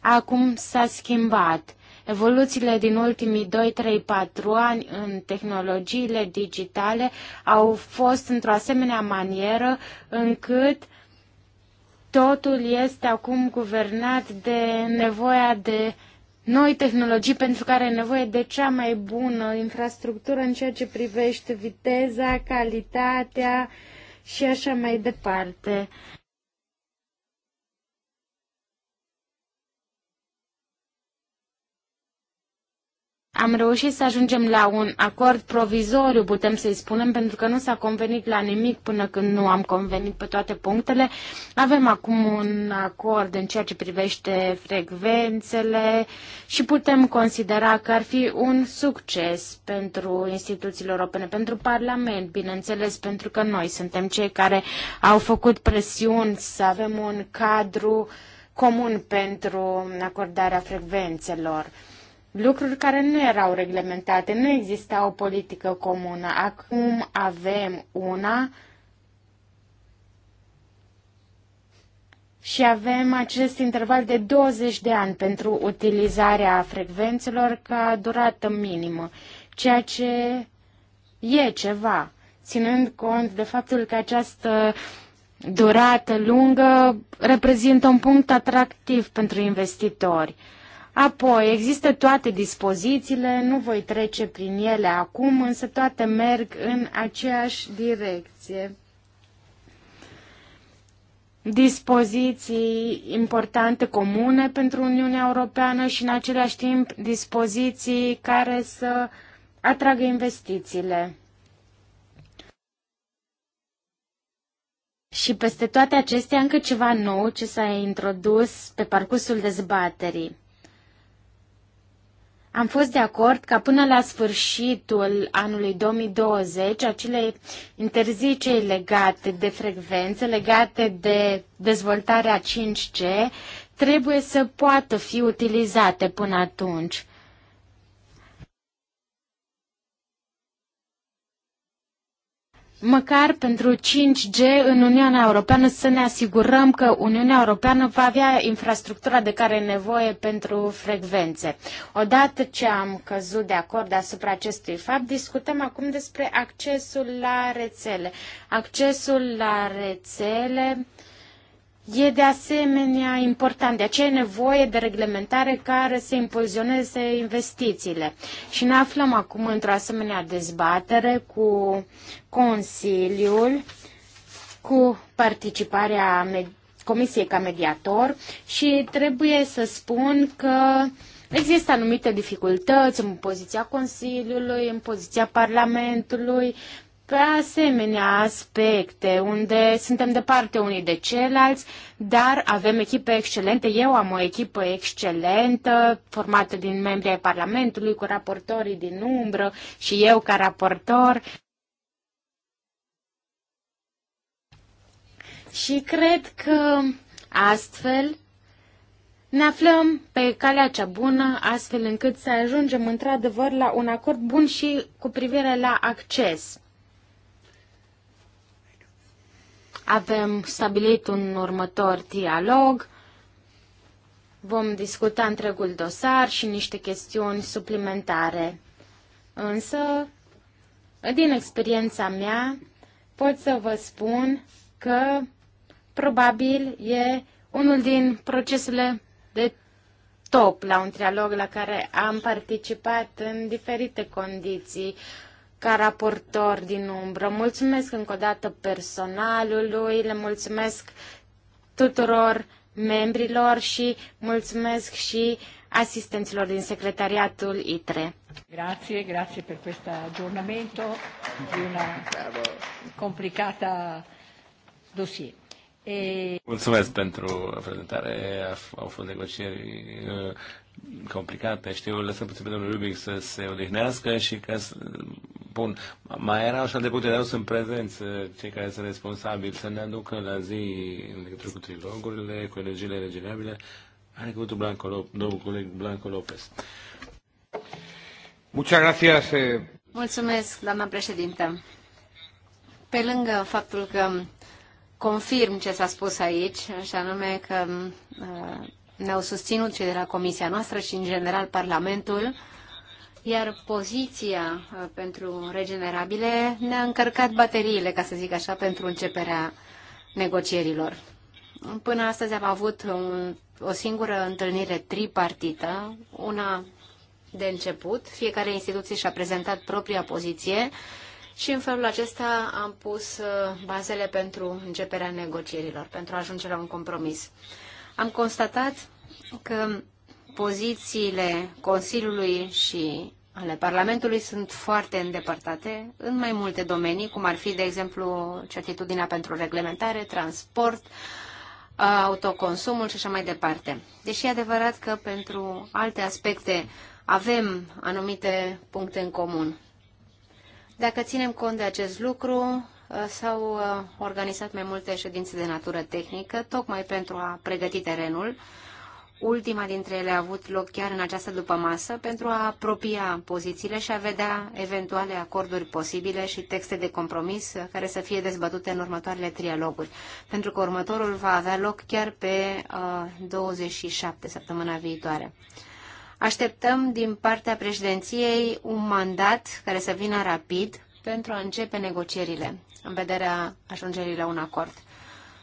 acum s-a schimbat. Evoluțiile din ultimii 2, 3, 4 ani în tehnologiile digitale au fost într-o asemenea manieră încât totul este acum guvernat de nevoia de noi tehnologii pentru care e nevoie de cea mai bună infrastructură în ceea ce privește viteza, calitatea și așa mai departe. Am reușit să ajungem la un acord provizoriu, putem să-i spunem, pentru că nu s-a convenit la nimic până când nu am convenit pe toate punctele. Avem acum un acord în ceea ce privește frecvențele și putem considera că ar fi un succes pentru instituțiile europene, pentru Parlament, bineînțeles, pentru că noi suntem cei care au făcut presiuni să avem un cadru comun pentru acordarea frecvențelor lucruri care nu erau reglementate, nu exista o politică comună. Acum avem una și avem acest interval de 20 de ani pentru utilizarea frecvențelor ca durată minimă, ceea ce e ceva, ținând cont de faptul că această durată lungă reprezintă un punct atractiv pentru investitori. Apoi, există toate dispozițiile, nu voi trece prin ele acum, însă toate merg în aceeași direcție. Dispoziții importante comune pentru Uniunea Europeană și în același timp dispoziții care să atragă investițiile. Și peste toate acestea încă ceva nou ce s-a introdus pe parcursul dezbaterii. Am fost de acord ca până la sfârșitul anului 2020 acele interziceri legate de frecvențe, legate de dezvoltarea 5G, trebuie să poată fi utilizate până atunci. măcar pentru 5G în Uniunea Europeană să ne asigurăm că Uniunea Europeană va avea infrastructura de care e nevoie pentru frecvențe. Odată ce am căzut de acord asupra acestui fapt, discutăm acum despre accesul la rețele. Accesul la rețele uh, E de asemenea important, de aceea e nevoie de reglementare care să impulsioneze investițiile. Și ne aflăm acum într-o asemenea dezbatere cu Consiliul, cu participarea Comisiei ca mediator și trebuie să spun că Există anumite dificultăți în poziția Consiliului, în poziția Parlamentului, pe asemenea aspecte unde suntem departe unii de ceilalți, dar avem echipe excelente. Eu am o echipă excelentă formată din membrii ai Parlamentului cu raportorii din umbră și eu ca raportor. Și cred că astfel ne aflăm pe calea cea bună, astfel încât să ajungem într-adevăr la un acord bun și cu privire la acces. Avem stabilit un următor dialog, vom discuta întregul dosar și niște chestiuni suplimentare. Însă, din experiența mea, pot să vă spun că probabil e unul din procesele de top la un trialog la care am participat în diferite condiții, ca raportor din umbră. Mulțumesc încă o dată personalului, le mulțumesc tuturor membrilor și mulțumesc și asistenților din secretariatul ITRE. Grazie, grazie per questo aggiornamento di una complicata dossier. E... Mulțumesc pentru prezentare. Au fost negocieri complicat, Știu, lăsăm puțin pe domnul Rubic să se odihnească și ca să Bun, mai erau așa de putere, dar sunt prezenți uh, cei care sunt responsabili să ne aducă la zi în legătură cu trilogurile, cu energiile regenerabile. Are cuvântul Blanco Lopez, domnul coleg Blanco Lopez. Muchas gracias. Eh. Mulțumesc, doamna președintă. Pe lângă faptul că confirm ce s-a spus aici, și anume că uh, ne-au susținut cei de la Comisia noastră și, în general, Parlamentul, iar poziția uh, pentru regenerabile ne-a încărcat bateriile, ca să zic așa, pentru începerea negocierilor. Până astăzi am avut un, o singură întâlnire tripartită, una de început, fiecare instituție și-a prezentat propria poziție și în felul acesta am pus uh, bazele pentru începerea negocierilor, pentru a ajunge la un compromis am constatat că pozițiile Consiliului și ale Parlamentului sunt foarte îndepărtate în mai multe domenii, cum ar fi, de exemplu, certitudinea pentru reglementare, transport, autoconsumul și așa mai departe. Deși e adevărat că pentru alte aspecte avem anumite puncte în comun. Dacă ținem cont de acest lucru, Uh, s-au uh, organizat mai multe ședințe de natură tehnică, tocmai pentru a pregăti terenul. Ultima dintre ele a avut loc chiar în această masă pentru a apropia pozițiile și a vedea eventuale acorduri posibile și texte de compromis uh, care să fie dezbătute în următoarele trialoguri, pentru că următorul va avea loc chiar pe uh, 27 săptămâna viitoare. Așteptăm din partea președinției un mandat care să vină rapid pentru a începe negocierile în vederea ajungerii la un acord.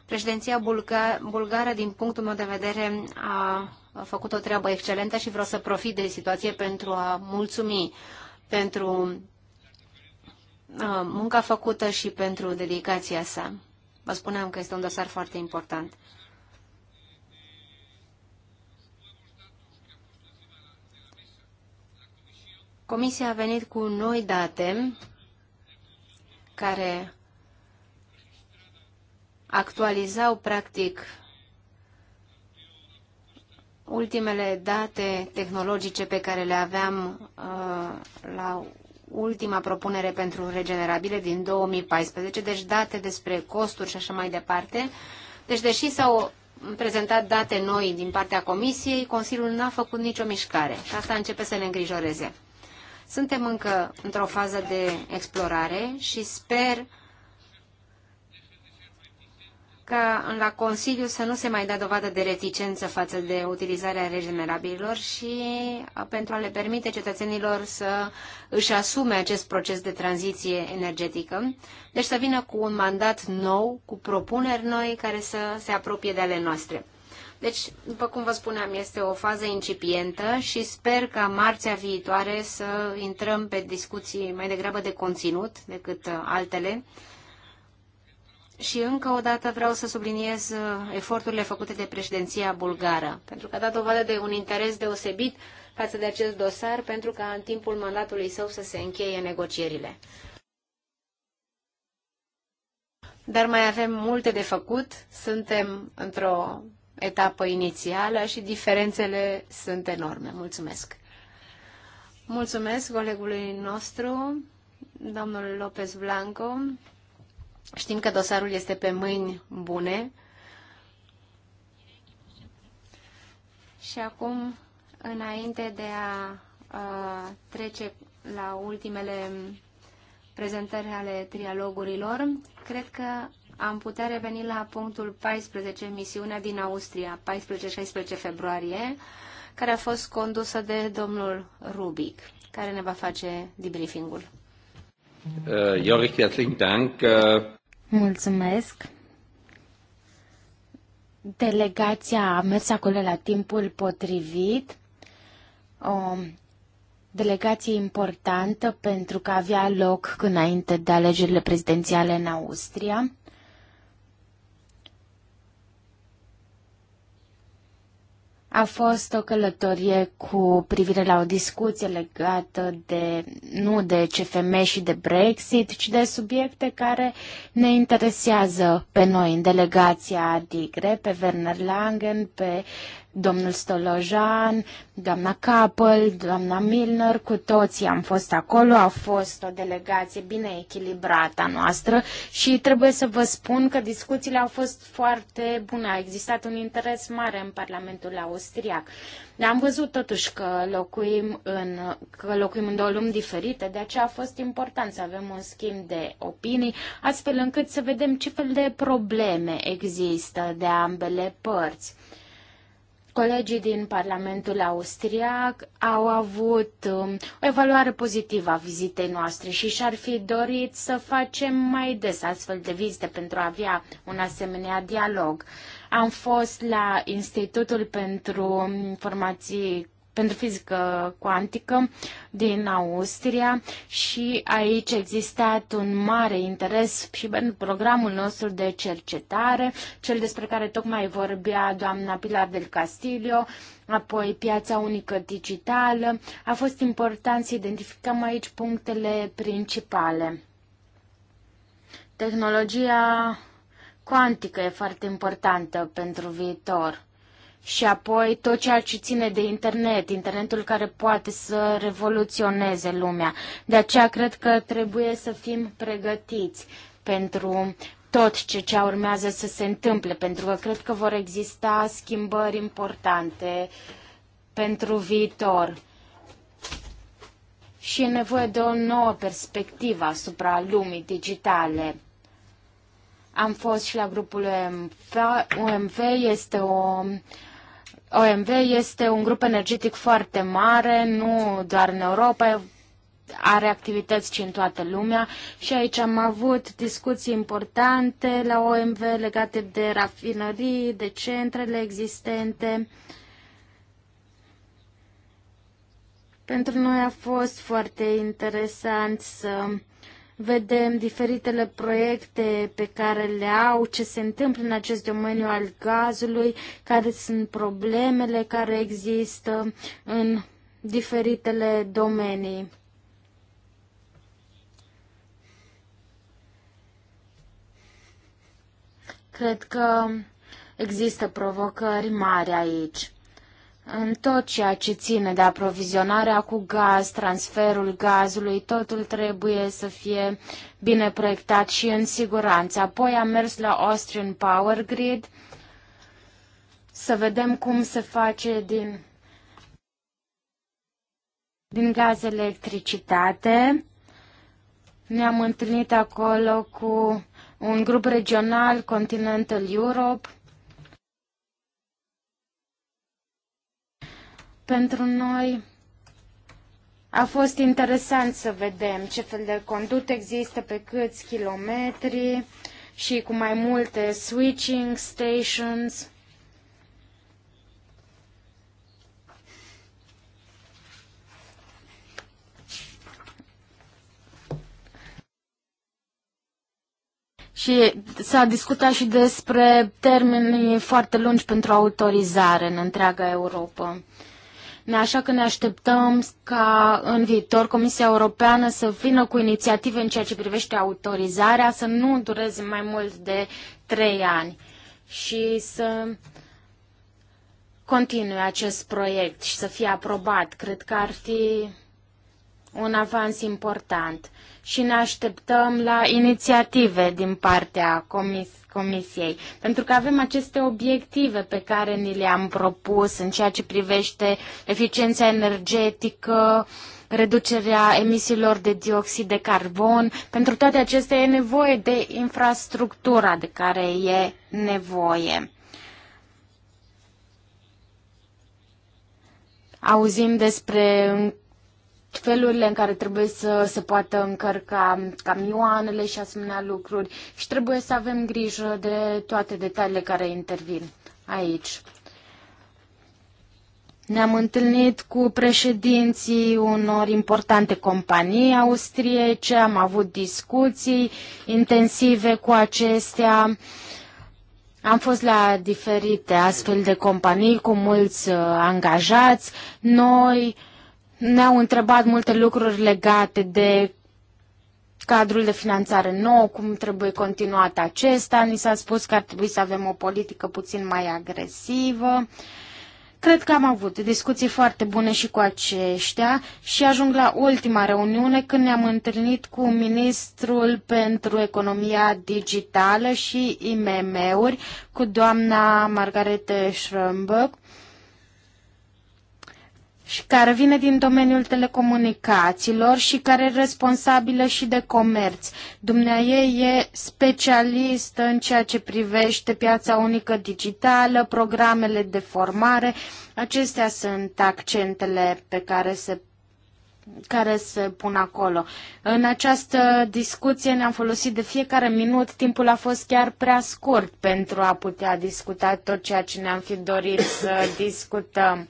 Președinția bulga bulgară, din punctul meu de vedere, a făcut o treabă excelentă și vreau să profit de situație pentru a mulțumi pentru uh, munca făcută și pentru dedicația sa. Vă spuneam că este un dosar foarte important. Comisia a venit cu noi date care actualizau practic ultimele date tehnologice pe care le aveam uh, la ultima propunere pentru regenerabile din 2014, deci date despre costuri și așa mai departe. Deci, deși s-au prezentat date noi din partea Comisiei, Consiliul n-a făcut nicio mișcare și asta începe să ne îngrijoreze. Suntem încă într-o fază de explorare și sper ca la Consiliu să nu se mai dea dovadă de reticență față de utilizarea regenerabililor și pentru a le permite cetățenilor să își asume acest proces de tranziție energetică. Deci să vină cu un mandat nou, cu propuneri noi care să se apropie de ale noastre. Deci, după cum vă spuneam, este o fază incipientă și sper ca marțea viitoare să intrăm pe discuții mai degrabă de conținut decât altele și încă o dată vreau să subliniez uh, eforturile făcute de președinția bulgară, pentru că a dat dovadă de un interes deosebit față de acest dosar, pentru ca în timpul mandatului său să se încheie negocierile. Dar mai avem multe de făcut, suntem într-o etapă inițială și diferențele sunt enorme. Mulțumesc! Mulțumesc colegului nostru, domnul Lopez Blanco. Știm că dosarul este pe mâini bune. Și acum, înainte de a, a trece la ultimele prezentări ale trialogurilor, cred că am putea reveni la punctul 14, misiunea din Austria, 14-16 februarie, care a fost condusă de domnul Rubic, care ne va face debriefing-ul. Eh, herzlichen Dank. Eh. Mulțumesc. Delegația a mers acolo la timpul potrivit. O delegație importantă pentru că avea loc înainte de alegerile prezidențiale în Austria. A fost o călătorie cu privire la o discuție legată de, nu de CFM și de Brexit, ci de subiecte care ne interesează pe noi în delegația Digre, pe Werner Langen, pe domnul Stolojan, doamna Capel, doamna Milner, cu toții am fost acolo, a fost o delegație bine echilibrată a noastră și trebuie să vă spun că discuțiile au fost foarte bune, a existat un interes mare în Parlamentul Austriac. Am văzut totuși că locuim în, că locuim în două lumi diferite, de aceea a fost important să avem un schimb de opinii, astfel încât să vedem ce fel de probleme există de ambele părți. Colegii din Parlamentul Austriac au avut um, o evaluare pozitivă a vizitei noastre și și-ar fi dorit să facem mai des astfel de vizite pentru a avea un asemenea dialog. Am fost la Institutul pentru Informații pentru fizică cuantică din Austria și aici există existat un mare interes și pentru programul nostru de cercetare, cel despre care tocmai vorbea doamna Pilar del Castillo, apoi piața unică digitală. A fost important să identificăm aici punctele principale. Tehnologia cuantică e foarte importantă pentru viitor și apoi tot ceea ce ține de internet, internetul care poate să revoluționeze lumea. De aceea cred că trebuie să fim pregătiți pentru tot ce, ce urmează să se întâmple, pentru că cred că vor exista schimbări importante pentru viitor. Și e nevoie de o nouă perspectivă asupra lumii digitale. Am fost și la grupul UMV, este o OMV este un grup energetic foarte mare, nu doar în Europa, are activități și în toată lumea și aici am avut discuții importante la OMV legate de rafinării, de centrele existente. Pentru noi a fost foarte interesant să vedem diferitele proiecte pe care le au, ce se întâmplă în acest domeniu al gazului, care sunt problemele care există în diferitele domenii. Cred că există provocări mari aici. În tot ceea ce ține de aprovizionarea cu gaz, transferul gazului, totul trebuie să fie bine proiectat și în siguranță. Apoi am mers la Austrian Power Grid să vedem cum se face din, din gaz electricitate. Ne-am întâlnit acolo cu un grup regional, Continental Europe, Pentru noi a fost interesant să vedem ce fel de condut există, pe câți kilometri și cu mai multe switching stations. Și s-a discutat și despre termenii foarte lungi pentru autorizare în întreaga Europa. Așa că ne așteptăm ca în viitor Comisia Europeană să vină cu inițiative în ceea ce privește autorizarea, să nu dureze mai mult de trei ani și să continue acest proiect și să fie aprobat. Cred că ar fi un avans important și ne așteptăm la inițiative din partea comis Comisiei, pentru că avem aceste obiective pe care ni le-am propus în ceea ce privește eficiența energetică, reducerea emisiilor de dioxid de carbon. Pentru toate acestea e nevoie de infrastructura de care e nevoie. Auzim despre felurile în care trebuie să se poată încărca camioanele și asemenea lucruri și trebuie să avem grijă de toate detaliile care intervin aici. Ne-am întâlnit cu președinții unor importante companii austriece, am avut discuții intensive cu acestea. Am fost la diferite astfel de companii cu mulți uh, angajați. Noi uh, ne-au întrebat multe lucruri legate de cadrul de finanțare nou, cum trebuie continuat acesta. Ni s-a spus că ar trebui să avem o politică puțin mai agresivă. Cred că am avut discuții foarte bune și cu aceștia și ajung la ultima reuniune când ne-am întâlnit cu ministrul pentru economia digitală și IMM-uri, cu doamna Margarete Schrömböck și care vine din domeniul telecomunicațiilor și care e responsabilă și de comerț. Dumneaei e specialist în ceea ce privește piața unică digitală, programele de formare. Acestea sunt accentele pe care se care se pun acolo. În această discuție ne-am folosit de fiecare minut, timpul a fost chiar prea scurt pentru a putea discuta tot ceea ce ne-am fi dorit să discutăm.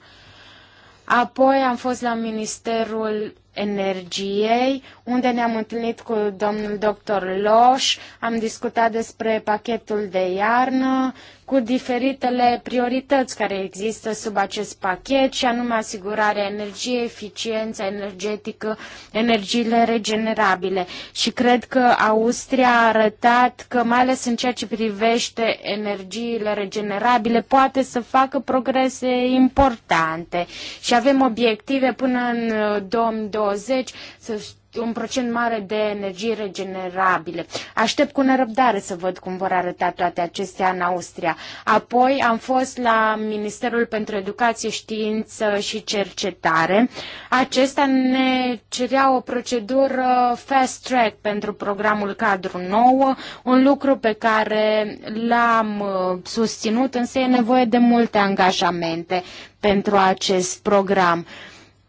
Apoi am fost la Ministerul Energiei, unde ne-am întâlnit cu domnul dr. Loș, am discutat despre pachetul de iarnă, cu diferitele priorități care există sub acest pachet, și anume asigurarea energiei, eficiența energetică, energiile regenerabile. Și cred că Austria a arătat că, mai ales în ceea ce privește energiile regenerabile, poate să facă progrese importante. Și avem obiective până în 2020 uh, să un procent mare de energii regenerabile. Aștept cu nerăbdare să văd cum vor arăta toate acestea în Austria. Apoi am fost la Ministerul pentru Educație, Știință și Cercetare. Acesta ne cerea o procedură fast track pentru programul cadru nou, un lucru pe care l-am uh, susținut, însă e nevoie de multe angajamente pentru acest program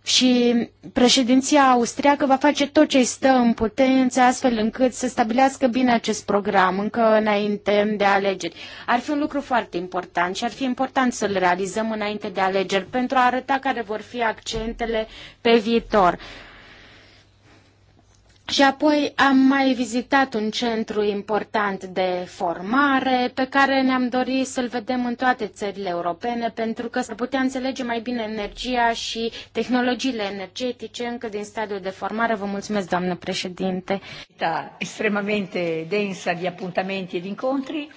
și președinția austriacă va face tot ce stă în putință astfel încât să stabilească bine acest program încă înainte de alegeri. Ar fi un lucru foarte important și ar fi important să-l realizăm înainte de alegeri pentru a arăta care vor fi accentele pe viitor. Și apoi am mai vizitat un centru important de formare pe care ne-am dorit să-l vedem în toate țările europene pentru că să putea înțelege mai bine energia și tehnologiile energetice încă din stadiul de formare. Vă mulțumesc, doamnă președinte. Da, extremamente densă de apuntamente e de incontri.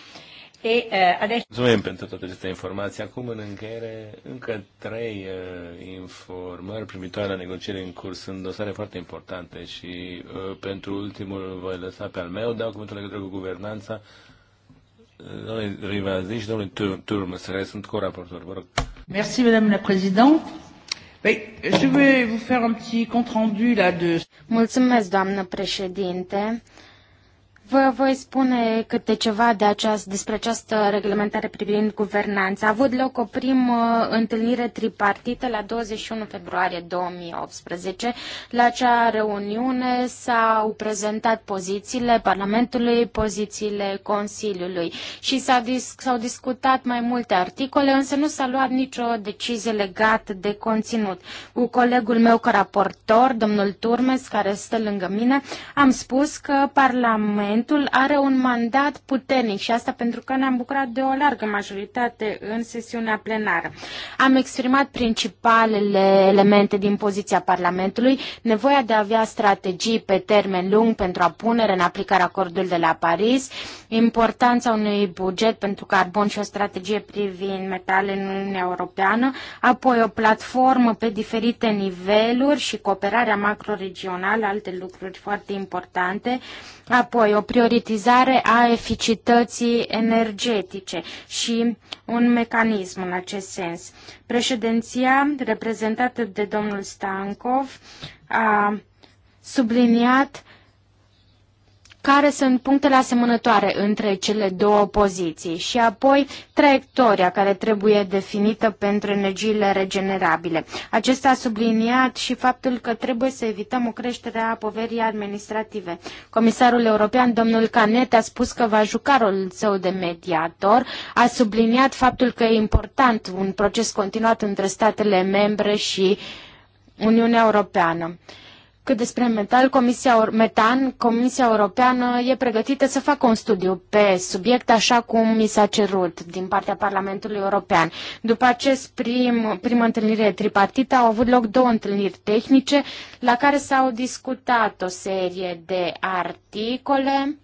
E, uh, adesso... Mulțumim pentru toate aceste informații. Acum, în încheiere, încă trei uh, informări primitoare la negocieri în curs. Sunt dosare foarte importante și uh, pentru ultimul voi lăsa pe al meu. Dau cuvântul legătură cu guvernanța domnului Rivazi și domnului Turmes, care sunt co-raportori. Vă rog. Merci, madame la présidente. Je vais vous faire un petit compte rendu là de... Mulțumesc, doamnă președinte. Uh, Vă voi spune câte ceva de aceast, despre această reglementare privind guvernanța. A avut loc o primă întâlnire tripartită la 21 februarie 2018. La acea reuniune s-au prezentat pozițiile Parlamentului, pozițiile Consiliului și s-au, dis- discutat mai multe articole, însă nu s-a luat nicio decizie legată de conținut. Cu colegul meu ca raportor, domnul Turmes, care stă lângă mine, am spus că Parlamentul Parlamentul are un mandat puternic și asta pentru că ne-am bucurat de o largă majoritate în sesiunea plenară. Am exprimat principalele elemente din poziția Parlamentului, nevoia de a avea strategii pe termen lung pentru a pune în aplicare acordul de la Paris, importanța unui buget pentru carbon și o strategie privind metale în Uniunea Europeană, apoi o platformă pe diferite niveluri și cooperarea macroregională, alte lucruri foarte importante, apoi o prioritizare a eficității energetice și un mecanism în acest sens. Președinția, reprezentată de domnul Stankov, a subliniat care sunt punctele asemănătoare între cele două poziții și apoi traiectoria care trebuie definită pentru energiile regenerabile. Acesta a subliniat și faptul că trebuie să evităm o creștere a poverii administrative. Comisarul european, domnul Canet, a spus că va juca rolul său de mediator, a subliniat faptul că e important un proces continuat între statele membre și Uniunea Europeană. Cât despre metal, Comisia, metan, Comisia Europeană e pregătită să facă un studiu pe subiect, așa cum mi s-a cerut din partea Parlamentului European. După acest prim, primă întâlnire tripartită au avut loc două întâlniri tehnice la care s-au discutat o serie de articole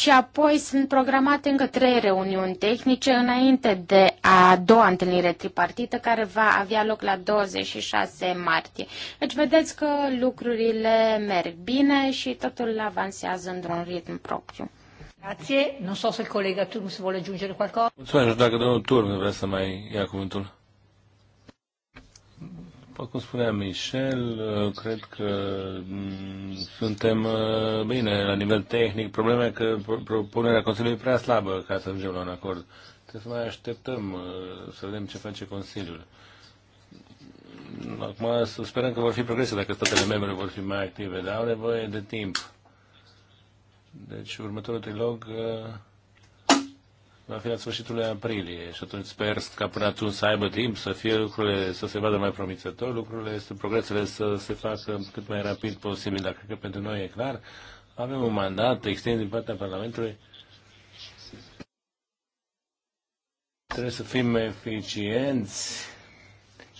și apoi sunt programate încă trei reuniuni tehnice înainte de a doua întâlnire tripartită care va avea loc la 26 martie. Deci vedeți că lucrurile merg bine și totul avansează într-un ritm propriu. Grazie. Nu știu vuole aggiungere qualcosa. Mulțumesc, dacă domnul Turm vrea să mai ia cuvântul. După cum spunea Michel, uh, cred că mm, suntem uh, bine la nivel tehnic. Problema e că propunerea Consiliului e prea slabă ca să ajungem la un acord. Trebuie să mai așteptăm uh, să vedem ce face Consiliul. Acum să sperăm că vor fi progrese dacă statele membre vor fi mai active, dar au nevoie de timp. Deci următorul trilog va fi la sfârșitul aprilie și atunci sper ca până atunci să aibă timp să fie lucrurile, să se vadă mai promițător lucrurile, să progresele să se facă cât mai rapid posibil, dar cred că pentru noi e clar. Avem un mandat extins din partea Parlamentului. Trebuie să fim eficienți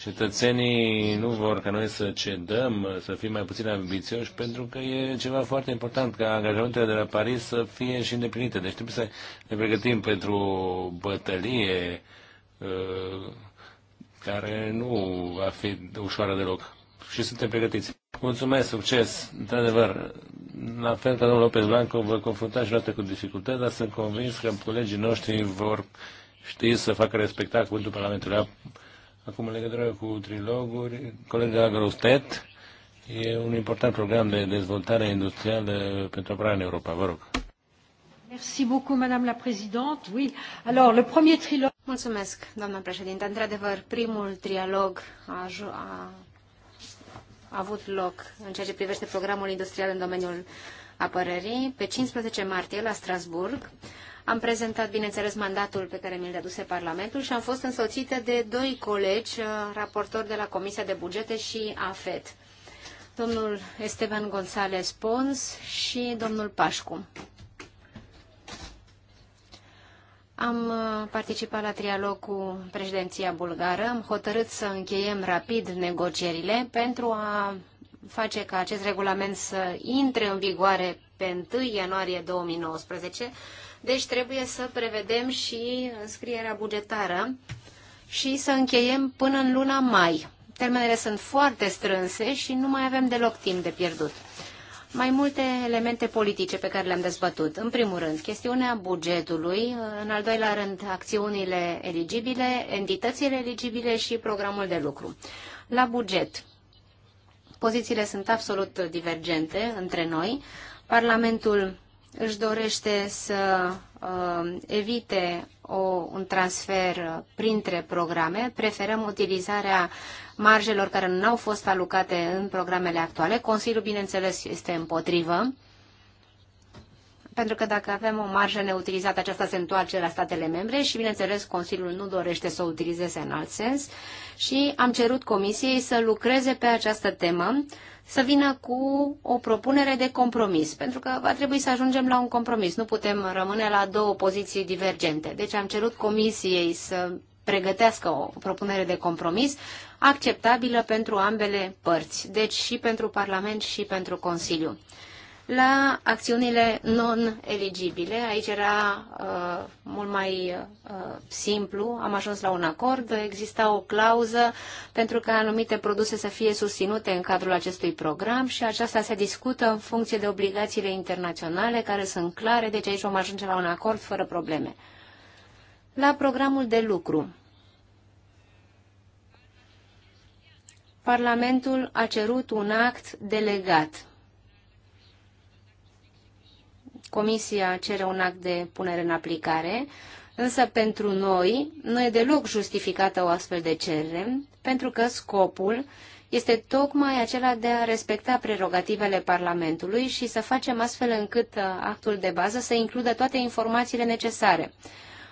Cetățenii nu vor ca noi să cedăm, să fim mai puțin ambițioși, pentru că e ceva foarte important ca angajamentele de la Paris să fie și îndeplinite. Deci trebuie să ne pregătim pentru bătălie uh, care nu va fi ușoară deloc. Și suntem pregătiți. Mulțumesc, succes! Într-adevăr, la fel ca domnul Lopez Blanco, vă confruntați și cu dificultăți, dar sunt convins că colegii noștri vor ști să facă respecta cuvântul Parlamentului. Acum, în legătură cu triloguri, colega Grostet, e un important program de dezvoltare industrială pentru apărare în Europa. Vă rog. Merci beaucoup, Madame la Présidente. Oui, alors le premier trilogue... Mulțumesc, doamna președinte. Într-adevăr, primul trilog a, a, a avut loc în ceea ce privește programul industrial în domeniul apărării pe 15 martie la Strasburg. Am prezentat, bineînțeles, mandatul pe care mi-l dăduse Parlamentul și am fost însoțită de doi colegi, uh, raportori de la Comisia de Bugete și AFET, domnul Esteban González Pons și domnul Pașcu. Am uh, participat la trialog cu președinția bulgară. Am hotărât să încheiem rapid negocierile pentru a face ca acest regulament să intre în vigoare pe 1 ianuarie 2019, deci trebuie să prevedem și înscrierea bugetară și să încheiem până în luna mai. Termenele sunt foarte strânse și nu mai avem deloc timp de pierdut. Mai multe elemente politice pe care le-am dezbătut. În primul rând, chestiunea bugetului, în al doilea rând, acțiunile eligibile, entitățile eligibile și programul de lucru. La buget, pozițiile sunt absolut divergente între noi. Parlamentul își dorește să uh, evite o, un transfer printre programe, preferăm utilizarea marjelor care nu au fost alocate în programele actuale. Consiliul, bineînțeles, este împotrivă, pentru că dacă avem o marjă neutilizată, aceasta se întoarce la statele membre și, bineînțeles, Consiliul nu dorește să o utilizeze în alt sens și am cerut Comisiei să lucreze pe această temă să vină cu o propunere de compromis, pentru că va trebui să ajungem la un compromis. Nu putem rămâne la două poziții divergente. Deci am cerut comisiei să pregătească o propunere de compromis acceptabilă pentru ambele părți, deci și pentru Parlament și pentru Consiliu la acțiunile non-eligibile. Aici era uh, mult mai uh, simplu, am ajuns la un acord, exista o clauză pentru ca anumite produse să fie susținute în cadrul acestui program și aceasta se discută în funcție de obligațiile internaționale care sunt clare, deci aici vom ajunge la un acord fără probleme. La programul de lucru. Parlamentul a cerut un act delegat Comisia cere un act de punere în aplicare, însă pentru noi nu e deloc justificată o astfel de cerere, pentru că scopul este tocmai acela de a respecta prerogativele Parlamentului și să facem astfel încât uh, actul de bază să includă toate informațiile necesare.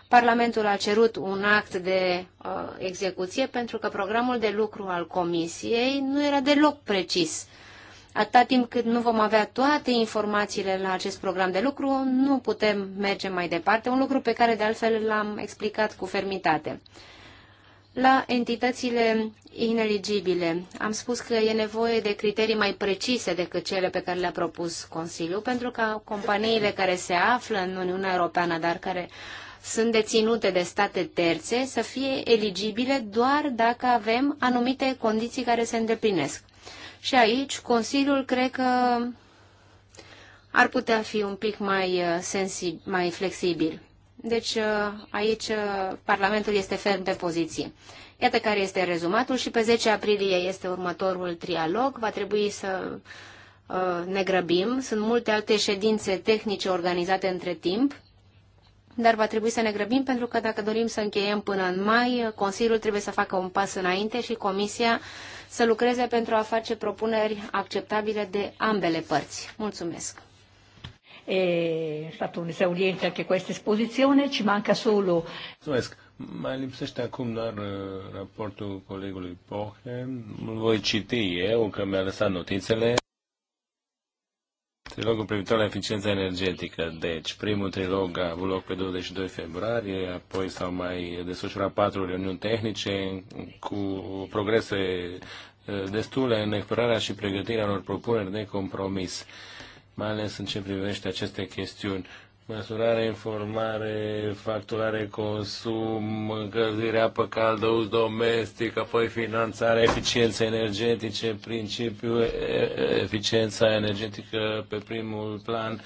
Parlamentul a cerut un act de uh, execuție pentru că programul de lucru al Comisiei nu era deloc precis. Uh, Atâta timp cât nu vom avea toate informațiile la acest program de lucru, nu putem merge mai departe, un lucru pe care de altfel l-am explicat cu fermitate. La entitățile ineligibile, am spus că e nevoie de criterii mai precise decât cele pe care le-a propus Consiliul, pentru ca companiile care se află în Uniunea Europeană, dar care sunt deținute de state terțe, să fie eligibile doar dacă avem anumite condiții care se îndeplinesc. Și aici Consiliul cred că ar putea fi un pic mai, uh, sensib, mai flexibil. Deci uh, aici uh, Parlamentul este ferm pe poziție. Iată care este rezumatul și pe 10 aprilie este următorul trialog. Va trebui să ne grăbim. Sunt multe alte ședințe tehnice organizate între timp, dar va trebui să ne grăbim pentru că dacă dorim să încheiem până în mai, Consiliul trebuie să facă un pas înainte și Comisia să lucreze pentru a face propuneri acceptabile de ambele părți. Mulțumesc! È stato un esauriente anche questa esposizione, ci manca solo... Mulțumesc! Mai lipsește acum doar uh, raportul colegului Pohe. Îl voi citi eu, că mi-a lăsat notițele. Trilogul privitor la eficiența energetică. Deci, primul trilog a avut loc pe 22 februarie, apoi s-au mai desfășurat patru reuniuni tehnice cu progrese eh, destule în explorarea și pregătirea unor propuneri de compromis, mai ales în ce privește aceste chestiuni măsurare, informare, facturare, consum, încălzire, apă caldă, uz domestic, apoi finanțare, eficiență energetice, principiul eficiența energetică pe primul plan,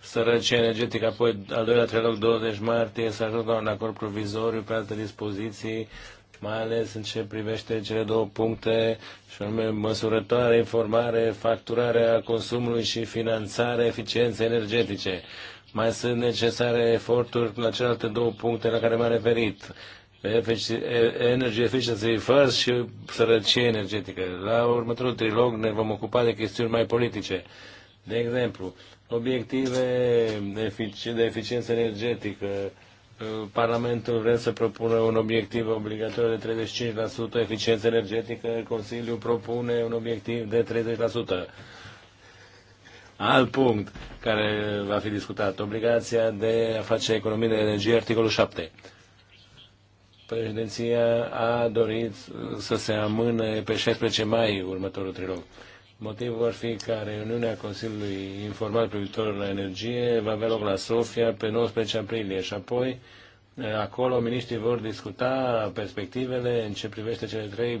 sărăcie energetică, apoi al doilea treloc, 20 martie să ajung la un acord provizoriu pe alte dispoziții, mai ales în ce privește cele două puncte, și anume măsurătoare, informare, facturarea consumului și finanțare, eficiențe energetice. Mai sunt necesare eforturi la celelalte două puncte la care m-am referit. Energy Efficiency First și sărăcie energetică. La următorul trilog ne vom ocupa de chestiuni mai politice. De exemplu, obiective de eficiență energetică. Parlamentul vrea să propună un obiectiv obligatoriu de 35% eficiență energetică, Consiliul propune un obiectiv de 30% alt punct care va fi discutat, obligația de a face economie de energie, articolul 7. Președinția a dorit să se amâne pe 16 mai următorul trilog. Motivul ar fi că reuniunea Consiliului Informal privitor la energie va avea loc la Sofia pe 19 aprilie și apoi eh, acolo miniștrii vor discuta perspectivele în ce privește cele trei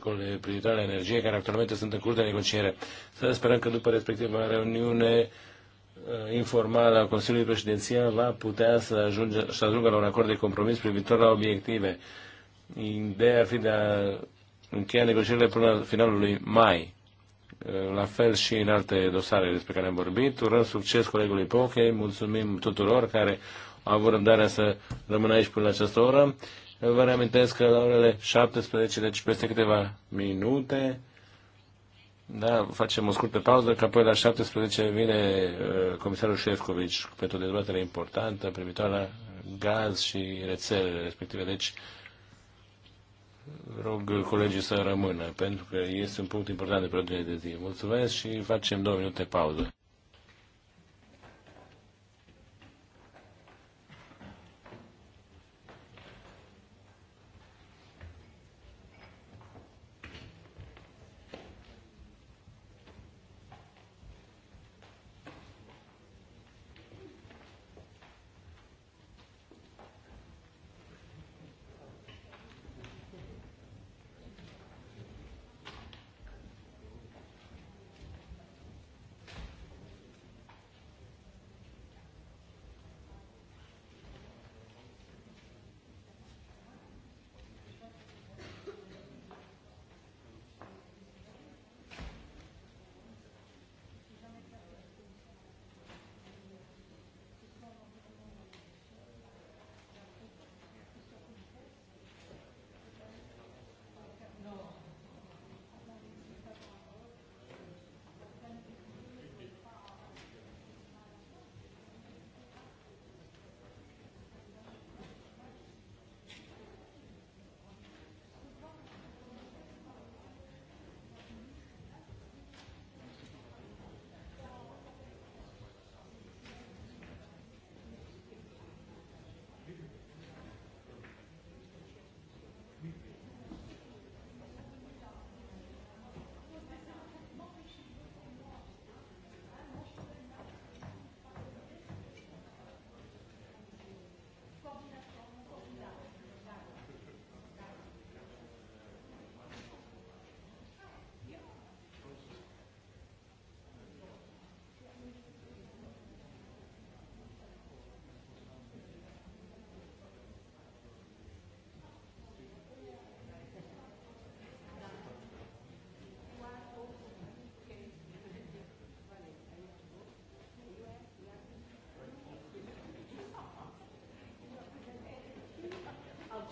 cu le privitoare la energie care actualmente sunt în curte de negociere. Să sperăm că după respectiva reuniune uh, informală a Consiliului Președințial va putea să, ajunge, să ajungă la un acord de compromis privitor la obiective. Ideea ar fi de a încheia negocierile până la finalul lui mai. Uh, la fel și în alte dosare despre care am vorbit. Urăm succes colegului Poche, mulțumim tuturor care au avut răbdarea să rămână aici până la această oră Vă reamintesc că la orele 17, deci peste câteva minute, da, facem o scurtă pauză, că apoi la 17 vine uh, comisarul Șefcovic pentru o dezbatere importantă privitoare la gaz și rețelele respective. Deci, rog colegii să rămână, pentru că este un punct important de pe de zi. Mulțumesc și facem două minute pauză.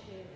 face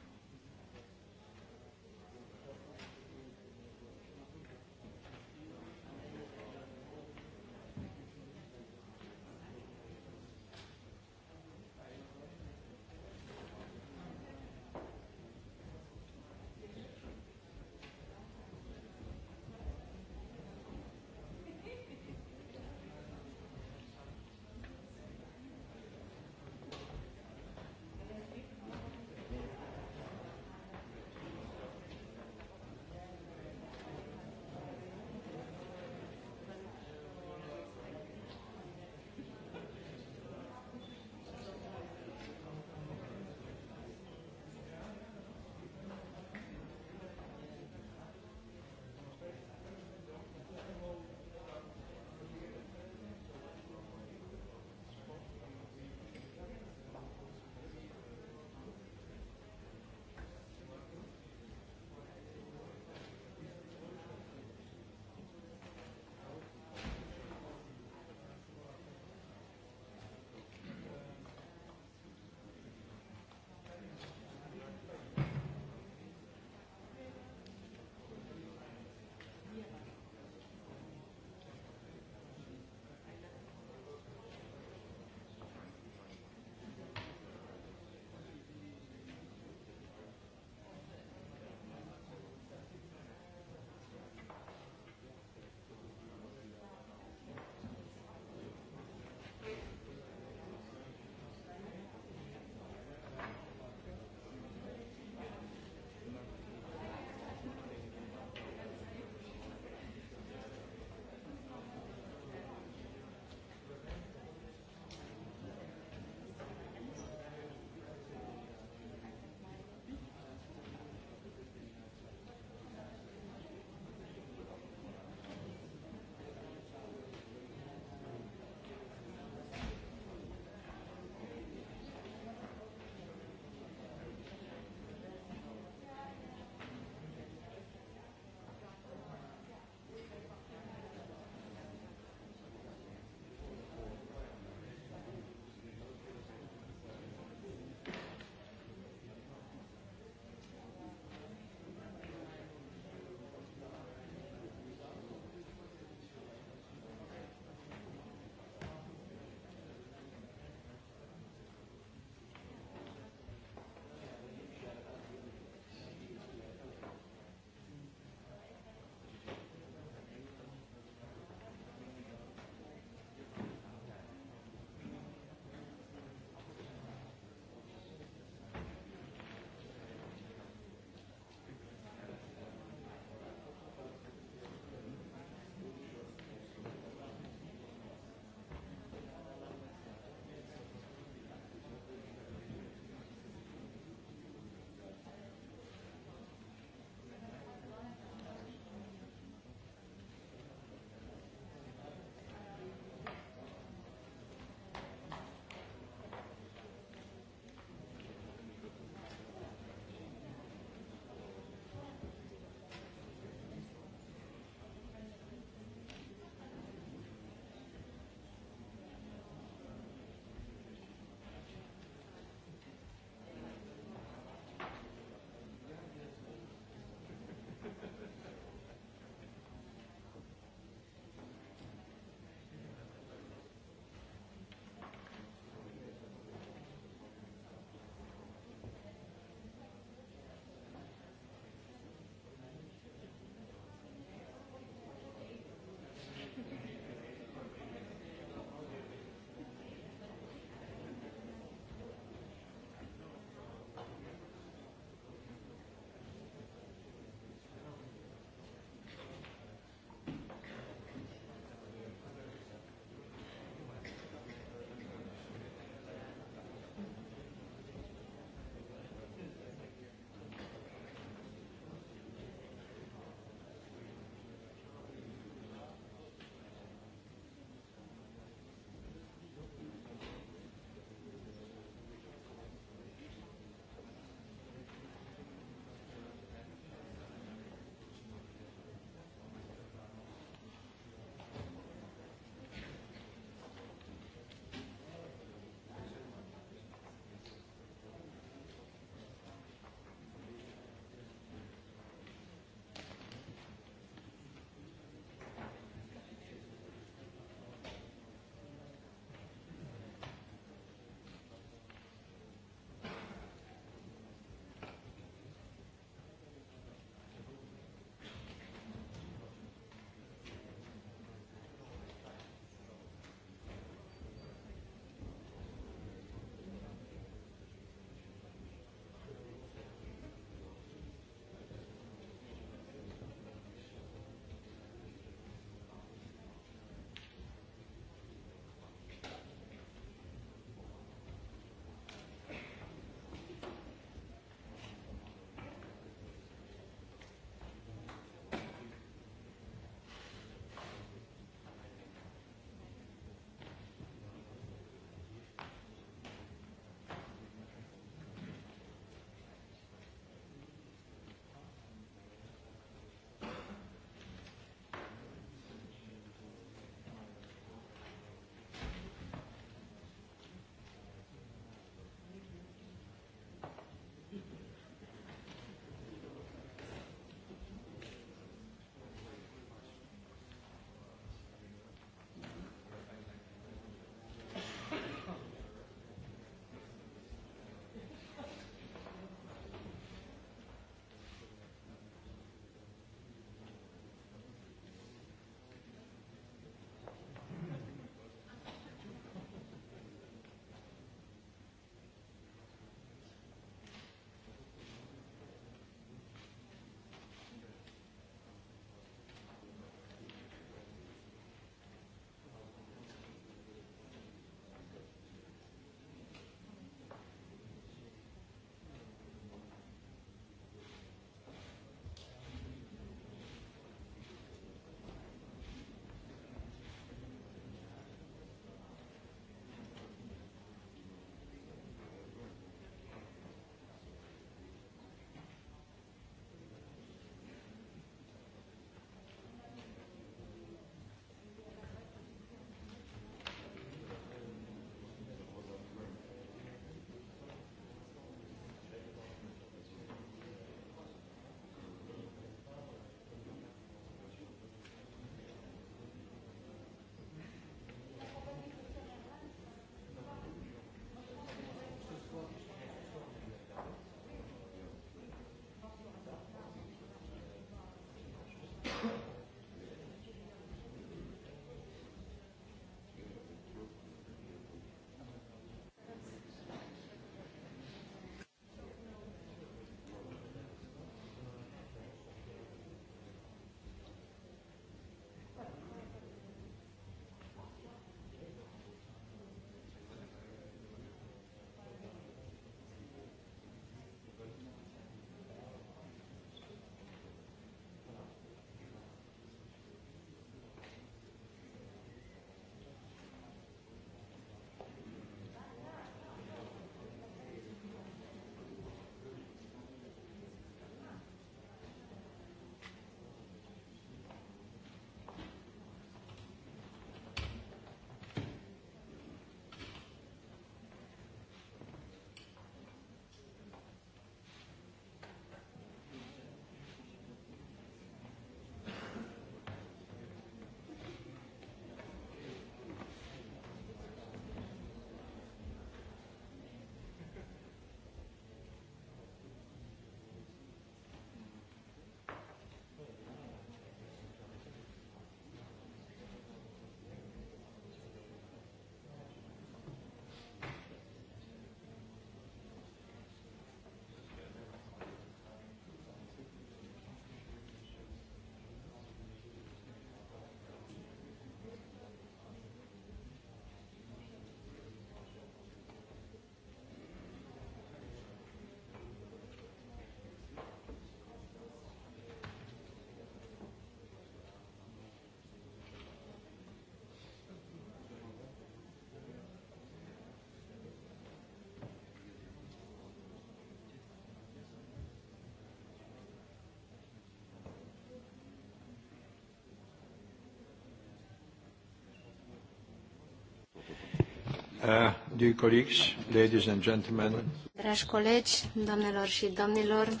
Uh, dear colleagues, ladies and gentlemen. Dragi colegi, doamnelor și domnilor,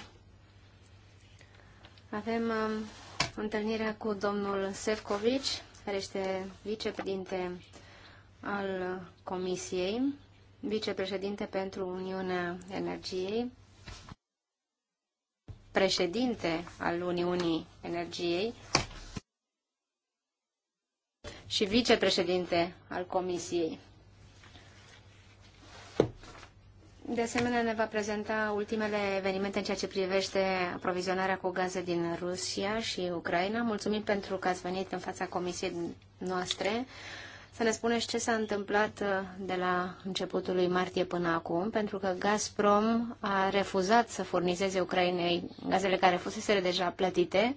avem um, întâlnirea cu domnul Sefcovic, care este vicepreședinte al Comisiei, vicepreședinte pentru Uniunea Energiei, președinte al Uniunii Energiei și vicepreședinte al Comisiei. De asemenea, ne va prezenta ultimele evenimente în ceea ce privește aprovizionarea cu gaze din Rusia și Ucraina. Mulțumim pentru că ați venit în fața comisiei noastre să ne spuneți ce s-a întâmplat uh, de la începutul lui martie până acum, pentru că Gazprom a refuzat să furnizeze Ucrainei gazele care fusese deja plătite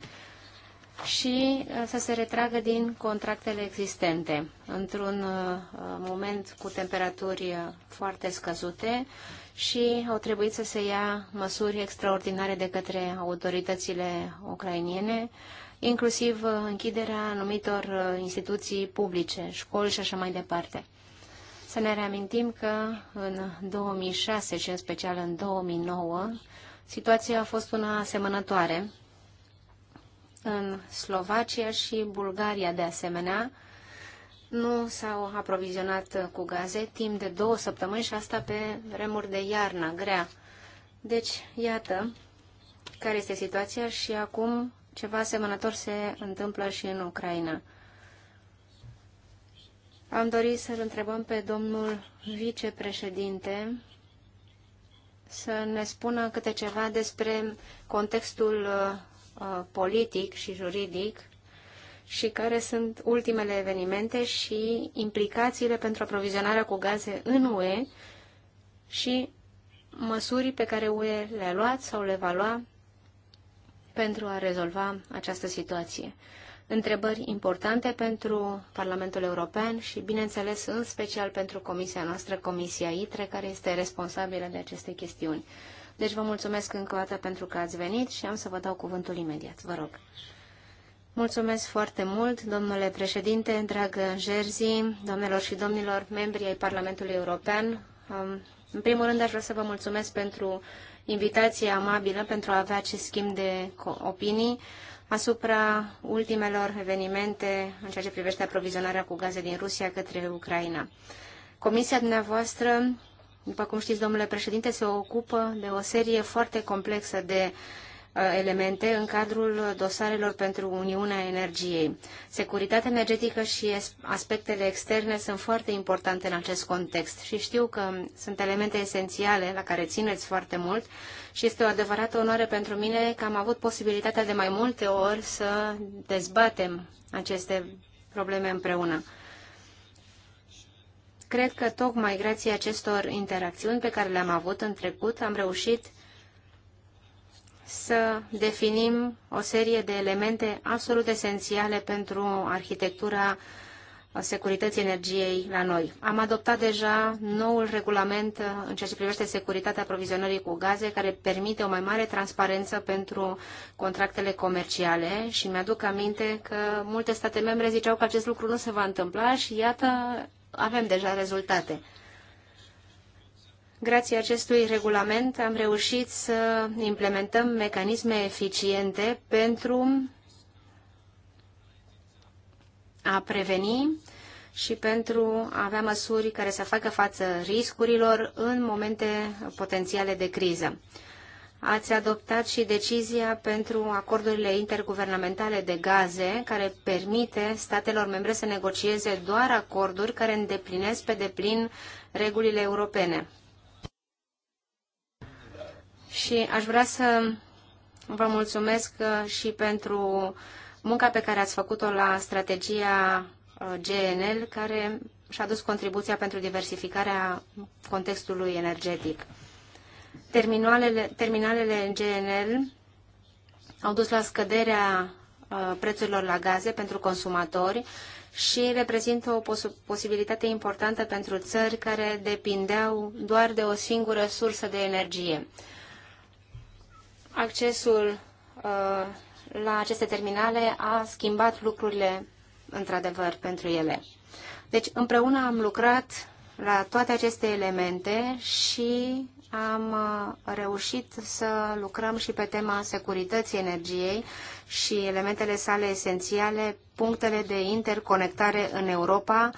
și uh, să se retragă din contractele existente într-un uh, moment cu temperaturi uh, foarte scăzute și au trebuit să se ia măsuri extraordinare de către autoritățile ucrainiene, inclusiv închiderea anumitor instituții publice, școli și așa mai departe. Să ne reamintim că în 2006 și în special în 2009 situația a fost una asemănătoare în Slovacia și Bulgaria de asemenea nu s-au aprovizionat cu gaze timp de două săptămâni și asta pe remuri de iarnă grea. Deci, iată care este situația și acum ceva asemănător se întâmplă și în Ucraina. Am dorit să-l întrebăm pe domnul vicepreședinte să ne spună câte ceva despre contextul uh, Uh, politic și juridic și care sunt ultimele evenimente și implicațiile pentru aprovizionarea cu gaze în UE și măsuri pe care UE le-a luat sau le va lua pentru a rezolva această situație. Întrebări importante pentru Parlamentul European și, bineînțeles, în special pentru comisia noastră, Comisia ITRE, care este responsabilă de aceste chestiuni. Deci vă mulțumesc încă o dată pentru că ați venit și am să vă dau cuvântul imediat. Vă rog. Mulțumesc foarte mult, domnule președinte, dragă Jerzi, domnilor și domnilor, membri ai Parlamentului European. Um, în primul rând aș vrea să vă mulțumesc pentru invitația amabilă pentru a avea acest schimb de opinii asupra ultimelor evenimente în ceea ce privește aprovizionarea cu gaze din Rusia către Ucraina. Comisia dumneavoastră după cum știți, domnule președinte, se ocupă de o serie foarte complexă de uh, elemente în cadrul dosarelor pentru Uniunea Energiei. Securitatea energetică și aspectele externe sunt foarte importante în acest context și știu că sunt elemente esențiale la care țineți foarte mult și este o adevărată onoare pentru mine că am avut posibilitatea de mai multe ori să dezbatem aceste probleme împreună cred că tocmai grație acestor interacțiuni pe care le-am avut în trecut, am reușit să definim o serie de elemente absolut esențiale pentru arhitectura securității energiei la noi. Am adoptat deja noul regulament în ceea ce privește securitatea aprovizionării cu gaze, care permite o mai mare transparență pentru contractele comerciale și mi-aduc aminte că multe state membre ziceau că acest lucru nu se va întâmpla și iată, avem deja rezultate. Grație acestui regulament am reușit să implementăm mecanisme eficiente pentru a preveni și pentru a avea măsuri care să facă față riscurilor în momente potențiale de criză ați adoptat și decizia pentru acordurile interguvernamentale de gaze, care permite statelor membre să negocieze doar acorduri care îndeplinesc pe deplin regulile europene. Și aș vrea să vă mulțumesc uh, și pentru munca pe care ați făcut-o la strategia uh, GNL, care și-a dus contribuția pentru diversificarea contextului energetic. Terminalele, terminalele GNL au dus la scăderea uh, prețurilor la gaze pentru consumatori și reprezintă o pos posibilitate importantă pentru țări care depindeau doar de o singură sursă de energie. Accesul uh, la aceste terminale a schimbat lucrurile într-adevăr pentru ele. Deci împreună am lucrat la toate aceste elemente și am uh, reușit să lucrăm și pe tema securității energiei și elementele sale esențiale, punctele de interconectare în Europa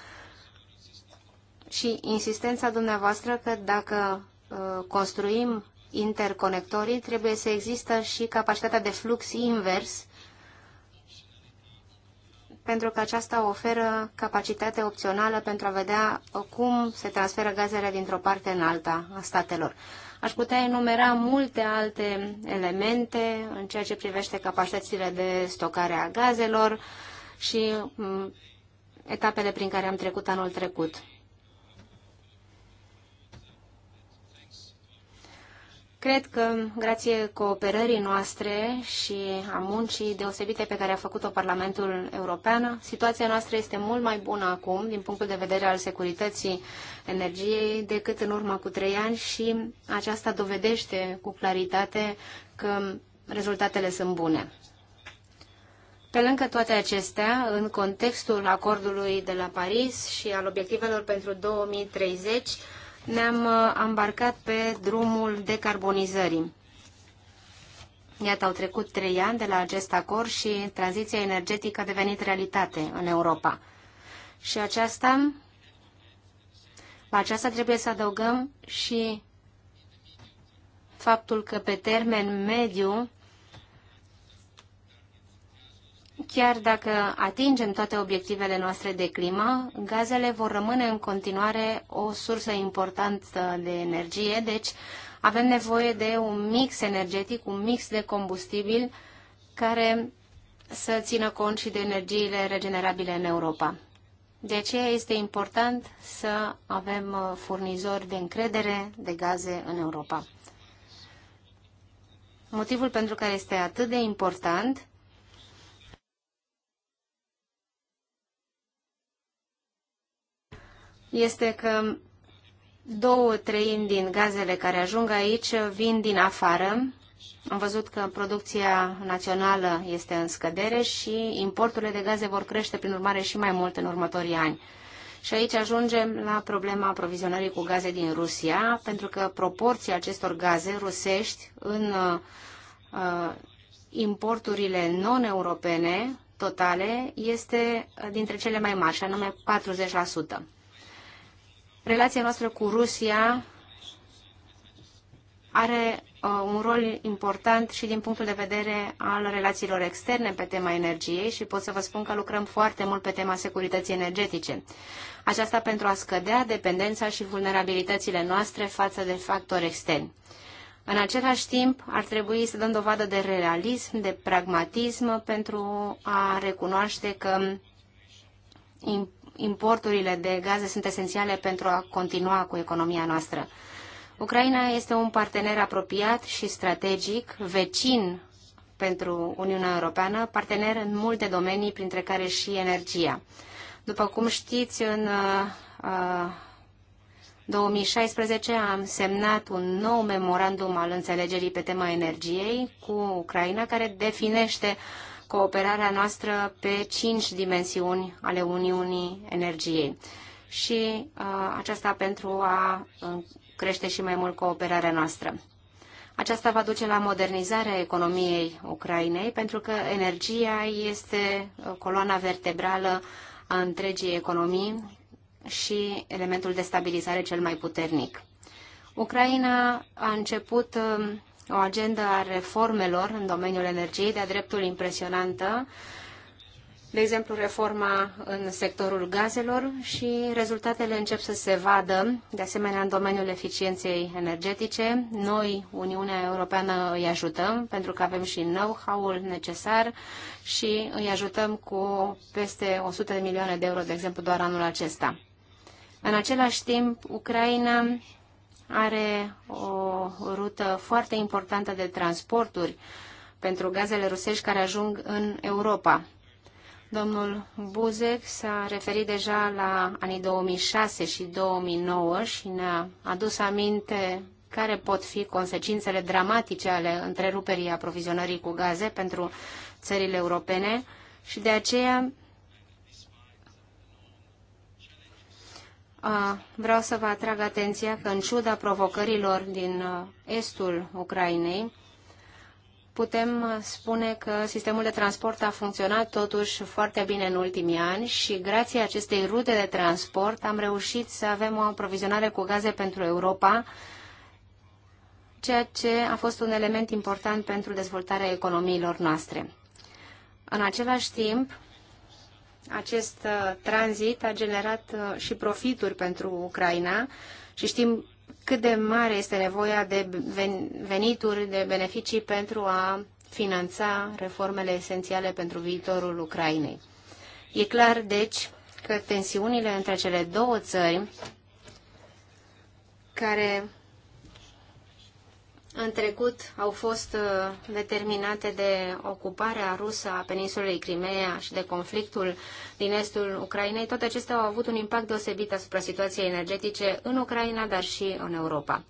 și insistența dumneavoastră că dacă uh, construim interconectorii, trebuie să există și capacitatea de flux invers pentru că aceasta oferă capacitate opțională pentru a vedea cum se transferă gazele dintr-o parte în alta a statelor. Aș putea enumera multe alte elemente în ceea ce privește capacitățile de stocare a gazelor și mm, etapele prin care am trecut anul trecut. Cred că, grație cooperării noastre și a muncii deosebite pe care a făcut-o Parlamentul European, situația noastră este mult mai bună acum, din punctul de vedere al securității energiei, decât în urmă cu trei ani și aceasta dovedește cu claritate că rezultatele sunt bune. Pe lângă toate acestea, în contextul acordului de la Paris și al obiectivelor pentru 2030, ne-am uh, ambarcat pe drumul decarbonizării. Iată, au trecut trei ani de la acest acord și tranziția energetică a devenit realitate în Europa. Și aceasta, la aceasta trebuie să adăugăm și faptul că pe termen mediu Chiar dacă atingem toate obiectivele noastre de climă, gazele vor rămâne în continuare o sursă importantă de energie, deci avem nevoie de un mix energetic, un mix de combustibil care să țină cont și de energiile regenerabile în Europa. De aceea este important să avem uh, furnizori de încredere de gaze în Europa. Motivul pentru care este atât de important este că două treimi din gazele care ajung aici vin din afară. Am văzut că producția națională este în scădere și importurile de gaze vor crește prin urmare și mai mult în următorii ani. Și aici ajungem la problema aprovizionării cu gaze din Rusia, pentru că proporția acestor gaze rusești în uh, importurile non-europene totale este dintre cele mai mari, și anume 40%. Relația noastră cu Rusia are uh, un rol important și din punctul de vedere al relațiilor externe pe tema energiei și pot să vă spun că lucrăm foarte mult pe tema securității energetice. Aceasta pentru a scădea dependența și vulnerabilitățile noastre față de factori externi. În același timp, ar trebui să dăm dovadă de realism, de pragmatism pentru a recunoaște că importurile de gaze sunt esențiale pentru a continua cu economia noastră. Ucraina este un partener apropiat și strategic, vecin pentru Uniunea Europeană, partener în multe domenii, printre care și energia. După cum știți, în uh, 2016 am semnat un nou memorandum al înțelegerii pe tema energiei cu Ucraina, care definește uh, cooperarea noastră pe cinci dimensiuni ale Uniunii Energiei. Și uh, aceasta pentru a uh, crește și mai mult cooperarea noastră. Aceasta va duce la modernizarea economiei Ucrainei, pentru că energia este uh, coloana vertebrală a întregii economii și elementul de stabilizare cel mai puternic. Ucraina a început um, o agendă a reformelor în domeniul energiei de-a dreptul impresionantă, de exemplu reforma în sectorul gazelor și rezultatele încep să se vadă, de asemenea în domeniul eficienței energetice. Noi, Uniunea Europeană, îi ajutăm pentru că avem și know-how-ul necesar și îi ajutăm cu peste 100 de milioane de euro, de exemplu, doar anul acesta. În același timp, Ucraina are o rută foarte importantă de transporturi pentru gazele rusești care ajung în Europa. Domnul Buzek s-a referit deja la anii 2006 și 2009 și ne-a adus aminte care pot fi consecințele dramatice ale întreruperii aprovizionării cu gaze pentru țările europene și de aceea vreau să vă atrag atenția că în ciuda provocărilor din uh, estul Ucrainei, putem uh, spune că sistemul de transport a funcționat totuși foarte bine în ultimii ani și grație acestei rute de transport am reușit să avem o aprovizionare cu gaze pentru Europa, ceea ce a fost un element important pentru dezvoltarea economiilor noastre. În același timp, acest uh, tranzit a generat uh, și profituri pentru Ucraina și știm cât de mare este nevoia de venituri, de beneficii pentru a finanța reformele esențiale pentru viitorul Ucrainei. E clar, deci, că tensiunile între cele două țări care în trecut au fost uh, determinate de ocuparea rusă a peninsulei Crimea și de conflictul din estul Ucrainei, toate acestea au avut un impact deosebit asupra situației energetice în Ucraina, dar și în Europa.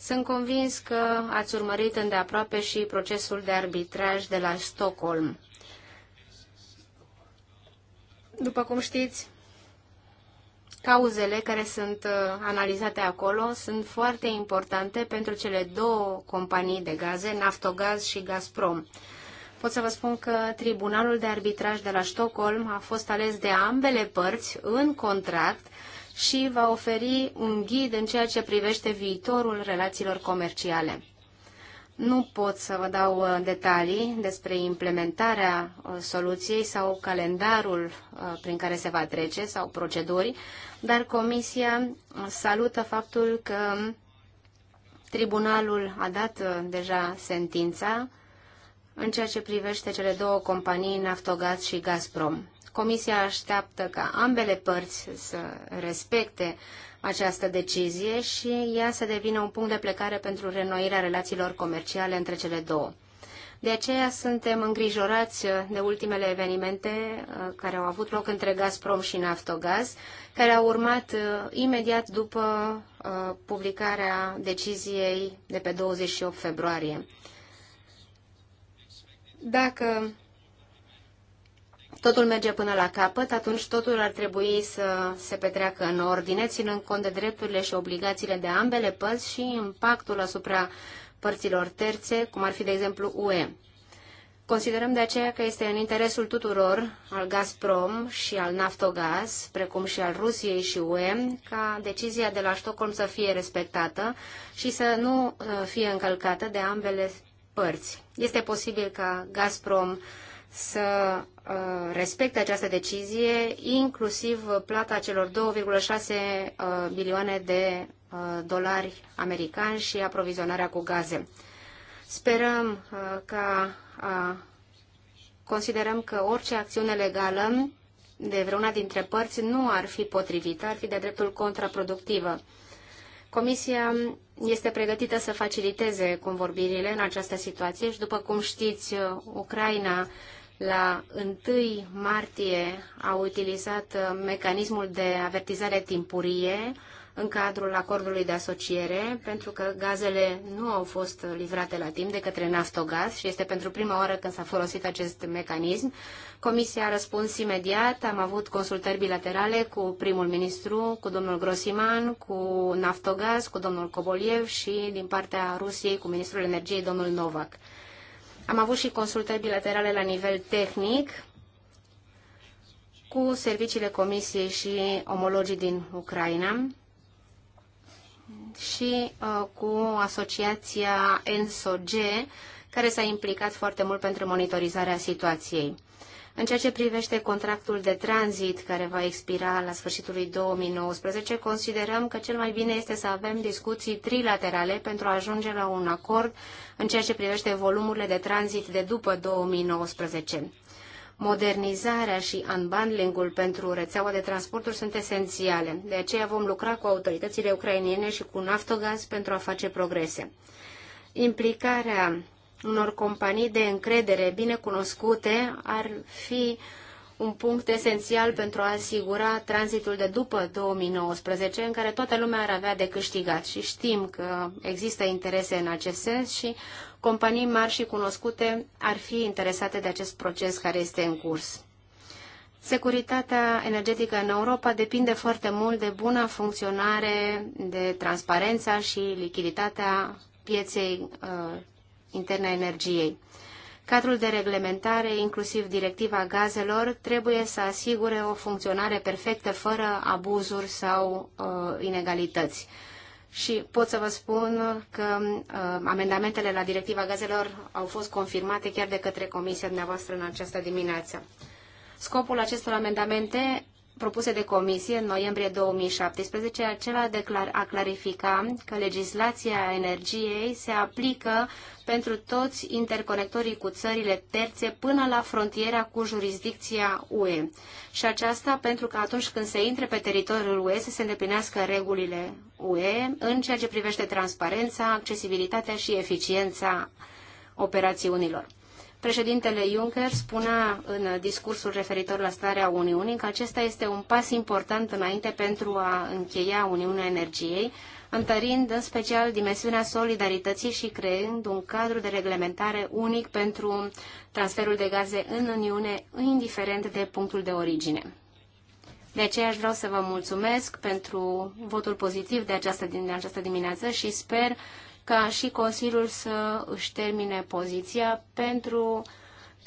Sunt convins că ați urmărit îndeaproape și procesul de arbitraj de la Stockholm. După cum știți, Cauzele care sunt uh, analizate acolo sunt foarte importante pentru cele două companii de gaze, Naftogaz și Gazprom. Pot să vă spun că Tribunalul de Arbitraj de la Stockholm a fost ales de ambele părți în contract și va oferi un ghid în ceea ce privește viitorul relațiilor comerciale. Nu pot să vă dau uh, detalii despre implementarea uh, soluției sau calendarul prin care se va trece sau proceduri, dar Comisia salută faptul că tribunalul a dat uh, deja sentința în ceea ce privește cele două companii, Naftogaz și Gazprom. Comisia așteaptă ca ambele părți să respecte această decizie și ea să devină un punct de plecare pentru renoirea relațiilor comerciale între cele două. De aceea suntem îngrijorați de ultimele evenimente uh, care au avut loc între Gazprom și Naftogaz, care au urmat uh, imediat după uh, publicarea deciziei de pe 28 februarie. Dacă totul merge până la capăt, atunci totul ar trebui să se petreacă în ordine, ținând cont de drepturile și obligațiile de ambele părți și impactul asupra părților terțe, cum ar fi, de exemplu, UE. Considerăm de aceea că este în interesul tuturor al Gazprom și al Naftogaz, precum și al Rusiei și UE, ca decizia de la Stockholm să fie respectată și să nu uh, fie încălcată de ambele părți. Este posibil ca Gazprom să uh, respecte această decizie, inclusiv plata celor 2,6 bilioane uh, de Uh, dolari americani și aprovizionarea cu gaze. Sperăm uh, că uh, considerăm că orice acțiune legală de vreuna dintre părți nu ar fi potrivită, ar fi de dreptul contraproductivă. Comisia este pregătită să faciliteze convorbirile în această situație și, după cum știți, Ucraina la 1 martie a utilizat mecanismul de avertizare timpurie în cadrul acordului de asociere, pentru că gazele nu au fost livrate la timp de către Naftogaz și este pentru prima oară când s-a folosit acest mecanism. Comisia a răspuns imediat, am avut consultări bilaterale cu primul ministru, cu domnul Grosiman, cu Naftogaz, cu domnul Koboliev și din partea Rusiei cu ministrul energiei, domnul Novak. Am avut și consultări bilaterale la nivel tehnic, cu serviciile Comisiei și omologii din Ucraina și uh, cu asociația ENSOG, care s-a implicat foarte mult pentru monitorizarea situației. În ceea ce privește contractul de tranzit care va expira la sfârșitul lui 2019, considerăm că cel mai bine este să avem discuții trilaterale pentru a ajunge la un acord în ceea ce privește volumurile de tranzit de după 2019 modernizarea și unbundling-ul pentru rețeaua de transporturi sunt esențiale. De aceea vom lucra cu autoritățile ucrainiene și cu Naftogaz pentru a face progrese. Implicarea unor companii de încredere bine cunoscute ar fi un punct esențial pentru a asigura tranzitul de după 2019, în care toată lumea ar avea de câștigat. Și știm că există interese în acest sens și companii mari și cunoscute ar fi interesate de acest proces care este în curs. Securitatea energetică în Europa depinde foarte mult de buna funcționare, de transparența și lichiditatea pieței uh, interne a energiei. Cadrul de reglementare, inclusiv directiva gazelor, trebuie să asigure o funcționare perfectă fără abuzuri sau uh, inegalități. Uh, și pot să vă spun că uh, amendamentele la directiva gazelor au fost confirmate chiar de către comisia dumneavoastră în această dimineață. Scopul acestor amendamente propuse de comisie în noiembrie 2017, acela declar, a clarifica că legislația energiei se aplică pentru toți interconectorii cu țările terțe până la frontiera cu jurisdicția UE. Și aceasta pentru că atunci când se intre pe teritoriul UE să se îndeplinească regulile UE în ceea ce privește transparența, accesibilitatea și eficiența operațiunilor. Președintele Juncker spunea în discursul referitor la starea Uniunii că acesta este un pas important înainte pentru a încheia Uniunea Energiei, întărind în special dimensiunea solidarității și creând un cadru de reglementare unic pentru transferul de gaze în Uniune, indiferent de punctul de origine. De aceea aș vreau să vă mulțumesc pentru votul pozitiv de această, din această dimineață și sper ca și Consiliul să își termine poziția pentru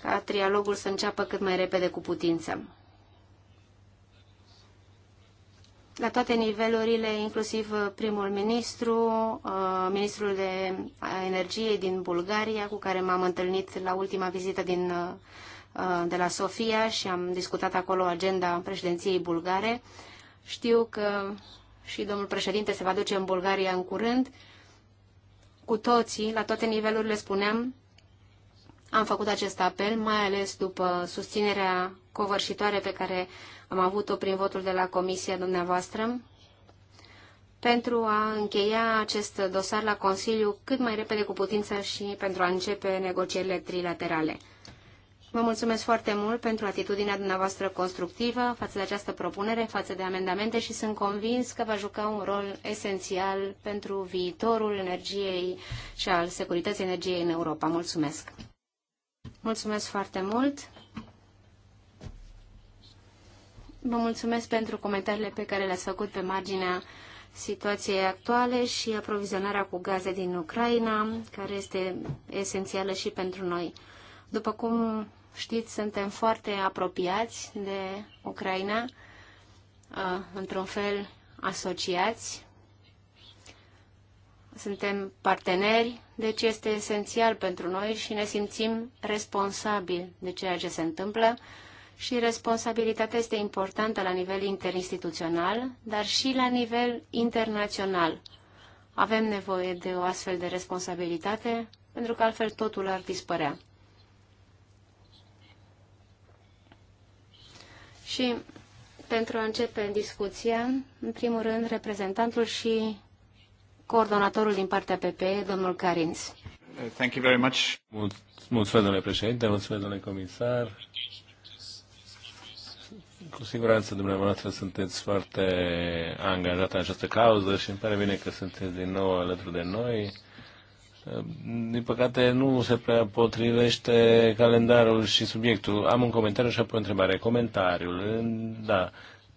ca trialogul să înceapă cât mai repede cu putință. La toate nivelurile, inclusiv primul ministru, uh, ministrul de energie din Bulgaria, cu care m-am întâlnit la ultima vizită din, uh, uh, de la Sofia și am discutat acolo agenda președinției bulgare. Știu că și domnul președinte se va duce în Bulgaria în curând cu toții, la toate nivelurile, spuneam, am făcut acest apel, mai ales după susținerea covârșitoare pe care am avut-o prin votul de la Comisia dumneavoastră, pentru a încheia acest dosar la Consiliu cât mai repede cu putință și pentru a începe negocierile trilaterale. Vă mulțumesc foarte mult pentru atitudinea dumneavoastră constructivă față de această propunere, față de amendamente și sunt convins că va juca un rol esențial pentru viitorul energiei și al securității energiei în Europa. Mulțumesc! Mulțumesc foarte mult! Vă mulțumesc pentru comentariile pe care le-ați făcut pe marginea situației actuale și aprovizionarea cu gaze din Ucraina, care este esențială și pentru noi. După cum Știți, suntem foarte apropiați de Ucraina, într-un fel asociați. Suntem parteneri, deci este esențial pentru noi și ne simțim responsabili de ceea ce se întâmplă și responsabilitatea este importantă la nivel interinstituțional, dar și la nivel internațional. Avem nevoie de o astfel de responsabilitate, pentru că altfel totul ar dispărea. Și pentru a începe discuția, în primul rând, reprezentantul și coordonatorul din partea PPE, domnul Carins. Thank you very much. Mulțumesc, domnule președinte, mulțumesc, domnule comisar. Cu siguranță dumneavoastră sunteți foarte angajat în această cauză și îmi pare bine că sunteți din nou alături de noi din păcate nu se prea potrivește calendarul și subiectul. Am un comentariu și apoi o întrebare. Comentariul, da.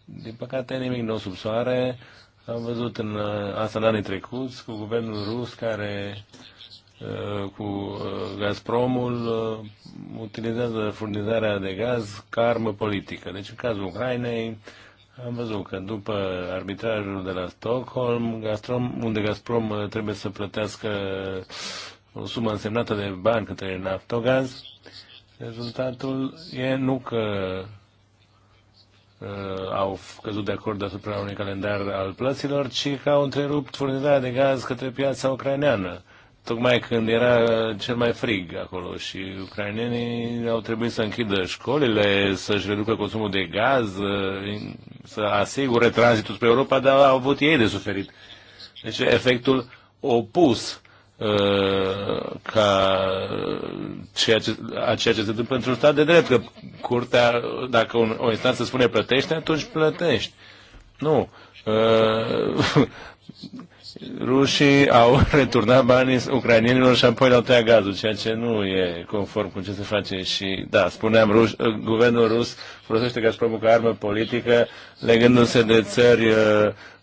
Din păcate nimic nou sub soare. Am văzut în, uh, asta în anii trecuți cu guvernul rus care uh, cu uh, Gazpromul utilizează furnizarea de gaz ca armă politică. Deci în cazul Ucrainei am văzut că după arbitrajul de la Stockholm, Gazprom, unde Gazprom uh, trebuie să plătească uh, o sumă însemnată de bani către Naftogaz, rezultatul e nu că uh, au căzut de acord asupra unui calendar al plăților, ci că au întrerupt furnizarea de gaz către piața ucraineană tocmai când era cel mai frig acolo și ucrainenii au trebuit să închidă școlile, să-și reducă consumul de gaz, să asigure tranzitul spre Europa, dar au avut ei de suferit. Deci efectul opus uh, ca ceea ce, a ceea ce se întâmplă într-un stat de drept, că curtea, dacă un, o instanță spune plătește, atunci plătești. Nu. Uh, [laughs] rușii au [laughs] returnat banii ucranienilor și apoi le-au tăiat gazul, ceea ce nu e conform cu ce se face. Și, da, spuneam, ruș, uh, guvernul rus folosește ca și provocă armă politică, legându-se de țări uh,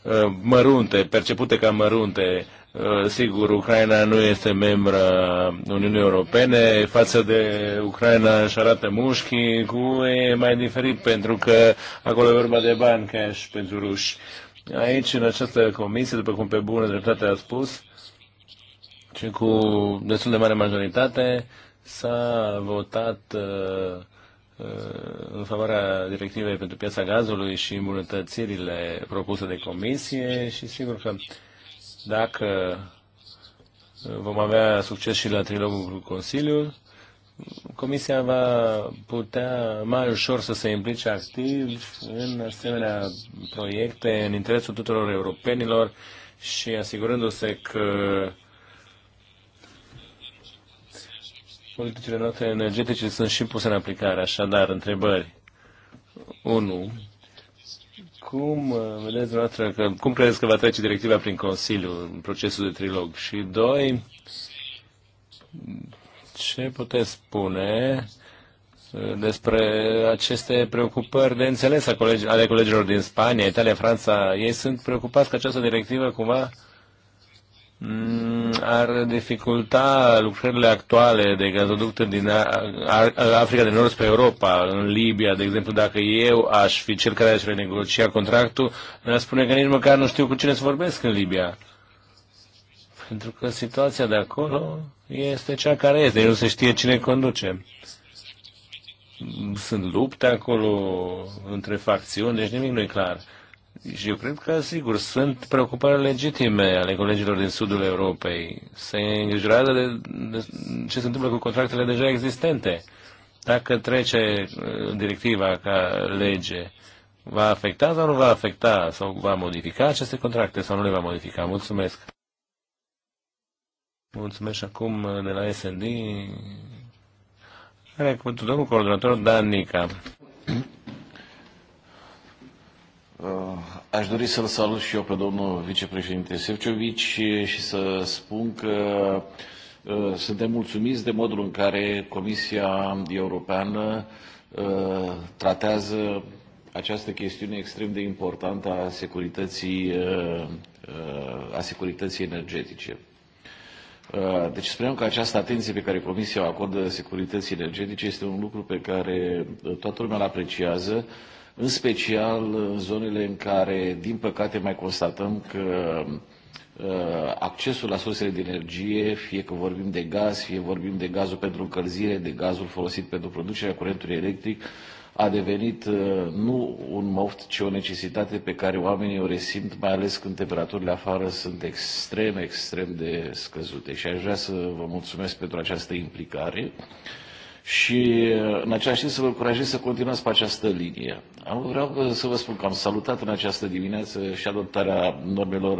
uh, mărunte, percepute ca mărunte. Uh, sigur, Ucraina nu este membră Uniunii Europene, față de Ucraina își arată mușchii, cu e mai diferit, pentru că acolo e vorba de bani cash pentru ruși. Aici, în această comisie, după cum pe bună dreptate a spus, și cu destul de mare majoritate, s-a votat uh, uh, în favoarea directivei pentru piața gazului și îmbunătățirile propuse de comisie și sigur că dacă vom avea succes și la trilogul cu Consiliul, Comisia va putea mai ușor să se implice activ în asemenea proiecte în interesul tuturor europenilor și asigurându-se că politicile noastre energetice sunt și puse în aplicare. Așadar, întrebări. 1. Cum uh, vedeți noastră că, cum credeți că va trece directiva prin Consiliu în procesul de trilog? Și doi, ce puteți spune despre aceste preocupări de înțeles a colegi, ale colegilor din Spania, Italia, Franța? Ei sunt preocupați că această directivă cumva mm, ar dificulta lucrările actuale de gazoducte din Africa de Nord spre Europa, în Libia, de exemplu, dacă eu aș fi cel care aș renegocia contractul, mi-ar spune că nici măcar nu știu cu cine să vorbesc în Libia. Pentru că situația de acolo este cea care este. Nu se știe cine conduce. Sunt lupte acolo între facțiuni, deci nimic nu e clar. Și eu cred că, sigur, sunt preocupări legitime ale colegilor din sudul Europei. Se îngrijorează de, de ce se întâmplă cu contractele deja existente. Dacă trece uh, directiva ca lege, va afecta sau nu va afecta, sau va modifica aceste contracte sau nu le va modifica? Mulțumesc! Mulțumesc acum uh, de la SND. Are cuvântul domnul coordonator Dan Nica. Uh, aș dori să-l salut și eu pe domnul vicepreședinte Sefcovici și să spun că uh, suntem mulțumiți de modul în care Comisia Europeană tratează această chestiune extrem de importantă a securității, a securității energetice. Uh, deci spuneam că această atenție pe care Comisia o acordă securității energetice este un lucru pe care uh, toată lumea îl apreciază, în special uh, în zonele în care, din păcate, mai constatăm că accesul la sursele de energie, fie că vorbim de gaz, fie vorbim de gazul pentru încălzire, de gazul folosit pentru producerea curentului electric, a devenit uh, nu un moft, ci o necesitate pe care oamenii o resimt, mai ales când temperaturile afară sunt extrem, extrem de scăzute. Și aș vrea să vă mulțumesc pentru această implicare și uh, în același timp să vă încurajez să continuați pe această linie. Am, vreau uh, să vă spun că am salutat în această dimineață și adoptarea normelor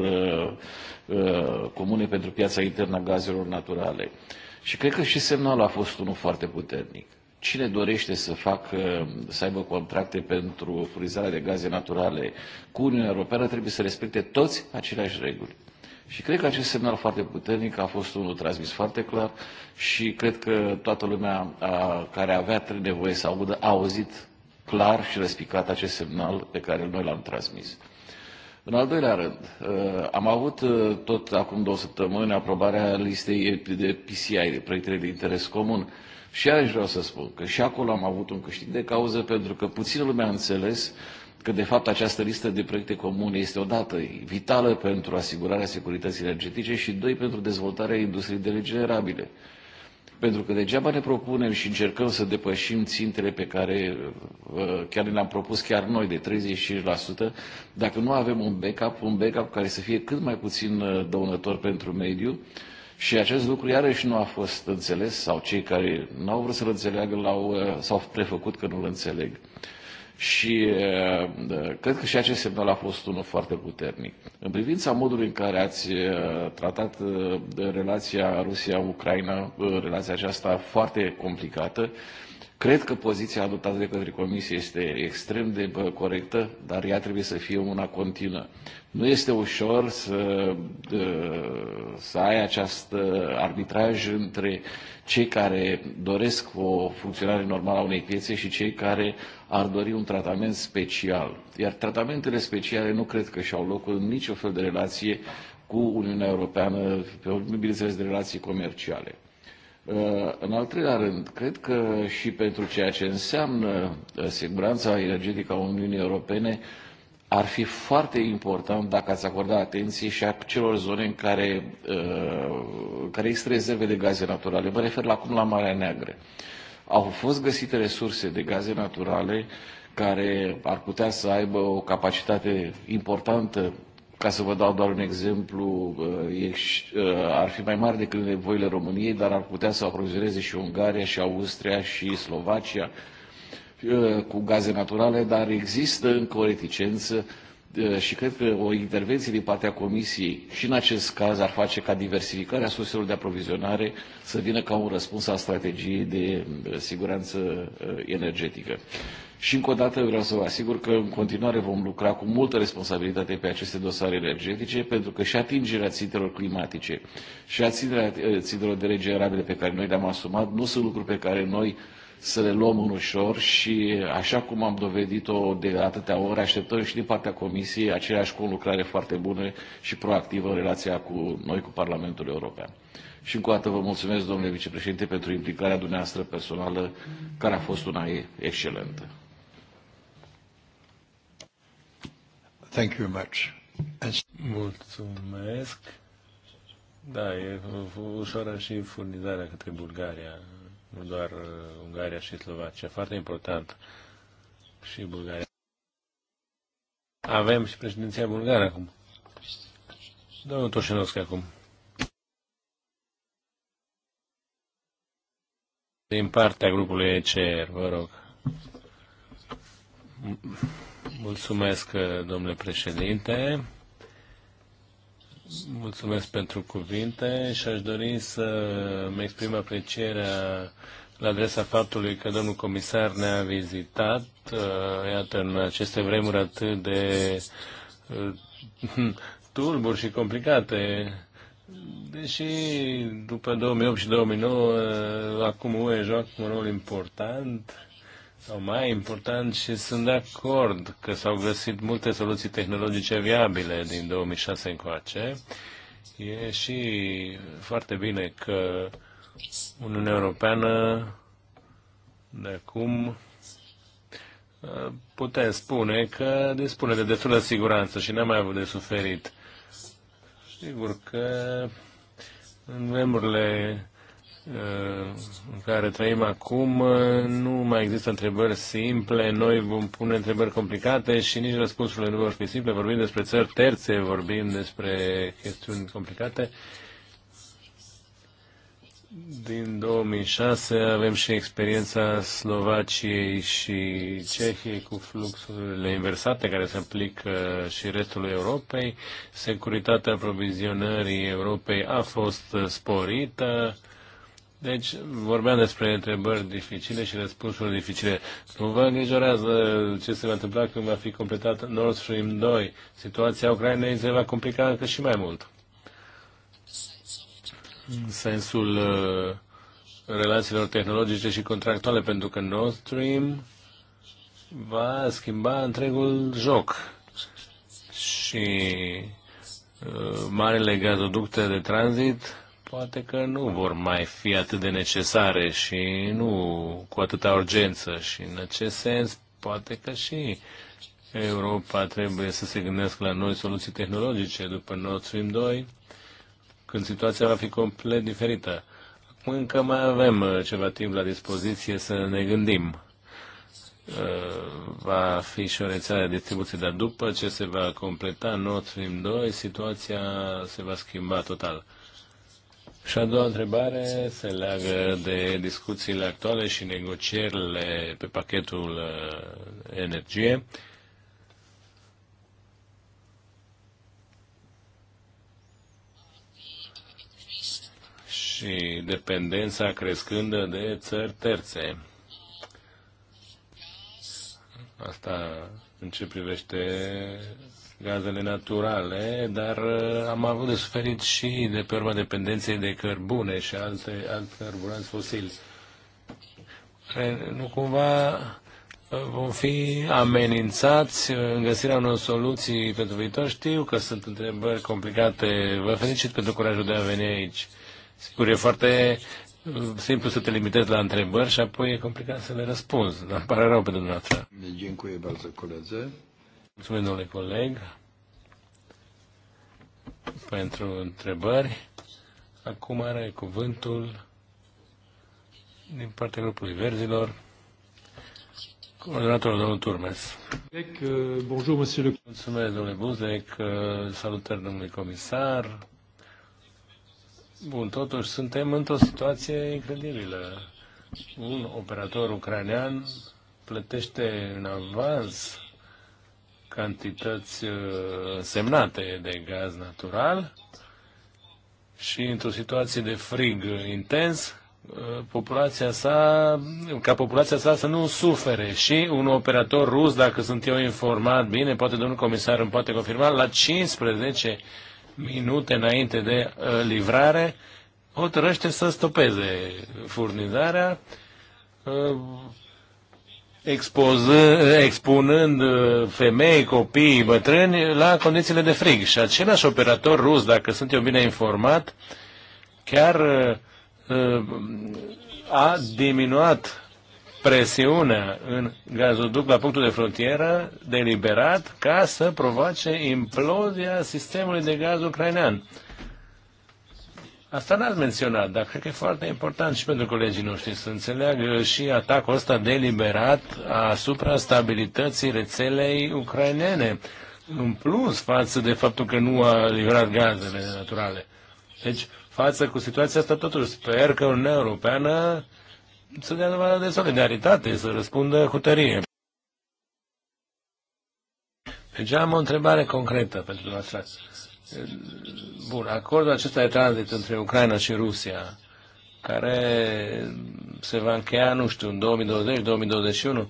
comune pentru piața internă a gazelor naturale. Și cred că și semnalul a fost unul foarte puternic. Cine dorește să, facă, să aibă contracte pentru furnizarea de gaze naturale cu Uniunea Europeană trebuie să respecte toți aceleași reguli. Și cred că acest semnal foarte puternic a fost unul transmis foarte clar și cred că toată lumea a, care avea nevoie să audă a auzit clar și răspicat acest semnal pe care noi l-am transmis. În al doilea rând, am avut tot acum două săptămâni aprobarea listei de PCI, de proiectele de interes comun, și aici vreau să spun că și acolo am avut un câștig de cauză pentru că puțină lumea a înțeles că de fapt această listă de proiecte comune este odată vitală pentru asigurarea securității energetice și doi pentru dezvoltarea industriei de regenerabile. Pentru că degeaba ne propunem și încercăm să depășim țintele pe care uh, chiar ne le-am propus chiar noi de 35%, dacă nu avem un backup, un backup care să fie cât mai puțin uh, dăunător pentru mediu, și acest lucru iarăși nu a fost înțeles sau cei care nu au vrut să-l înțeleagă l-au, uh, s-au prefăcut că nu-l înțeleg. Și uh, uh, cred că și acest semnal a fost unul foarte puternic. În privința modului în care ați tratat relația Rusia-Ucraina, relația aceasta foarte complicată, Cred că poziția adoptată de către Comisie este extrem de corectă, dar ea trebuie să fie una continuă. Nu este ușor să, să ai acest arbitraj între cei care doresc o funcționare normală a unei piețe și cei care ar dori un tratament special. Iar tratamentele speciale nu cred că și-au locul în niciun fel de relație cu Uniunea Europeană, pe bineînțeles de relații comerciale. În al treilea rând, cred că și pentru ceea ce înseamnă uh, siguranța energetică a Uniunii Europene, ar fi foarte important dacă ați acorda atenție și acelor zone în care, în uh, care există rezerve de gaze naturale. Mă refer acum la Marea Neagră. Au fost găsite resurse de gaze naturale care ar putea să aibă o capacitate importantă ca să vă dau doar un exemplu, uh, uh, ar fi mai mari decât nevoile României, dar ar putea să aprovizioneze și Ungaria, și Austria, și Slovacia uh, cu gaze naturale, dar există încă o reticență și cred că o intervenție din partea Comisiei și în acest caz ar face ca diversificarea surselor de aprovizionare să vină ca un răspuns a strategiei de siguranță energetică. Și încă o dată vreau să vă asigur că în continuare vom lucra cu multă responsabilitate pe aceste dosare energetice, pentru că și atingerea țintelor climatice și atingerea eh, țintelor de regenerabile pe care noi le-am asumat nu sunt lucruri pe care noi să le luăm în ușor și, eh, așa cum am dovedit-o de atâtea ori, așteptăm și din partea Comisiei aceeași lucrare foarte bună și proactivă în relația cu noi, cu Parlamentul European. Și încă o dată vă mulțumesc, domnule vicepreședinte, pentru implicarea dumneavoastră personală, care a fost una excelentă. Thank you Mulțumesc. Da, e ușoară și furnizarea către Bulgaria, nu doar uh, Ungaria și Slovacia. Foarte important și Bulgaria. Avem și președinția bulgară acum. Domnul Toșinovski acum. Din partea grupului ECR, vă rog. Mulțumesc, domnule președinte. Mulțumesc pentru cuvinte și aș dori să-mi exprim aprecierea la adresa faptului că domnul comisar ne-a vizitat, uh, iată, în aceste vremuri atât de uh, [laughs] tulburi și complicate. Deși după 2008 și 2009, uh, acum UE joacă un rol important sau mai important și sunt de acord că s-au găsit multe soluții tehnologice viabile din 2006 încoace. E și foarte bine că Uniunea Europeană de acum uh, putem spune că dispune de destulă siguranță și n-am mai avut de suferit. Sigur că în vremurile în care trăim acum, nu mai există întrebări simple, noi vom pune întrebări complicate și nici răspunsurile nu vor fi simple. Vorbim despre țări terțe, vorbim despre chestiuni complicate. Din 2006 avem și experiența Slovaciei și Cehiei cu fluxurile inversate care se aplică și restul Europei. Securitatea aprovizionării Europei a fost sporită deci vorbeam despre întrebări dificile și răspunsuri dificile. Nu vă îngrijorează ce se va întâmpla când va fi completat Nord Stream 2. Situația Ucrainei se va complica încă și mai mult. În sensul uh, relațiilor tehnologice și contractuale, pentru că Nord Stream va schimba întregul joc. Și uh, marile gazoducte de tranzit poate că nu vor mai fi atât de necesare și nu cu atâta urgență. Și în acest sens, poate că și Europa trebuie să se gândească la noi soluții tehnologice după Nord Stream 2, când situația va fi complet diferită. Acum încă mai avem uh, ceva timp la dispoziție să ne gândim. Uh, va fi și o rețea de distribuție, dar după ce se va completa Nord Stream 2, situația se va schimba total. Și a doua întrebare se leagă de discuțiile actuale și negocierile pe pachetul uh, energie. și dependența crescândă de țări terțe. Asta în ce privește gazele naturale, dar uh, am avut de suferit și de pe urma dependenței de cărbune și alte, alte carburanți fosili. Nu cumva uh, vom fi amenințați în găsirea unor soluții pentru viitor. Știu că sunt întrebări complicate. Vă felicit pentru curajul de a veni aici. Sigur, e foarte uh, simplu să te limitezi la întrebări și apoi e complicat să le răspunzi. Dar îmi pare rău pe dumneavoastră. Dziękuję bardzo Mulțumesc, domnule coleg, pentru întrebări. Acum are cuvântul din partea grupului verzilor. Coordonatorul domnul Turmes. Uh, bonjour, monsieur le... Mulțumesc, domnule Buzec. Uh, salutări, domnule comisar. Bun, totuși suntem într-o situație incredibilă. Un operator ucrainean plătește în avans cantități uh, semnate de gaz natural și într-o situație de frig intens, uh, populația sa, ca populația sa să nu sufere și un operator rus, dacă sunt eu informat bine, poate domnul comisar îmi poate confirma, la 15 minute înainte de uh, livrare hotărăște să stopeze furnizarea expoză, expunând uh, femei, copii, bătrâni la condițiile de frig. Și același operator rus, dacă sunt eu bine informat, chiar uh, uh, a diminuat presiunea în gazoduct la punctul de frontieră deliberat ca să provoace implozia sistemului de gaz ucrainean. Asta n-ați menționat, dar cred că e foarte important și pentru colegii noștri să înțeleagă și atacul ăsta deliberat asupra stabilității rețelei ucrainene, în plus față de faptul că nu a livrat gazele naturale. Deci, față cu situația asta, totuși sper că Uniunea Europeană să dea dovadă de solidaritate, să răspundă cu tărie. Deci am o întrebare concretă pentru dumneavoastră. Bun, acordul acesta de tranzit între Ucraina și Rusia, care se va încheia, nu știu, în 2020-2021,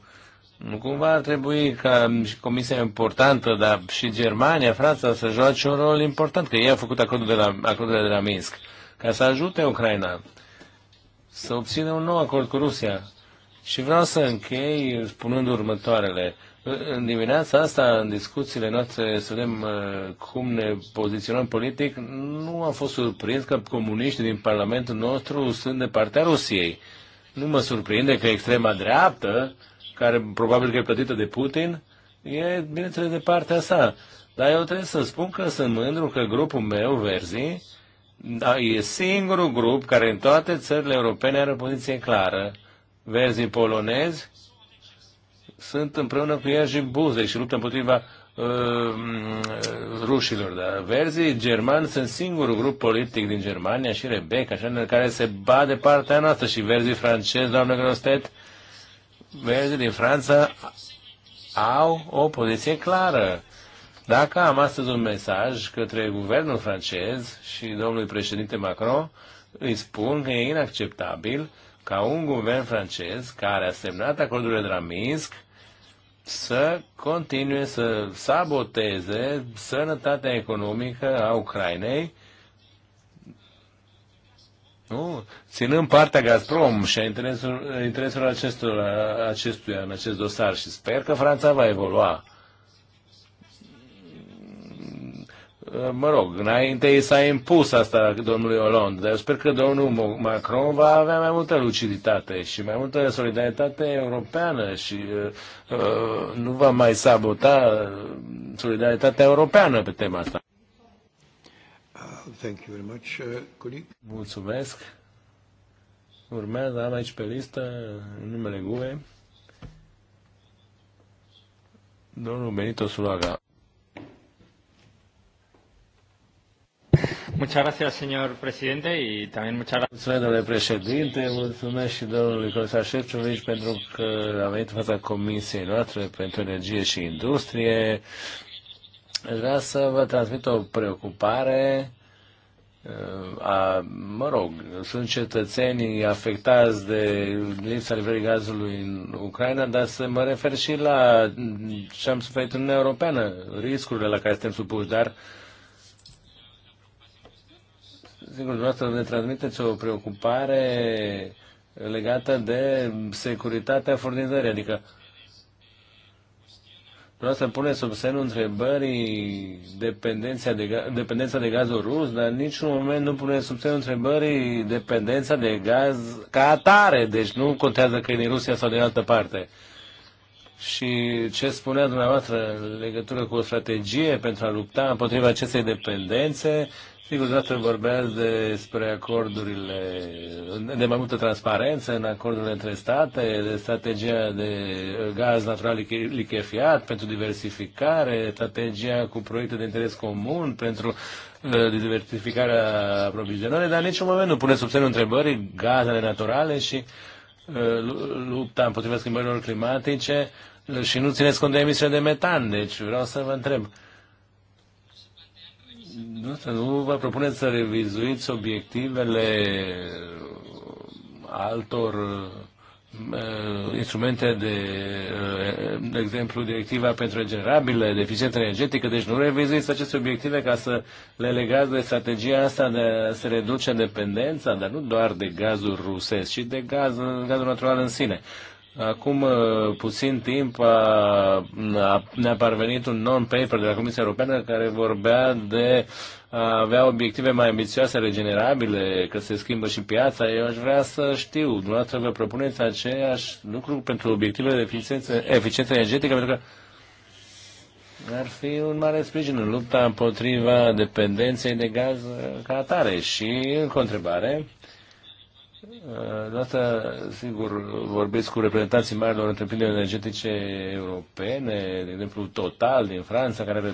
nu cumva ar trebui ca și Comisia importantă, dar și Germania, Franța, să joace un rol important, că ei au făcut acordul de la, acordurile de la Minsk, ca să ajute Ucraina să obțină un nou acord cu Rusia. Și vreau să închei spunând următoarele. În dimineața asta, în discuțiile noastre, să vedem uh, cum ne poziționăm politic, nu am fost surprins că comuniștii din Parlamentul nostru sunt de partea Rusiei. Nu mă surprinde că extrema dreaptă, care probabil că e plătită de Putin, e, bineînțeles, de partea sa. Dar eu trebuie să spun că sunt mândru că grupul meu, Verzi, da, e singurul grup care în toate țările europene are o poziție clară. Verzi polonezi sunt împreună cu ea și Buzek și luptă împotriva uh, rușilor. da. verzii germani sunt singurul grup politic din Germania și Rebecca, așa, care se bade de partea noastră și verzii francezi, doamnă Grostet, verzii din Franța au o poziție clară. Dacă am astăzi un mesaj către guvernul francez și domnului președinte Macron, îi spun că e inacceptabil ca un guvern francez care a semnat acordurile de la Minsk să continue să saboteze sănătatea economică a Ucrainei, nu? ținând partea Gazprom și a interesul, interesul acestor, acestuia în acest dosar și sper că Franța va evolua Eh, mă rog, înainte i s-a impus asta domnului Hollande, dar eu sper că domnul Macron va avea mai multă luciditate și mai multă solidaritate europeană și uh, nu va mai sabota solidaritatea europeană pe tema asta. Uh, thank you very much, uh, colleague. Mulțumesc. Urmează, am aici pe listă numele GUE. Domnul Benito Sulaga. Muchas gracias, señor presidente, y también muchas gracias. Mulțumesc, domnule președinte, mulțumesc și domnului comisar Șefcovici pentru că a venit în fața comisiei noastre pentru energie și industrie. Vreau să vă transmit o preocupare a, mă rog, sunt cetățenii afectați de lipsa livrării gazului în Ucraina, dar să mă refer și la ce am suferit în Uniunea Europeană, riscurile la care suntem supuși, dar uh, sigur, dumneavoastră ne transmiteți o preocupare legată de securitatea furnizării, adică Vreau să pune sub semnul întrebării dependența de, dependența de gazul rus, dar în niciun moment nu pune sub semnul întrebării dependența de gaz ca atare, deci nu contează că e din Rusia sau din altă parte. Și ce spunea dumneavoastră în legătură cu o strategie pentru a lupta împotriva acestei dependențe, Sigur, dată vorbeați despre acordurile, de mai multă transparență în acordurile între state, de strategia de gaz natural lichefiat pentru diversificare, strategia cu proiecte de interes comun pentru uh, de diversificarea aprovizionării, dar în niciun moment nu pune sub semnul întrebării gazele naturale și uh, lupta împotriva schimbărilor climatice uh, și nu țineți cont de emisiile de metan. Deci vreau să vă întreb Dumneavoastră nu vă propuneți să revizuiți obiectivele altor uh, instrumente de, uh, de exemplu, directiva pentru regenerabile, deficiență energetică, deci nu revizuiți aceste obiective ca să le legați de strategia asta de a se reduce dependența, dar nu doar de gazul rusesc, ci de gaz, gazul natural în sine. Uh, Acum uh, puțin timp a, a, ne-a parvenit un non-paper de la Comisia Europeană care vorbea de a avea obiective mai ambițioase, regenerabile, că se schimbă și piața. Eu aș vrea să știu, dumneavoastră vă propuneți aceeași lucru pentru obiectivele de eficiență, eficiență energetică, pentru că ar fi un mare sprijin în lupta împotriva dependenței de gaz ca atare. Și, încă o întrebare, Dată, sigur, vorbesc cu reprezentanții marilor întreprinderi energetice europene, de exemplu Total din Franța, care are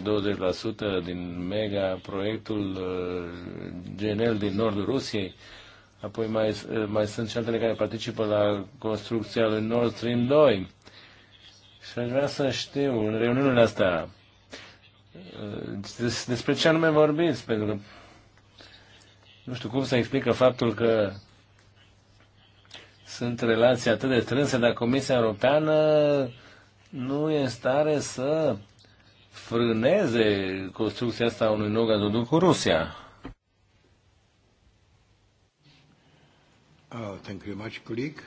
20% din mega proiectul uh, GNL din nordul Rusiei. Apoi mai, uh, mai sunt și altele care participă la construcția lui Nord Stream 2. Și aș vrea să știu, în reuniunile astea, uh, despre ce anume vorbiți, pentru că nu știu cum să explică faptul că sunt relații atât de strânse, dar Comisia Europeană nu e în stare să frâneze construcția asta a unui nou gazoduc cu Rusia. Uh, thank you much, colleague.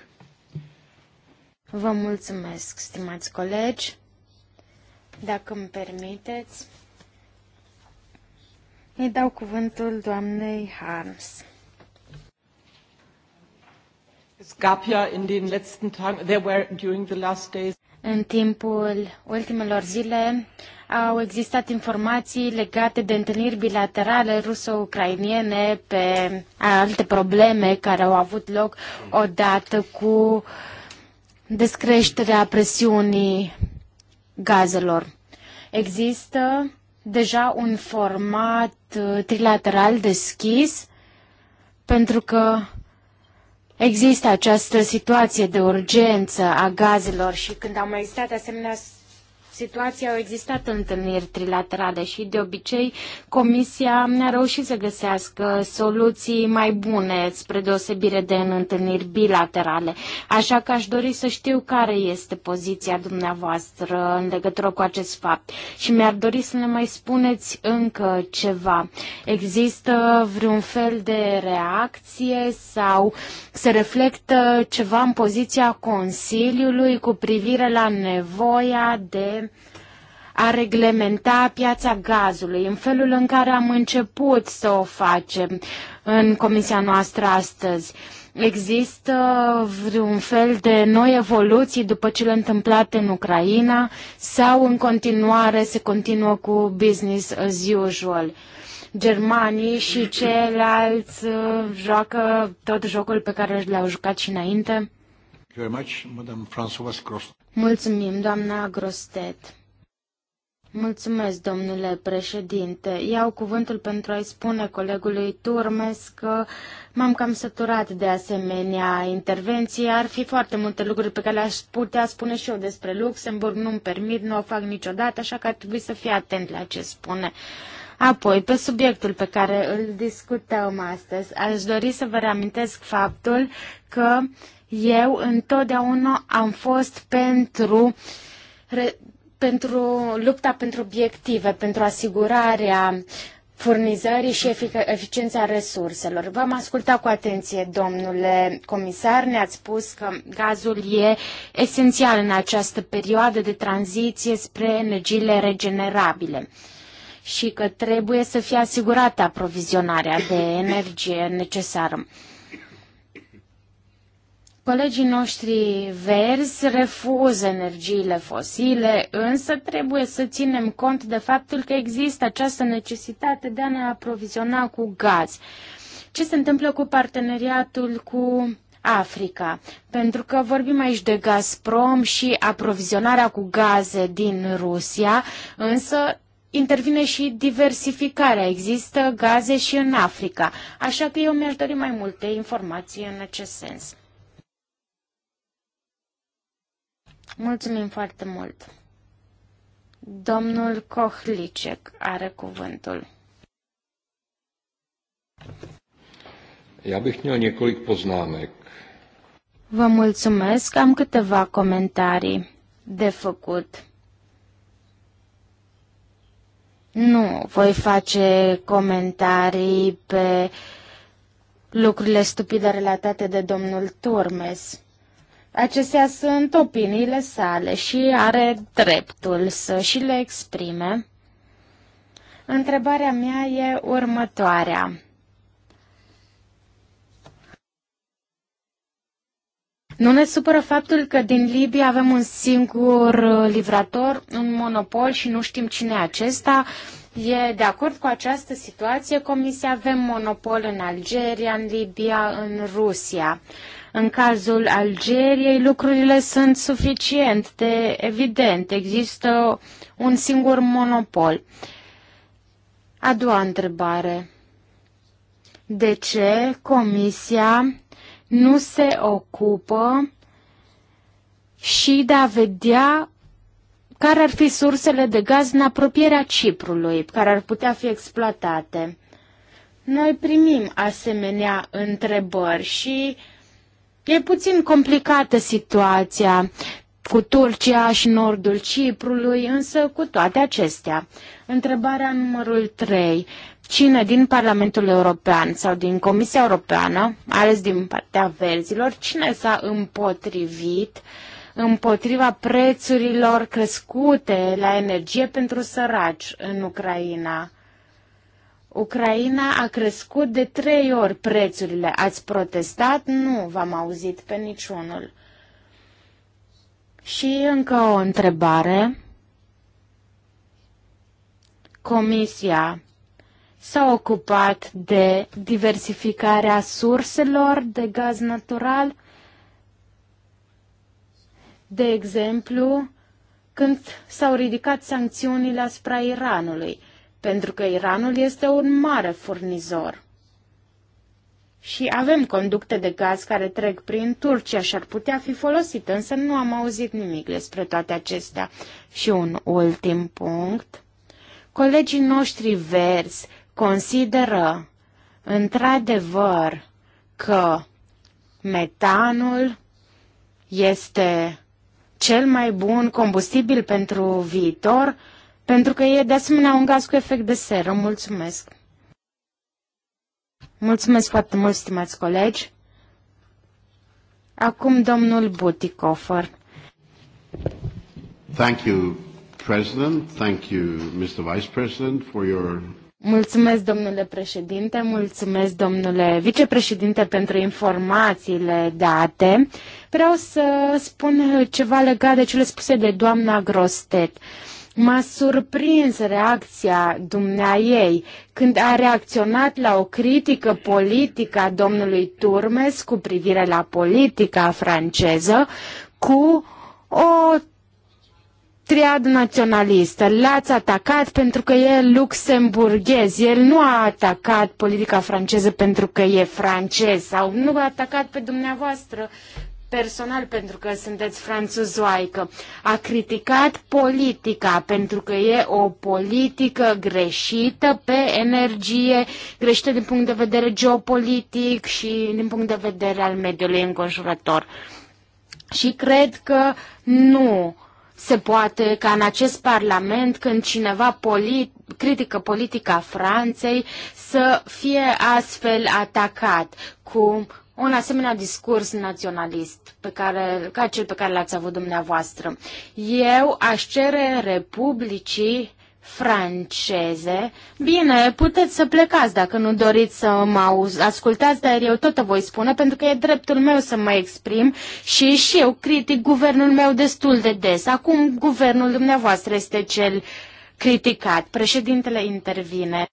Vă mulțumesc, stimați colegi. Dacă îmi permiteți, îi dau cuvântul doamnei Harms. În timpul ultimelor zile au existat informații legate de întâlniri bilaterale ruso-ucrainiene pe alte probleme care au avut loc odată cu descreșterea presiunii gazelor. Există deja un format uh, trilateral deschis pentru că Există această situație de urgență a gazelor și când au mai existat asemenea situație au existat întâlniri trilaterale și de obicei Comisia ne-a reușit să găsească soluții mai bune spre deosebire de în întâlniri bilaterale. Așa că aș dori să știu care este poziția dumneavoastră în legătură cu acest fapt și mi-ar dori să ne mai spuneți încă ceva. Există vreun fel de reacție sau se reflectă ceva în poziția Consiliului cu privire la nevoia de a reglementa piața gazului, în felul în care am început să o facem în comisia noastră astăzi. Există un fel de noi evoluții după ce le întâmplate în Ucraina sau în continuare se continuă cu business as usual? Germanii și ceilalți uh, joacă tot jocul pe care l-au jucat și înainte? Mulțumim, doamna Grostet. Mulțumesc, domnule președinte. Iau cuvântul pentru a-i spune colegului Turmes că m-am cam săturat de asemenea intervenții. Ar fi foarte multe lucruri pe care le-aș putea spune și eu despre Luxemburg. Nu-mi permit, nu o fac niciodată, așa că ar trebui să fie atent la ce spune. Apoi, pe subiectul pe care îl discutăm astăzi, aș dori să vă reamintesc faptul că eu întotdeauna am fost pentru pentru lupta pentru obiective, pentru asigurarea furnizării și efic- eficiența resurselor. V-am ascultat cu atenție, domnule comisar, ne-ați spus că gazul e esențial în această perioadă de tranziție spre energiile regenerabile și că trebuie să fie asigurată aprovizionarea de energie necesară. Colegii noștri verzi refuză energiile fosile, însă trebuie să ținem cont de faptul că există această necesitate de a ne aproviziona cu gaz. Ce se întâmplă cu parteneriatul cu Africa? Pentru că vorbim aici de Gazprom și aprovizionarea cu gaze din Rusia, însă intervine și diversificarea. Există gaze și în Africa, așa că eu mi-aș dori mai multe informații în acest sens. Mulțumim foarte mult! Domnul Kohlicek are cuvântul. Ja bych měl několik poznámek. Vă mulțumesc, am câteva comentarii de făcut. Nu voi face comentarii pe lucrurile stupide relatate de domnul Turmes. Acestea sunt opiniile sale și are dreptul să și le exprime. Întrebarea mea e următoarea. Nu ne supără faptul că din Libia avem un singur livrator, un monopol și nu știm cine e acesta. E de acord cu această situație, Comisia avem monopol în Algeria, în Libia, în Rusia. Uh, în cazul Algeriei, lucrurile sunt suficient de evident. Există un singur monopol. A doua întrebare. De ce Comisia nu se ocupă și de a vedea care ar fi sursele de gaz în apropierea Ciprului, care ar putea fi exploatate. Noi primim asemenea întrebări și E puțin complicată situația cu Turcia și nordul Ciprului, însă cu toate acestea. Întrebarea numărul 3. Cine din Parlamentul European sau din Comisia Europeană, ales din partea verzilor, cine s-a împotrivit împotriva prețurilor crescute la energie pentru săraci în Ucraina? Ucraina a crescut de trei ori prețurile. Ați protestat? Nu v-am auzit pe niciunul. Și încă o întrebare. Comisia s-a ocupat de diversificarea surselor de gaz natural. De exemplu, când s-au ridicat sancțiunile asupra Iranului pentru că Iranul este un mare furnizor. Și avem conducte de gaz care trec prin Turcia și ar putea fi folosit, însă nu am auzit nimic despre toate acestea. Și un ultim punct. Colegii noștri verzi consideră într-adevăr că metanul este cel mai bun combustibil pentru viitor, pentru că e de asemenea un gaz cu efect de seră. Mulțumesc! Mulțumesc foarte mult, stimați colegi! Acum domnul Buticofer. Thank you, President. Thank you, Mr. Vice President, for your Mulțumesc, domnule președinte, mulțumesc, domnule vicepreședinte, pentru informațiile date. Vreau să spun ceva legat de cele spuse de doamna Grostet. Uh, M-a surprins reacția dumneaei când a reacționat la o critică politică a domnului Turmes cu privire la politica franceză cu o triad naționalistă. L-ați atacat pentru că e luxemburghez. El nu a atacat politica franceză pentru că e francez sau nu a atacat pe dumneavoastră personal pentru că sunteți franțuzoaică. A criticat politica pentru că e o politică greșită pe energie, greșită din punct de vedere geopolitic și din punct de vedere al mediului înconjurător. Și cred că nu se poate ca în acest Parlament, când cineva politic, critică politica Franței, să fie astfel atacat, cum un asemenea discurs naționalist pe care, ca cel pe care l-ați avut dumneavoastră. Eu aș cere Republicii franceze. Bine, puteți să plecați dacă nu doriți să mă ascultați, dar eu tot voi spune pentru că e dreptul meu să mă exprim și și eu critic guvernul meu destul de des. Acum guvernul dumneavoastră este cel criticat. Președintele intervine.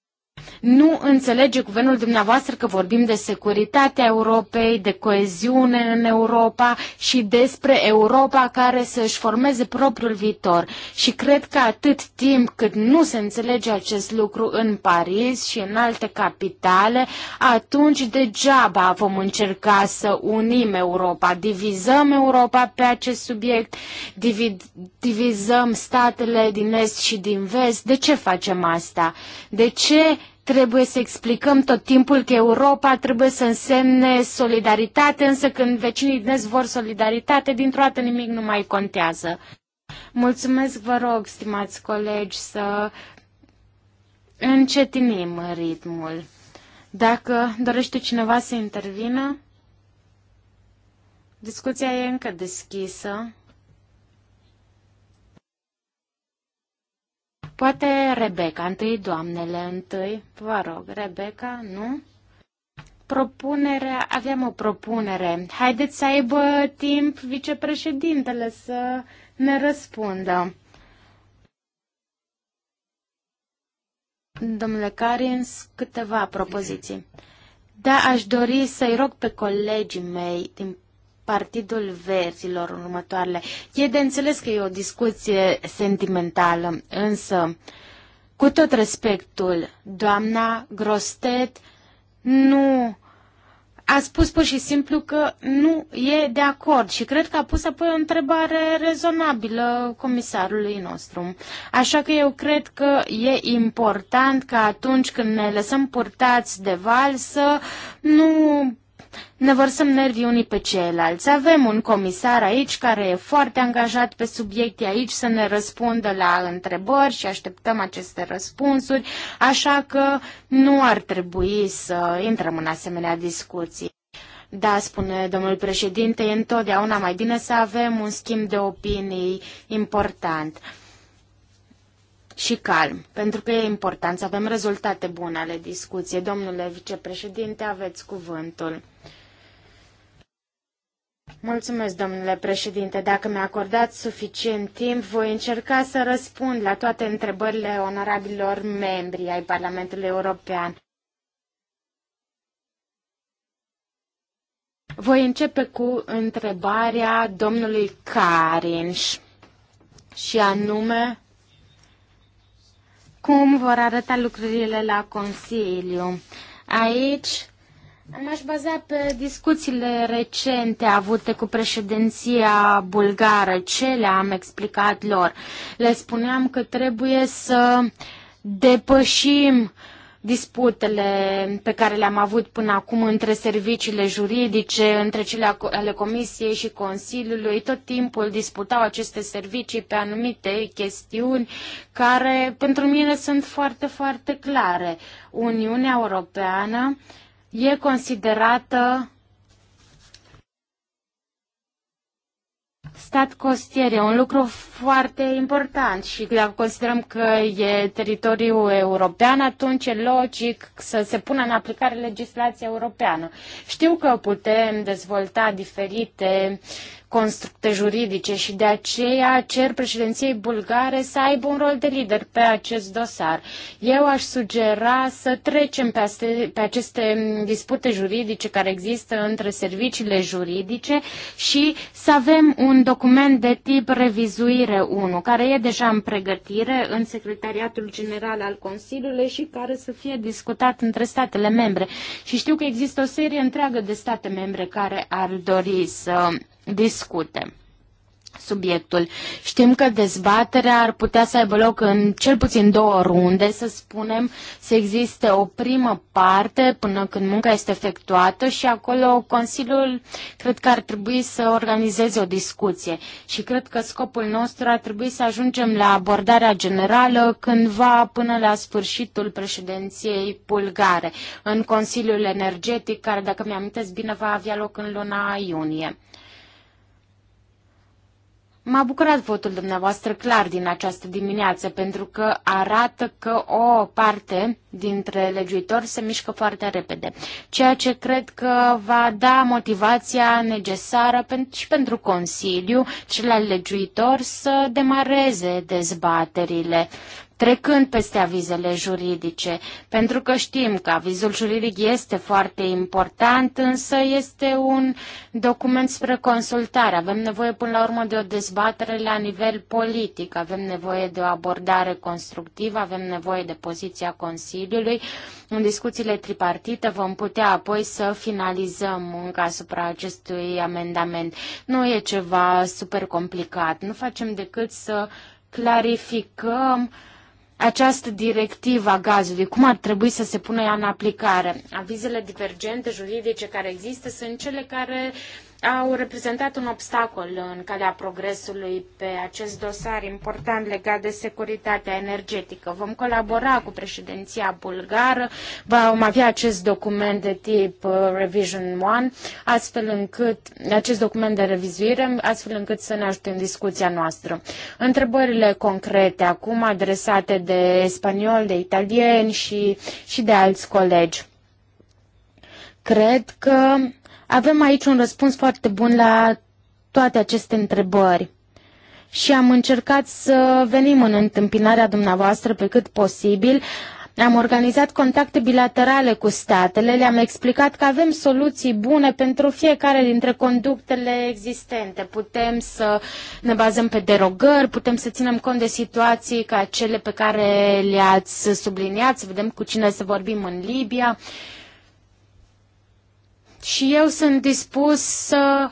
Nu înțelege guvernul dumneavoastră că vorbim de securitatea Europei, de coeziune în Europa și despre Europa care să își formeze propriul viitor. Și cred că atât timp cât nu se înțelege acest lucru în Paris și în alte capitale, atunci degeaba vom încerca să unim Europa. Divizăm Europa pe acest subiect, divid, divizăm statele din est și din vest. De ce facem asta? De ce Trebuie să explicăm tot timpul că Europa trebuie să însemne solidaritate, însă când vecinii dnes vor solidaritate, dintr-o dată nimic nu mai contează. Mulțumesc, vă rog, stimați colegi, să încetinim ritmul. Dacă dorește cineva să intervină, discuția e încă deschisă. Poate Rebecca, întâi doamnele, întâi, vă rog, Rebecca, nu? Propunerea, aveam o propunere. Haideți să aibă timp vicepreședintele să ne răspundă. Domnule Carins, câteva propoziții. Da, aș dori să-i rog pe colegii mei din Partidul Verzilor în următoarele. E de înțeles că e o discuție sentimentală, însă, cu tot respectul, doamna Grostet nu a spus pur și simplu că nu e de acord și cred că a pus apoi o întrebare rezonabilă comisarului nostru. Așa că eu cred că e important ca atunci când ne lăsăm purtați de val să nu ne vărsăm nervii unii pe ceilalți. Avem un comisar aici care e foarte angajat pe subiecte aici să ne răspundă la întrebări și așteptăm aceste răspunsuri, așa că nu ar trebui să intrăm în asemenea discuții. Da, spune domnul președinte, e întotdeauna mai bine să avem un schimb de opinii important și calm, pentru că e important să avem rezultate bune ale discuției. Domnule vicepreședinte, aveți cuvântul. Mulțumesc, domnule președinte. Dacă mi-a acordat suficient timp, voi încerca să răspund la toate întrebările onorabilor membri ai Parlamentului European. Voi începe cu întrebarea domnului Carinș și anume cum vor arăta lucrurile la Consiliu. Aici M-aș baza pe discuțiile recente avute cu președinția bulgară. Ce le-am explicat lor? Le spuneam că trebuie să depășim disputele pe care le-am avut până acum între serviciile juridice, între cele ale Comisiei și Consiliului. Tot timpul disputau aceste servicii pe anumite chestiuni care pentru mine sunt foarte, foarte clare. Uniunea Europeană uh, e considerată stat costier e un lucru foarte important și dacă considerăm că e teritoriu european, atunci e logic să se pună în aplicare legislația europeană. Știu că putem dezvolta diferite constructe juridice și de aceea cer președinției bulgare să aibă un rol de lider pe acest dosar. Eu aș sugera să trecem pe, aste, pe aceste dispute juridice care există între serviciile juridice și să avem un document de tip revizuire 1, care e deja în pregătire în Secretariatul General al Consiliului și care să fie discutat între statele membre. Și știu că există o serie întreagă de state membre care ar dori să discute subiectul. Știm că dezbaterea ar putea să aibă loc în cel puțin două runde, să spunem, să existe o primă parte până când munca este efectuată și acolo Consiliul cred că ar trebui să organizeze o discuție și cred că scopul nostru ar trebui să ajungem la abordarea generală cândva până la sfârșitul președinției bulgare în Consiliul Energetic, care, dacă mi-am bine, va avea loc în luna iunie. M-a bucurat votul dumneavoastră clar din această dimineață, pentru că arată că o parte dintre legiuitori se mișcă foarte repede, ceea ce cred că va da motivația necesară și pentru Consiliu și la legiuitori să demareze dezbaterile trecând peste avizele juridice, pentru că știm că avizul juridic este foarte important, însă este un document spre consultare. Avem nevoie până la urmă de o dezbatere la nivel politic, avem nevoie de o abordare constructivă, avem nevoie de poziția Consiliului. În discuțiile tripartite vom putea apoi să finalizăm munca asupra acestui amendament. Nu e ceva super complicat, nu facem decât să clarificăm uh, această directivă a gazului, cum ar trebui să se pună ea în aplicare? Avizele divergente juridice care există sunt cele care uh, au reprezentat un obstacol în calea progresului pe acest dosar important legat de securitatea energetică. Vom colabora cu președinția bulgară, vom avea acest document de tip uh, Revision 1, astfel încât, acest document de revizuire, astfel încât să ne ajute în discuția noastră. Întrebările concrete acum adresate de spaniol, de italieni și, și de alți colegi cred că avem aici un răspuns foarte bun la toate aceste întrebări și am încercat să venim în întâmpinarea dumneavoastră pe cât posibil. Am organizat contacte bilaterale cu statele, le-am explicat că avem soluții bune pentru fiecare dintre conductele existente. Putem să ne bazăm pe derogări, putem să ținem cont de situații ca cele pe care le-ați subliniat, să vedem cu cine să vorbim în Libia. Uh, și eu sunt dispus să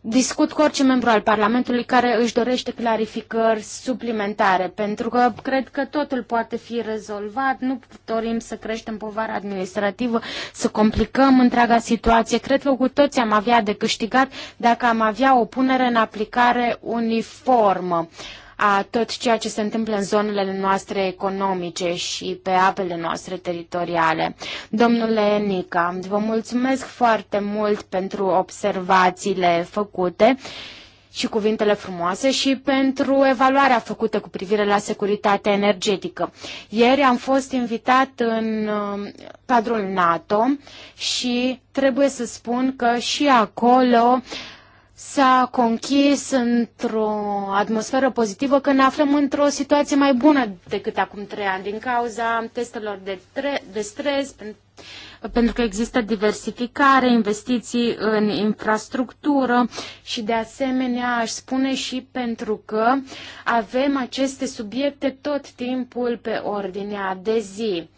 discut cu orice membru al Parlamentului care își dorește clarificări suplimentare, pentru că cred că totul poate fi rezolvat, nu dorim să creștem povara administrativă, să complicăm întreaga situație. Cred că cu toți am avea de câștigat dacă am avea o punere în aplicare uniformă. Uh, a tot ceea ce se întâmplă în zonele noastre economice și pe apele noastre teritoriale. Domnule Nica, vă mulțumesc foarte mult pentru observațiile făcute și cuvintele frumoase și pentru evaluarea făcută cu privire la securitatea energetică. Ieri am fost invitat în um, cadrul NATO și trebuie să spun că și acolo uh, s-a conchis într-o atmosferă pozitivă că ne aflăm într-o situație mai bună decât acum trei ani din cauza testelor de, tre- de stres, pentru că există diversificare, investiții în infrastructură și de asemenea aș spune și pentru că avem aceste subiecte tot timpul pe ordinea de zi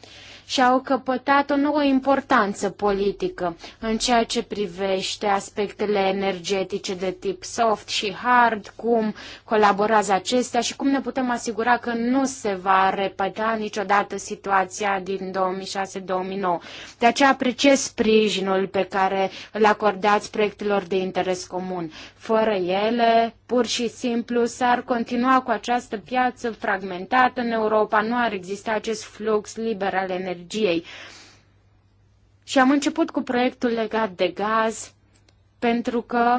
și au căpătat o nouă importanță politică în ceea ce privește aspectele energetice de tip soft și hard, cum colaborează acestea și cum ne putem asigura că nu se va repeta niciodată situația din 2006-2009. De aceea apreciez sprijinul pe care îl acordați proiectelor de interes comun. Fără ele, pur și simplu, s-ar continua cu această piață fragmentată în Europa, nu ar exista acest flux liber al energiei. Și am început cu proiectul legat de gaz, pentru că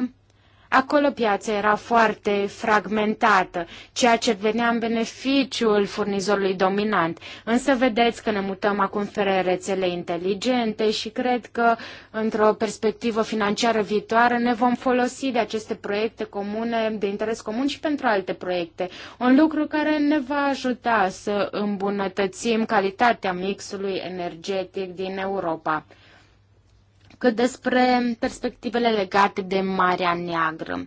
Acolo piața era foarte fragmentată, ceea ce venea în beneficiul furnizorului dominant. Însă vedeți că ne mutăm acum spre rețele inteligente și cred că într-o perspectivă financiară viitoare ne vom folosi de aceste proiecte comune, de interes comun și pentru alte proiecte. Un lucru care ne va ajuta să îmbunătățim calitatea mixului energetic din Europa cât despre perspectivele legate de Marea Neagră.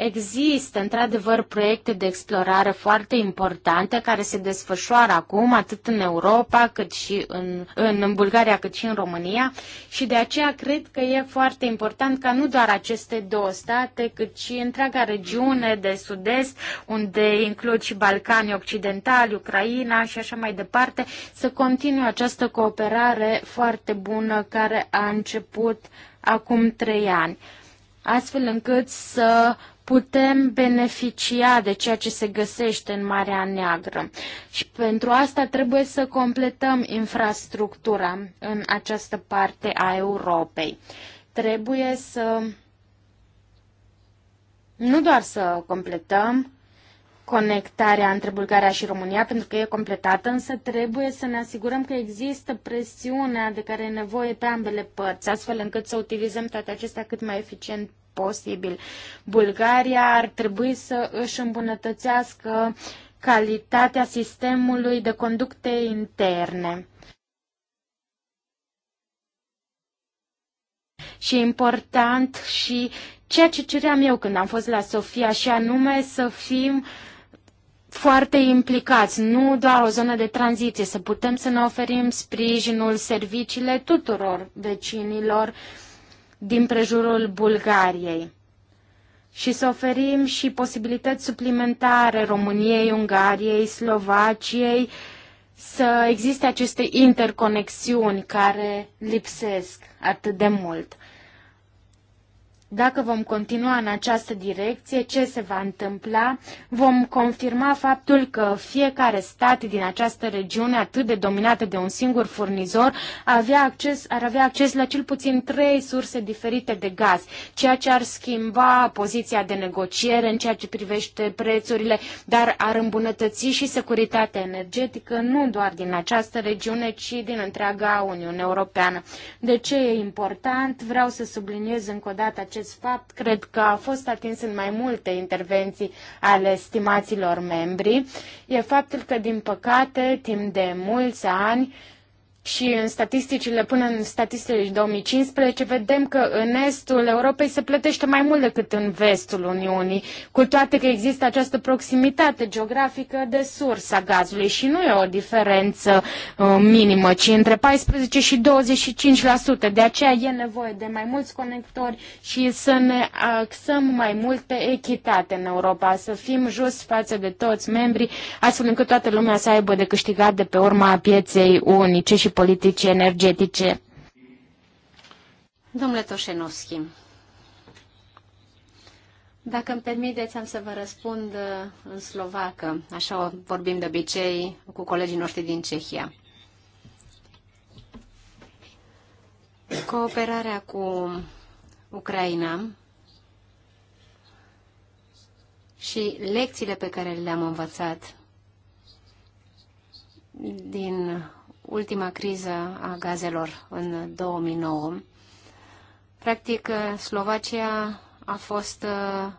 Există, într-adevăr, proiecte de explorare foarte importante care se desfășoară acum atât în Europa cât și în, în, Bulgaria cât și în România și de aceea cred că e foarte important ca nu doar aceste două state cât și întreaga regiune de sud-est unde includ și Balcanii Occidentali, Ucraina și așa mai departe să continue această cooperare foarte bună care a început acum trei ani astfel încât să putem beneficia de ceea ce se găsește în Marea Neagră. Și pentru asta trebuie să completăm infrastructura în această parte a Europei. Trebuie să nu doar să completăm conectarea între Bulgaria și România, pentru că e completată, însă trebuie să ne asigurăm că există presiunea de care e nevoie pe ambele părți, astfel încât să utilizăm toate acestea cât mai eficient posibil. Bulgaria ar trebui să își îmbunătățească calitatea sistemului de conducte interne. și important și ceea ce ceream eu când am fost la Sofia și anume să fim foarte implicați, nu doar o zonă de tranziție, să putem să ne oferim sprijinul, serviciile tuturor vecinilor, uh, din prejurul Bulgariei și să oferim și posibilități suplimentare României, Ungariei, Slovaciei, să existe aceste interconexiuni care lipsesc atât de mult. Dacă vom continua în această direcție, ce se va întâmpla? Vom confirma faptul că fiecare stat din această regiune atât de dominată de un singur furnizor avea acces, ar avea acces la cel puțin trei surse diferite de gaz, ceea ce ar schimba poziția de negociere în ceea ce privește prețurile, dar ar îmbunătăți și securitatea energetică nu doar din această regiune, ci din întreaga Uniune Europeană. De ce e important? Vreau să subliniez încă o dată acest acest fapt cred că a fost atins în mai multe intervenții ale stimaților membri, e faptul că, din păcate, timp de mulți ani, și în statisticile, până în statisticile 2015, vedem că în estul Europei se plătește mai mult decât în vestul Uniunii, cu toate că există această proximitate geografică de sursa gazului și nu e o diferență uh, minimă, ci între 14 și 25%. De aceea e nevoie de mai mulți conectori și să ne axăm mai mult pe echitate în Europa, să fim just față de toți membrii, astfel încât toată lumea să aibă de câștigat de pe urma pieței unice și politici energetice. Domnule Toșenovski, dacă îmi permiteți, am să vă răspund uh, în slovacă. Așa vorbim de obicei cu colegii noștri din Cehia. Cooperarea cu Ucraina și lecțiile pe care le-am învățat din ultima criză a gazelor în 2009, practic uh, Slovacia a fost uh,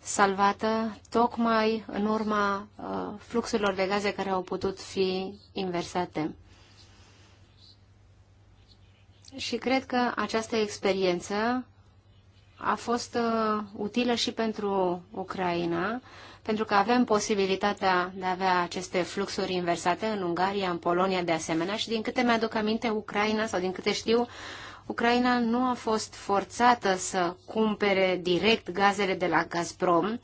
salvată tocmai în urma uh, fluxurilor de gaze care au putut fi inversate. Și cred că această experiență a fost utilă și pentru Ucraina, pentru că avem posibilitatea de a avea aceste fluxuri inversate în Ungaria, în Polonia de asemenea și din câte mi-aduc aminte, Ucraina sau din câte știu, Ucraina nu a fost forțată să cumpere direct gazele de la Gazprom,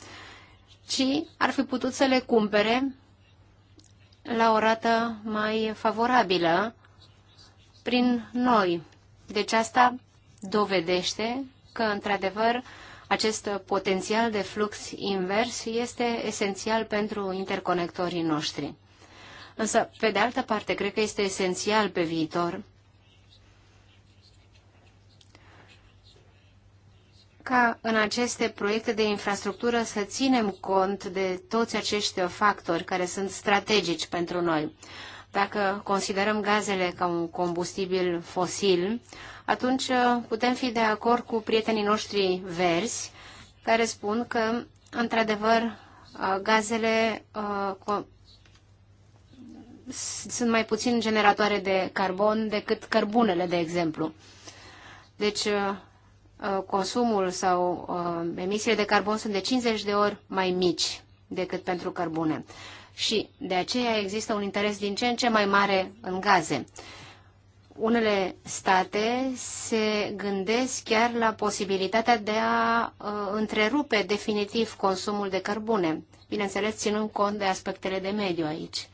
ci ar fi putut să le cumpere la o rată mai favorabilă prin noi. Deci asta dovedește că, într-adevăr, acest potențial de flux invers este esențial pentru interconectorii noștri. Însă, pe de altă parte, cred că este esențial pe viitor ca în aceste proiecte de infrastructură să ținem cont de toți acești factori care sunt strategici pentru noi. Dacă considerăm gazele ca un combustibil fosil, atunci uh, putem fi de acord cu prietenii noștri verzi, care spun că, într-adevăr, uh, gazele uh, sunt mai puțin generatoare de carbon decât cărbunele, de exemplu. Deci, uh, uh consumul sau uh, emisiile de carbon sunt de 50 de ori mai mici decât pentru cărbune și de aceea există un interes din ce în ce mai mare în gaze. Unele state se gândesc chiar la posibilitatea de a uh, întrerupe definitiv consumul de cărbune, bineînțeles ținând cont de aspectele de mediu aici.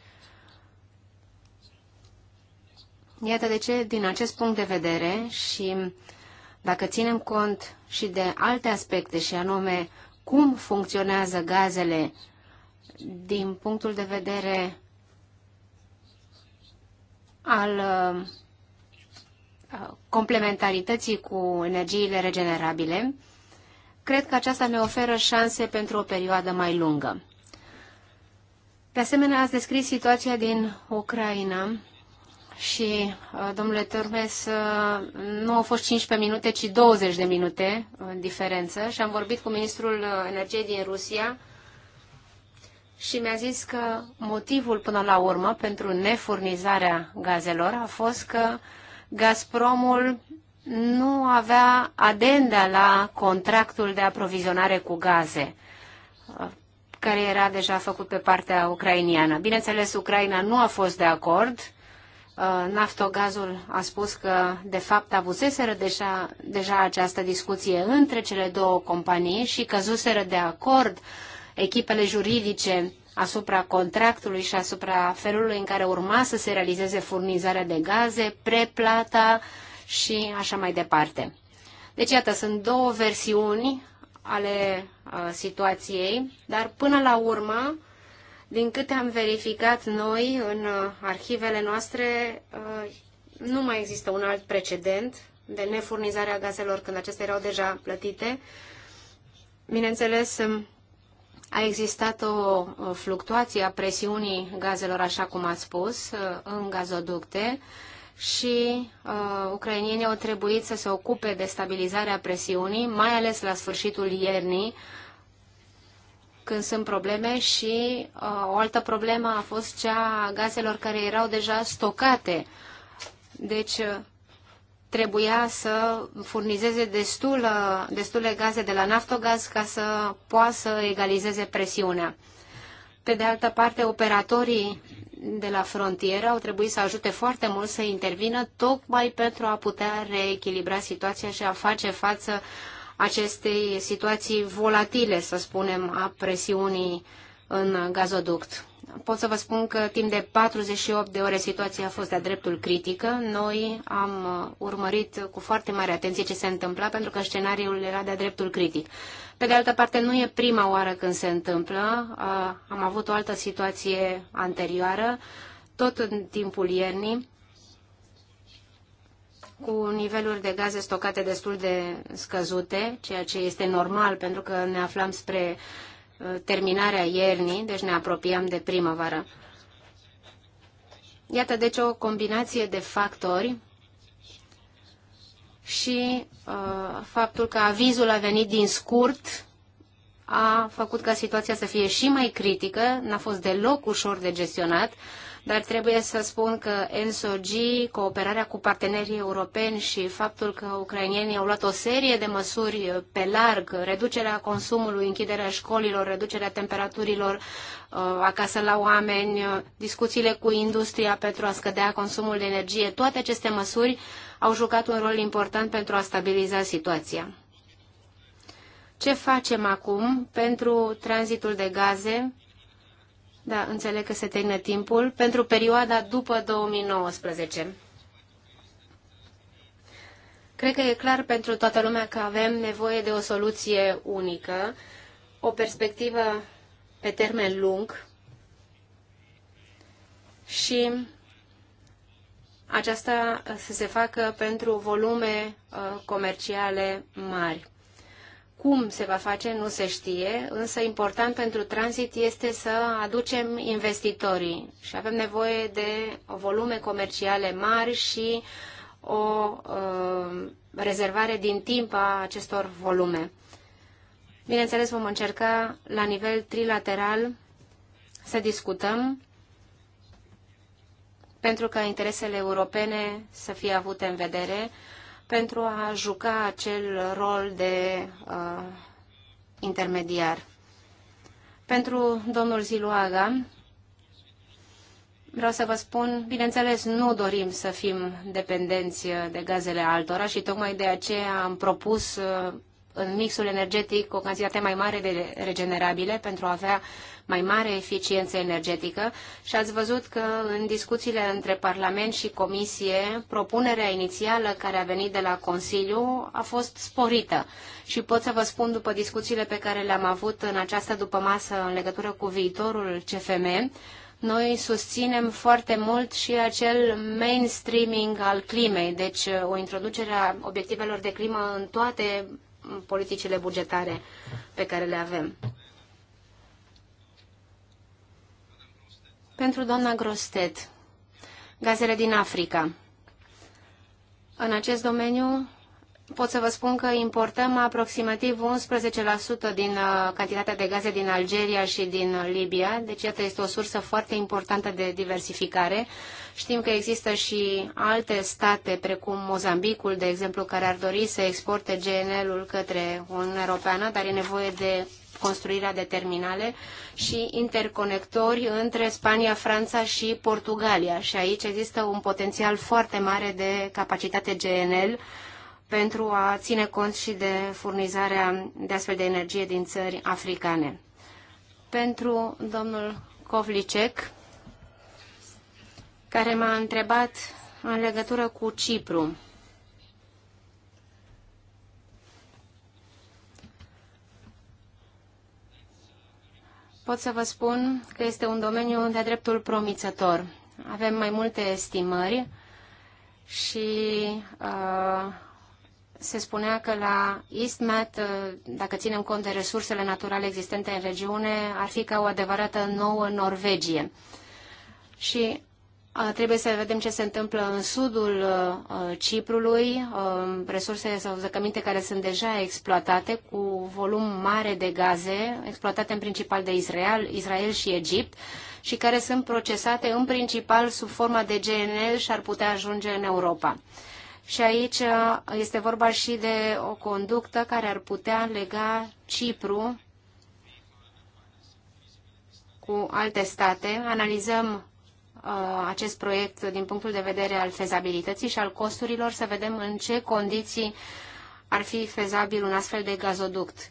Iată de ce, din acest punct de vedere și dacă ținem cont și de alte aspecte, și anume cum funcționează gazele din punctul de vedere al uh, complementarității cu energiile regenerabile, cred că aceasta ne oferă șanse pentru o perioadă mai lungă. De asemenea, ați descris situația din Ucraina și, uh, domnule Turmes, uh, nu au fost 15 minute, ci 20 de minute în diferență și am vorbit cu ministrul energiei din Rusia, și mi-a zis că motivul până la urmă pentru nefurnizarea gazelor a fost că Gazpromul nu avea adenda la contractul de aprovizionare cu gaze care era deja făcut pe partea ucrainiană. Bineînțeles, Ucraina nu a fost de acord. Uh, Naftogazul a spus că, de fapt, avuseseră deja, deja această discuție între cele două companii și căzuseră de acord uh, echipele juridice asupra contractului și asupra felului în care urma să se realizeze furnizarea de gaze, preplata și așa mai departe. Deci, iată, sunt două versiuni ale a, uh, situației, dar până la urmă, din câte am verificat noi în uh, arhivele noastre, a, uh, nu mai există un alt precedent de nefurnizarea gazelor când acestea erau deja plătite. Bineînțeles, a existat o fluctuație a presiunii gazelor, așa cum ați spus, uh, în gazoducte și uh, ucrainienii au trebuit să se ocupe de stabilizarea presiunii, mai ales la sfârșitul iernii, când sunt probleme și uh, o altă problemă a fost cea a gazelor care erau deja stocate. Deci, uh, trebuia să furnizeze destulă, uh, destule gaze de la Naftogaz ca să poată să egalizeze presiunea. Pe de altă parte, operatorii de la frontieră au trebuit să ajute foarte mult să intervină tocmai pentru a putea reechilibra situația și a face față acestei situații volatile, să spunem, a presiunii în gazoduct pot să vă spun că timp de 48 de ore situația a fost de-a dreptul critică. Noi am uh, urmărit cu foarte mare atenție ce se întâmpla pentru că scenariul era de-a dreptul critic. Pe de altă parte, nu e prima oară când se întâmplă. Uh, am avut o altă situație anterioară, tot în timpul iernii, cu niveluri de gaze stocate destul de scăzute, ceea ce este normal pentru că ne aflam spre terminarea iernii, deci ne apropiam de primăvară. Iată deci o combinație de factori și uh, faptul că avizul a venit din scurt a făcut ca situația să fie și mai critică, n-a fost deloc ușor de gestionat, uh, dar trebuie să spun că NSOG, cooperarea cu partenerii europeni și faptul că ucrainienii au luat o serie de măsuri pe larg, reducerea consumului, închiderea școlilor, reducerea temperaturilor uh, acasă la oameni, uh, discuțiile cu industria pentru a scădea consumul de energie, toate aceste măsuri au jucat un rol important pentru a stabiliza situația. Ce facem acum pentru tranzitul de gaze da, înțeleg că se termină timpul pentru perioada după 2019. Cred că e clar pentru toată lumea că avem nevoie de o soluție unică, o perspectivă pe termen lung și aceasta să se facă pentru volume uh, comerciale mari cum se va face nu se știe, însă important pentru tranzit este să aducem investitorii și avem nevoie de o volume comerciale mari și o uh, rezervare din timp a acestor volume. Bineînțeles, vom încerca la nivel trilateral să discutăm pentru ca interesele europene să fie avute în vedere, pentru a juca acel rol de uh, intermediar. Pentru domnul Ziluaga, vreau să vă spun, bineînțeles, nu dorim să fim dependenți de gazele altora și tocmai de aceea am propus uh, în mixul energetic o cantitate mai mare de regenerabile pentru a avea mai mare eficiență energetică și ați văzut că în discuțiile între Parlament și Comisie, propunerea inițială care a venit de la Consiliu a fost sporită. Și pot să vă spun după discuțiile pe care le-am avut în această dupămasă în legătură cu viitorul CFM, noi susținem foarte mult și acel mainstreaming al climei, deci uh, o introducere a obiectivelor de climă în toate politicile bugetare pe care le avem. Pentru doamna Grostet, gazele din Africa. În acest domeniu pot să vă spun că importăm aproximativ 11% din uh, cantitatea de gaze din Algeria și din Libia, deci iată este o sursă foarte importantă de diversificare. Știm că există și alte state, precum Mozambicul, de exemplu, care ar dori să exporte GNL-ul către Uniunea Europeană, dar e nevoie de construirea de terminale și interconectori între Spania, Franța și Portugalia. Și aici există un potențial foarte mare de capacitate GNL pentru a ține cont și de furnizarea de astfel de energie din țări africane. Pentru domnul Kovlicek, care m-a întrebat în legătură cu Cipru. Pot să vă spun că este un domeniu de dreptul promițător. Avem mai multe estimări și uh, se spunea că la EastMed, uh, dacă ținem cont de resursele naturale existente în regiune, ar fi ca o adevărată nouă Norvegie. Și uh, Trebuie să vedem ce se întâmplă în sudul uh, Ciprului, um, resurse sau zăcăminte care sunt deja exploatate cu volum mare de gaze, exploatate în principal de Israel, Israel și Egipt, și care sunt procesate în principal sub forma de GNL și ar putea ajunge în Europa. Și aici uh, este vorba și de o conductă care ar putea lega Cipru cu alte state. Analizăm uh, acest proiect din punctul de vedere al fezabilității și al costurilor, să vedem în ce condiții ar fi fezabil un astfel de gazoduct.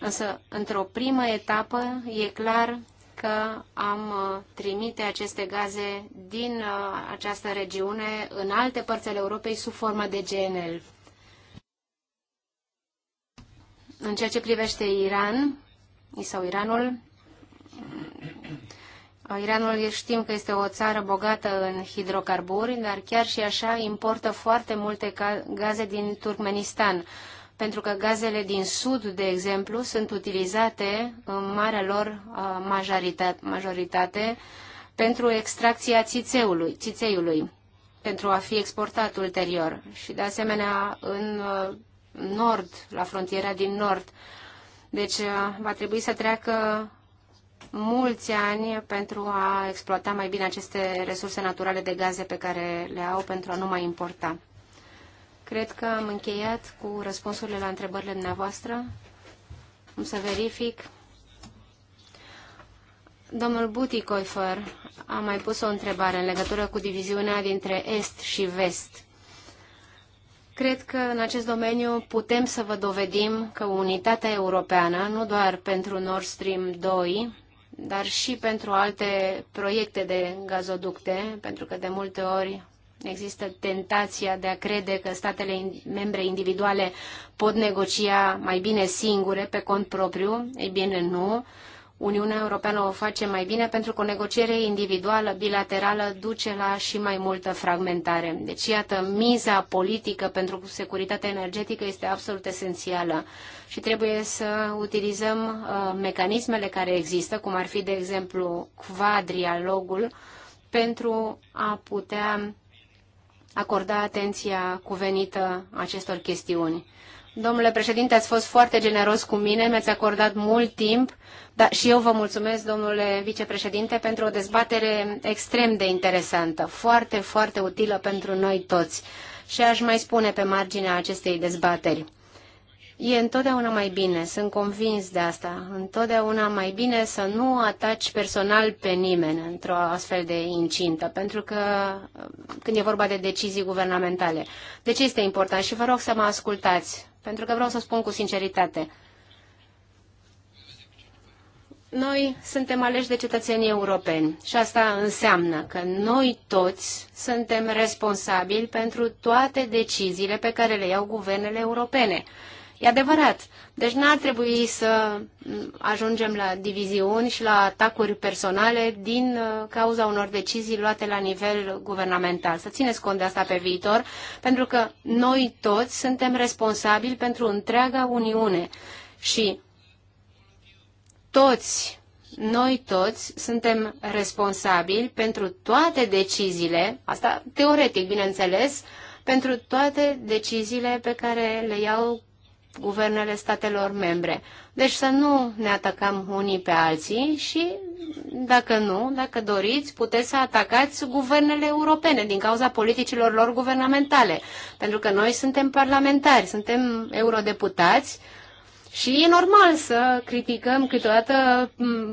Însă, într-o primă etapă, e clar că am uh, trimite aceste gaze din uh, această regiune în alte părți ale Europei sub formă de GNL. În ceea ce privește Iran sau Iranul, uh, Iranul știm că este o țară bogată în hidrocarburi, dar chiar și așa importă foarte multe gaze din Turkmenistan pentru că gazele din sud, de exemplu, sunt utilizate în marea lor majoritate, majoritate pentru extracția țițeului, țițeiului, pentru a fi exportat ulterior. Și de asemenea în nord, la frontiera din nord. Deci va trebui să treacă mulți ani pentru a exploata mai bine aceste resurse naturale de gaze pe care le au pentru a nu mai importa. Cred că am încheiat cu răspunsurile la întrebările dumneavoastră. Am să verific. Domnul Butikoifer a mai pus o întrebare în legătură cu diviziunea dintre Est și Vest. Cred că în acest domeniu putem să vă dovedim că unitatea europeană, nu doar pentru Nord Stream 2, dar și pentru alte proiecte de gazoducte, pentru că de multe ori Există tentația de a crede că statele membre individuale pot negocia mai bine singure, pe cont propriu. Ei bine, nu. Uniunea Europeană o face mai bine pentru că o negociere individuală, bilaterală, duce la și mai multă fragmentare. Deci, iată, miza politică pentru securitatea energetică este absolut esențială și trebuie să utilizăm uh, mecanismele care există, cum ar fi, de exemplu, quadrialogul, pentru a putea acorda atenția cuvenită acestor chestiuni. Domnule președinte, ați fost foarte generos cu mine, mi-ați acordat mult timp dar și eu vă mulțumesc, domnule vicepreședinte, pentru o dezbatere extrem de interesantă, foarte, foarte utilă pentru noi toți. Și aș mai spune pe marginea acestei dezbateri. E întotdeauna mai bine, sunt convins de asta, întotdeauna mai bine să nu ataci personal pe nimeni într-o astfel de incintă, pentru că când e vorba de decizii guvernamentale. De ce este important? Și vă rog să mă ascultați, pentru că vreau să spun cu sinceritate. Noi suntem aleși de cetățenii europeni și asta înseamnă că noi toți suntem responsabili pentru toate deciziile pe care le iau guvernele europene. E adevărat. Deci n-ar trebui să ajungem la diviziuni și la atacuri personale din uh, cauza unor decizii luate la nivel guvernamental. Să țineți cont de asta pe viitor, pentru că noi toți suntem responsabili pentru întreaga Uniune și toți, noi toți suntem responsabili pentru toate deciziile, asta teoretic, bineînțeles, pentru toate deciziile pe care le iau guvernele statelor membre. Deci să nu ne atacăm unii pe alții și, dacă nu, dacă doriți, puteți să atacați guvernele europene din cauza politicilor lor guvernamentale. Pentru că noi suntem parlamentari, suntem eurodeputați și e normal să criticăm câteodată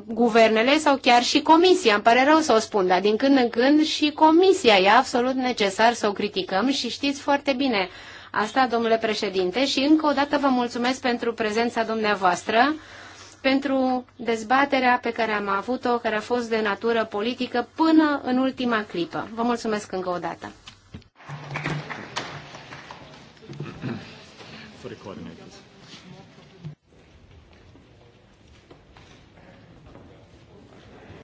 guvernele sau chiar și comisia. Îmi pare rău să o spun, dar din când în când și comisia e absolut necesar să o criticăm și știți foarte bine asta, domnule președinte, și încă o dată vă mulțumesc pentru prezența dumneavoastră, pentru dezbaterea pe care am avut-o, care a fost de natură politică până în ultima clipă. Vă mulțumesc încă o dată. For the coordinator.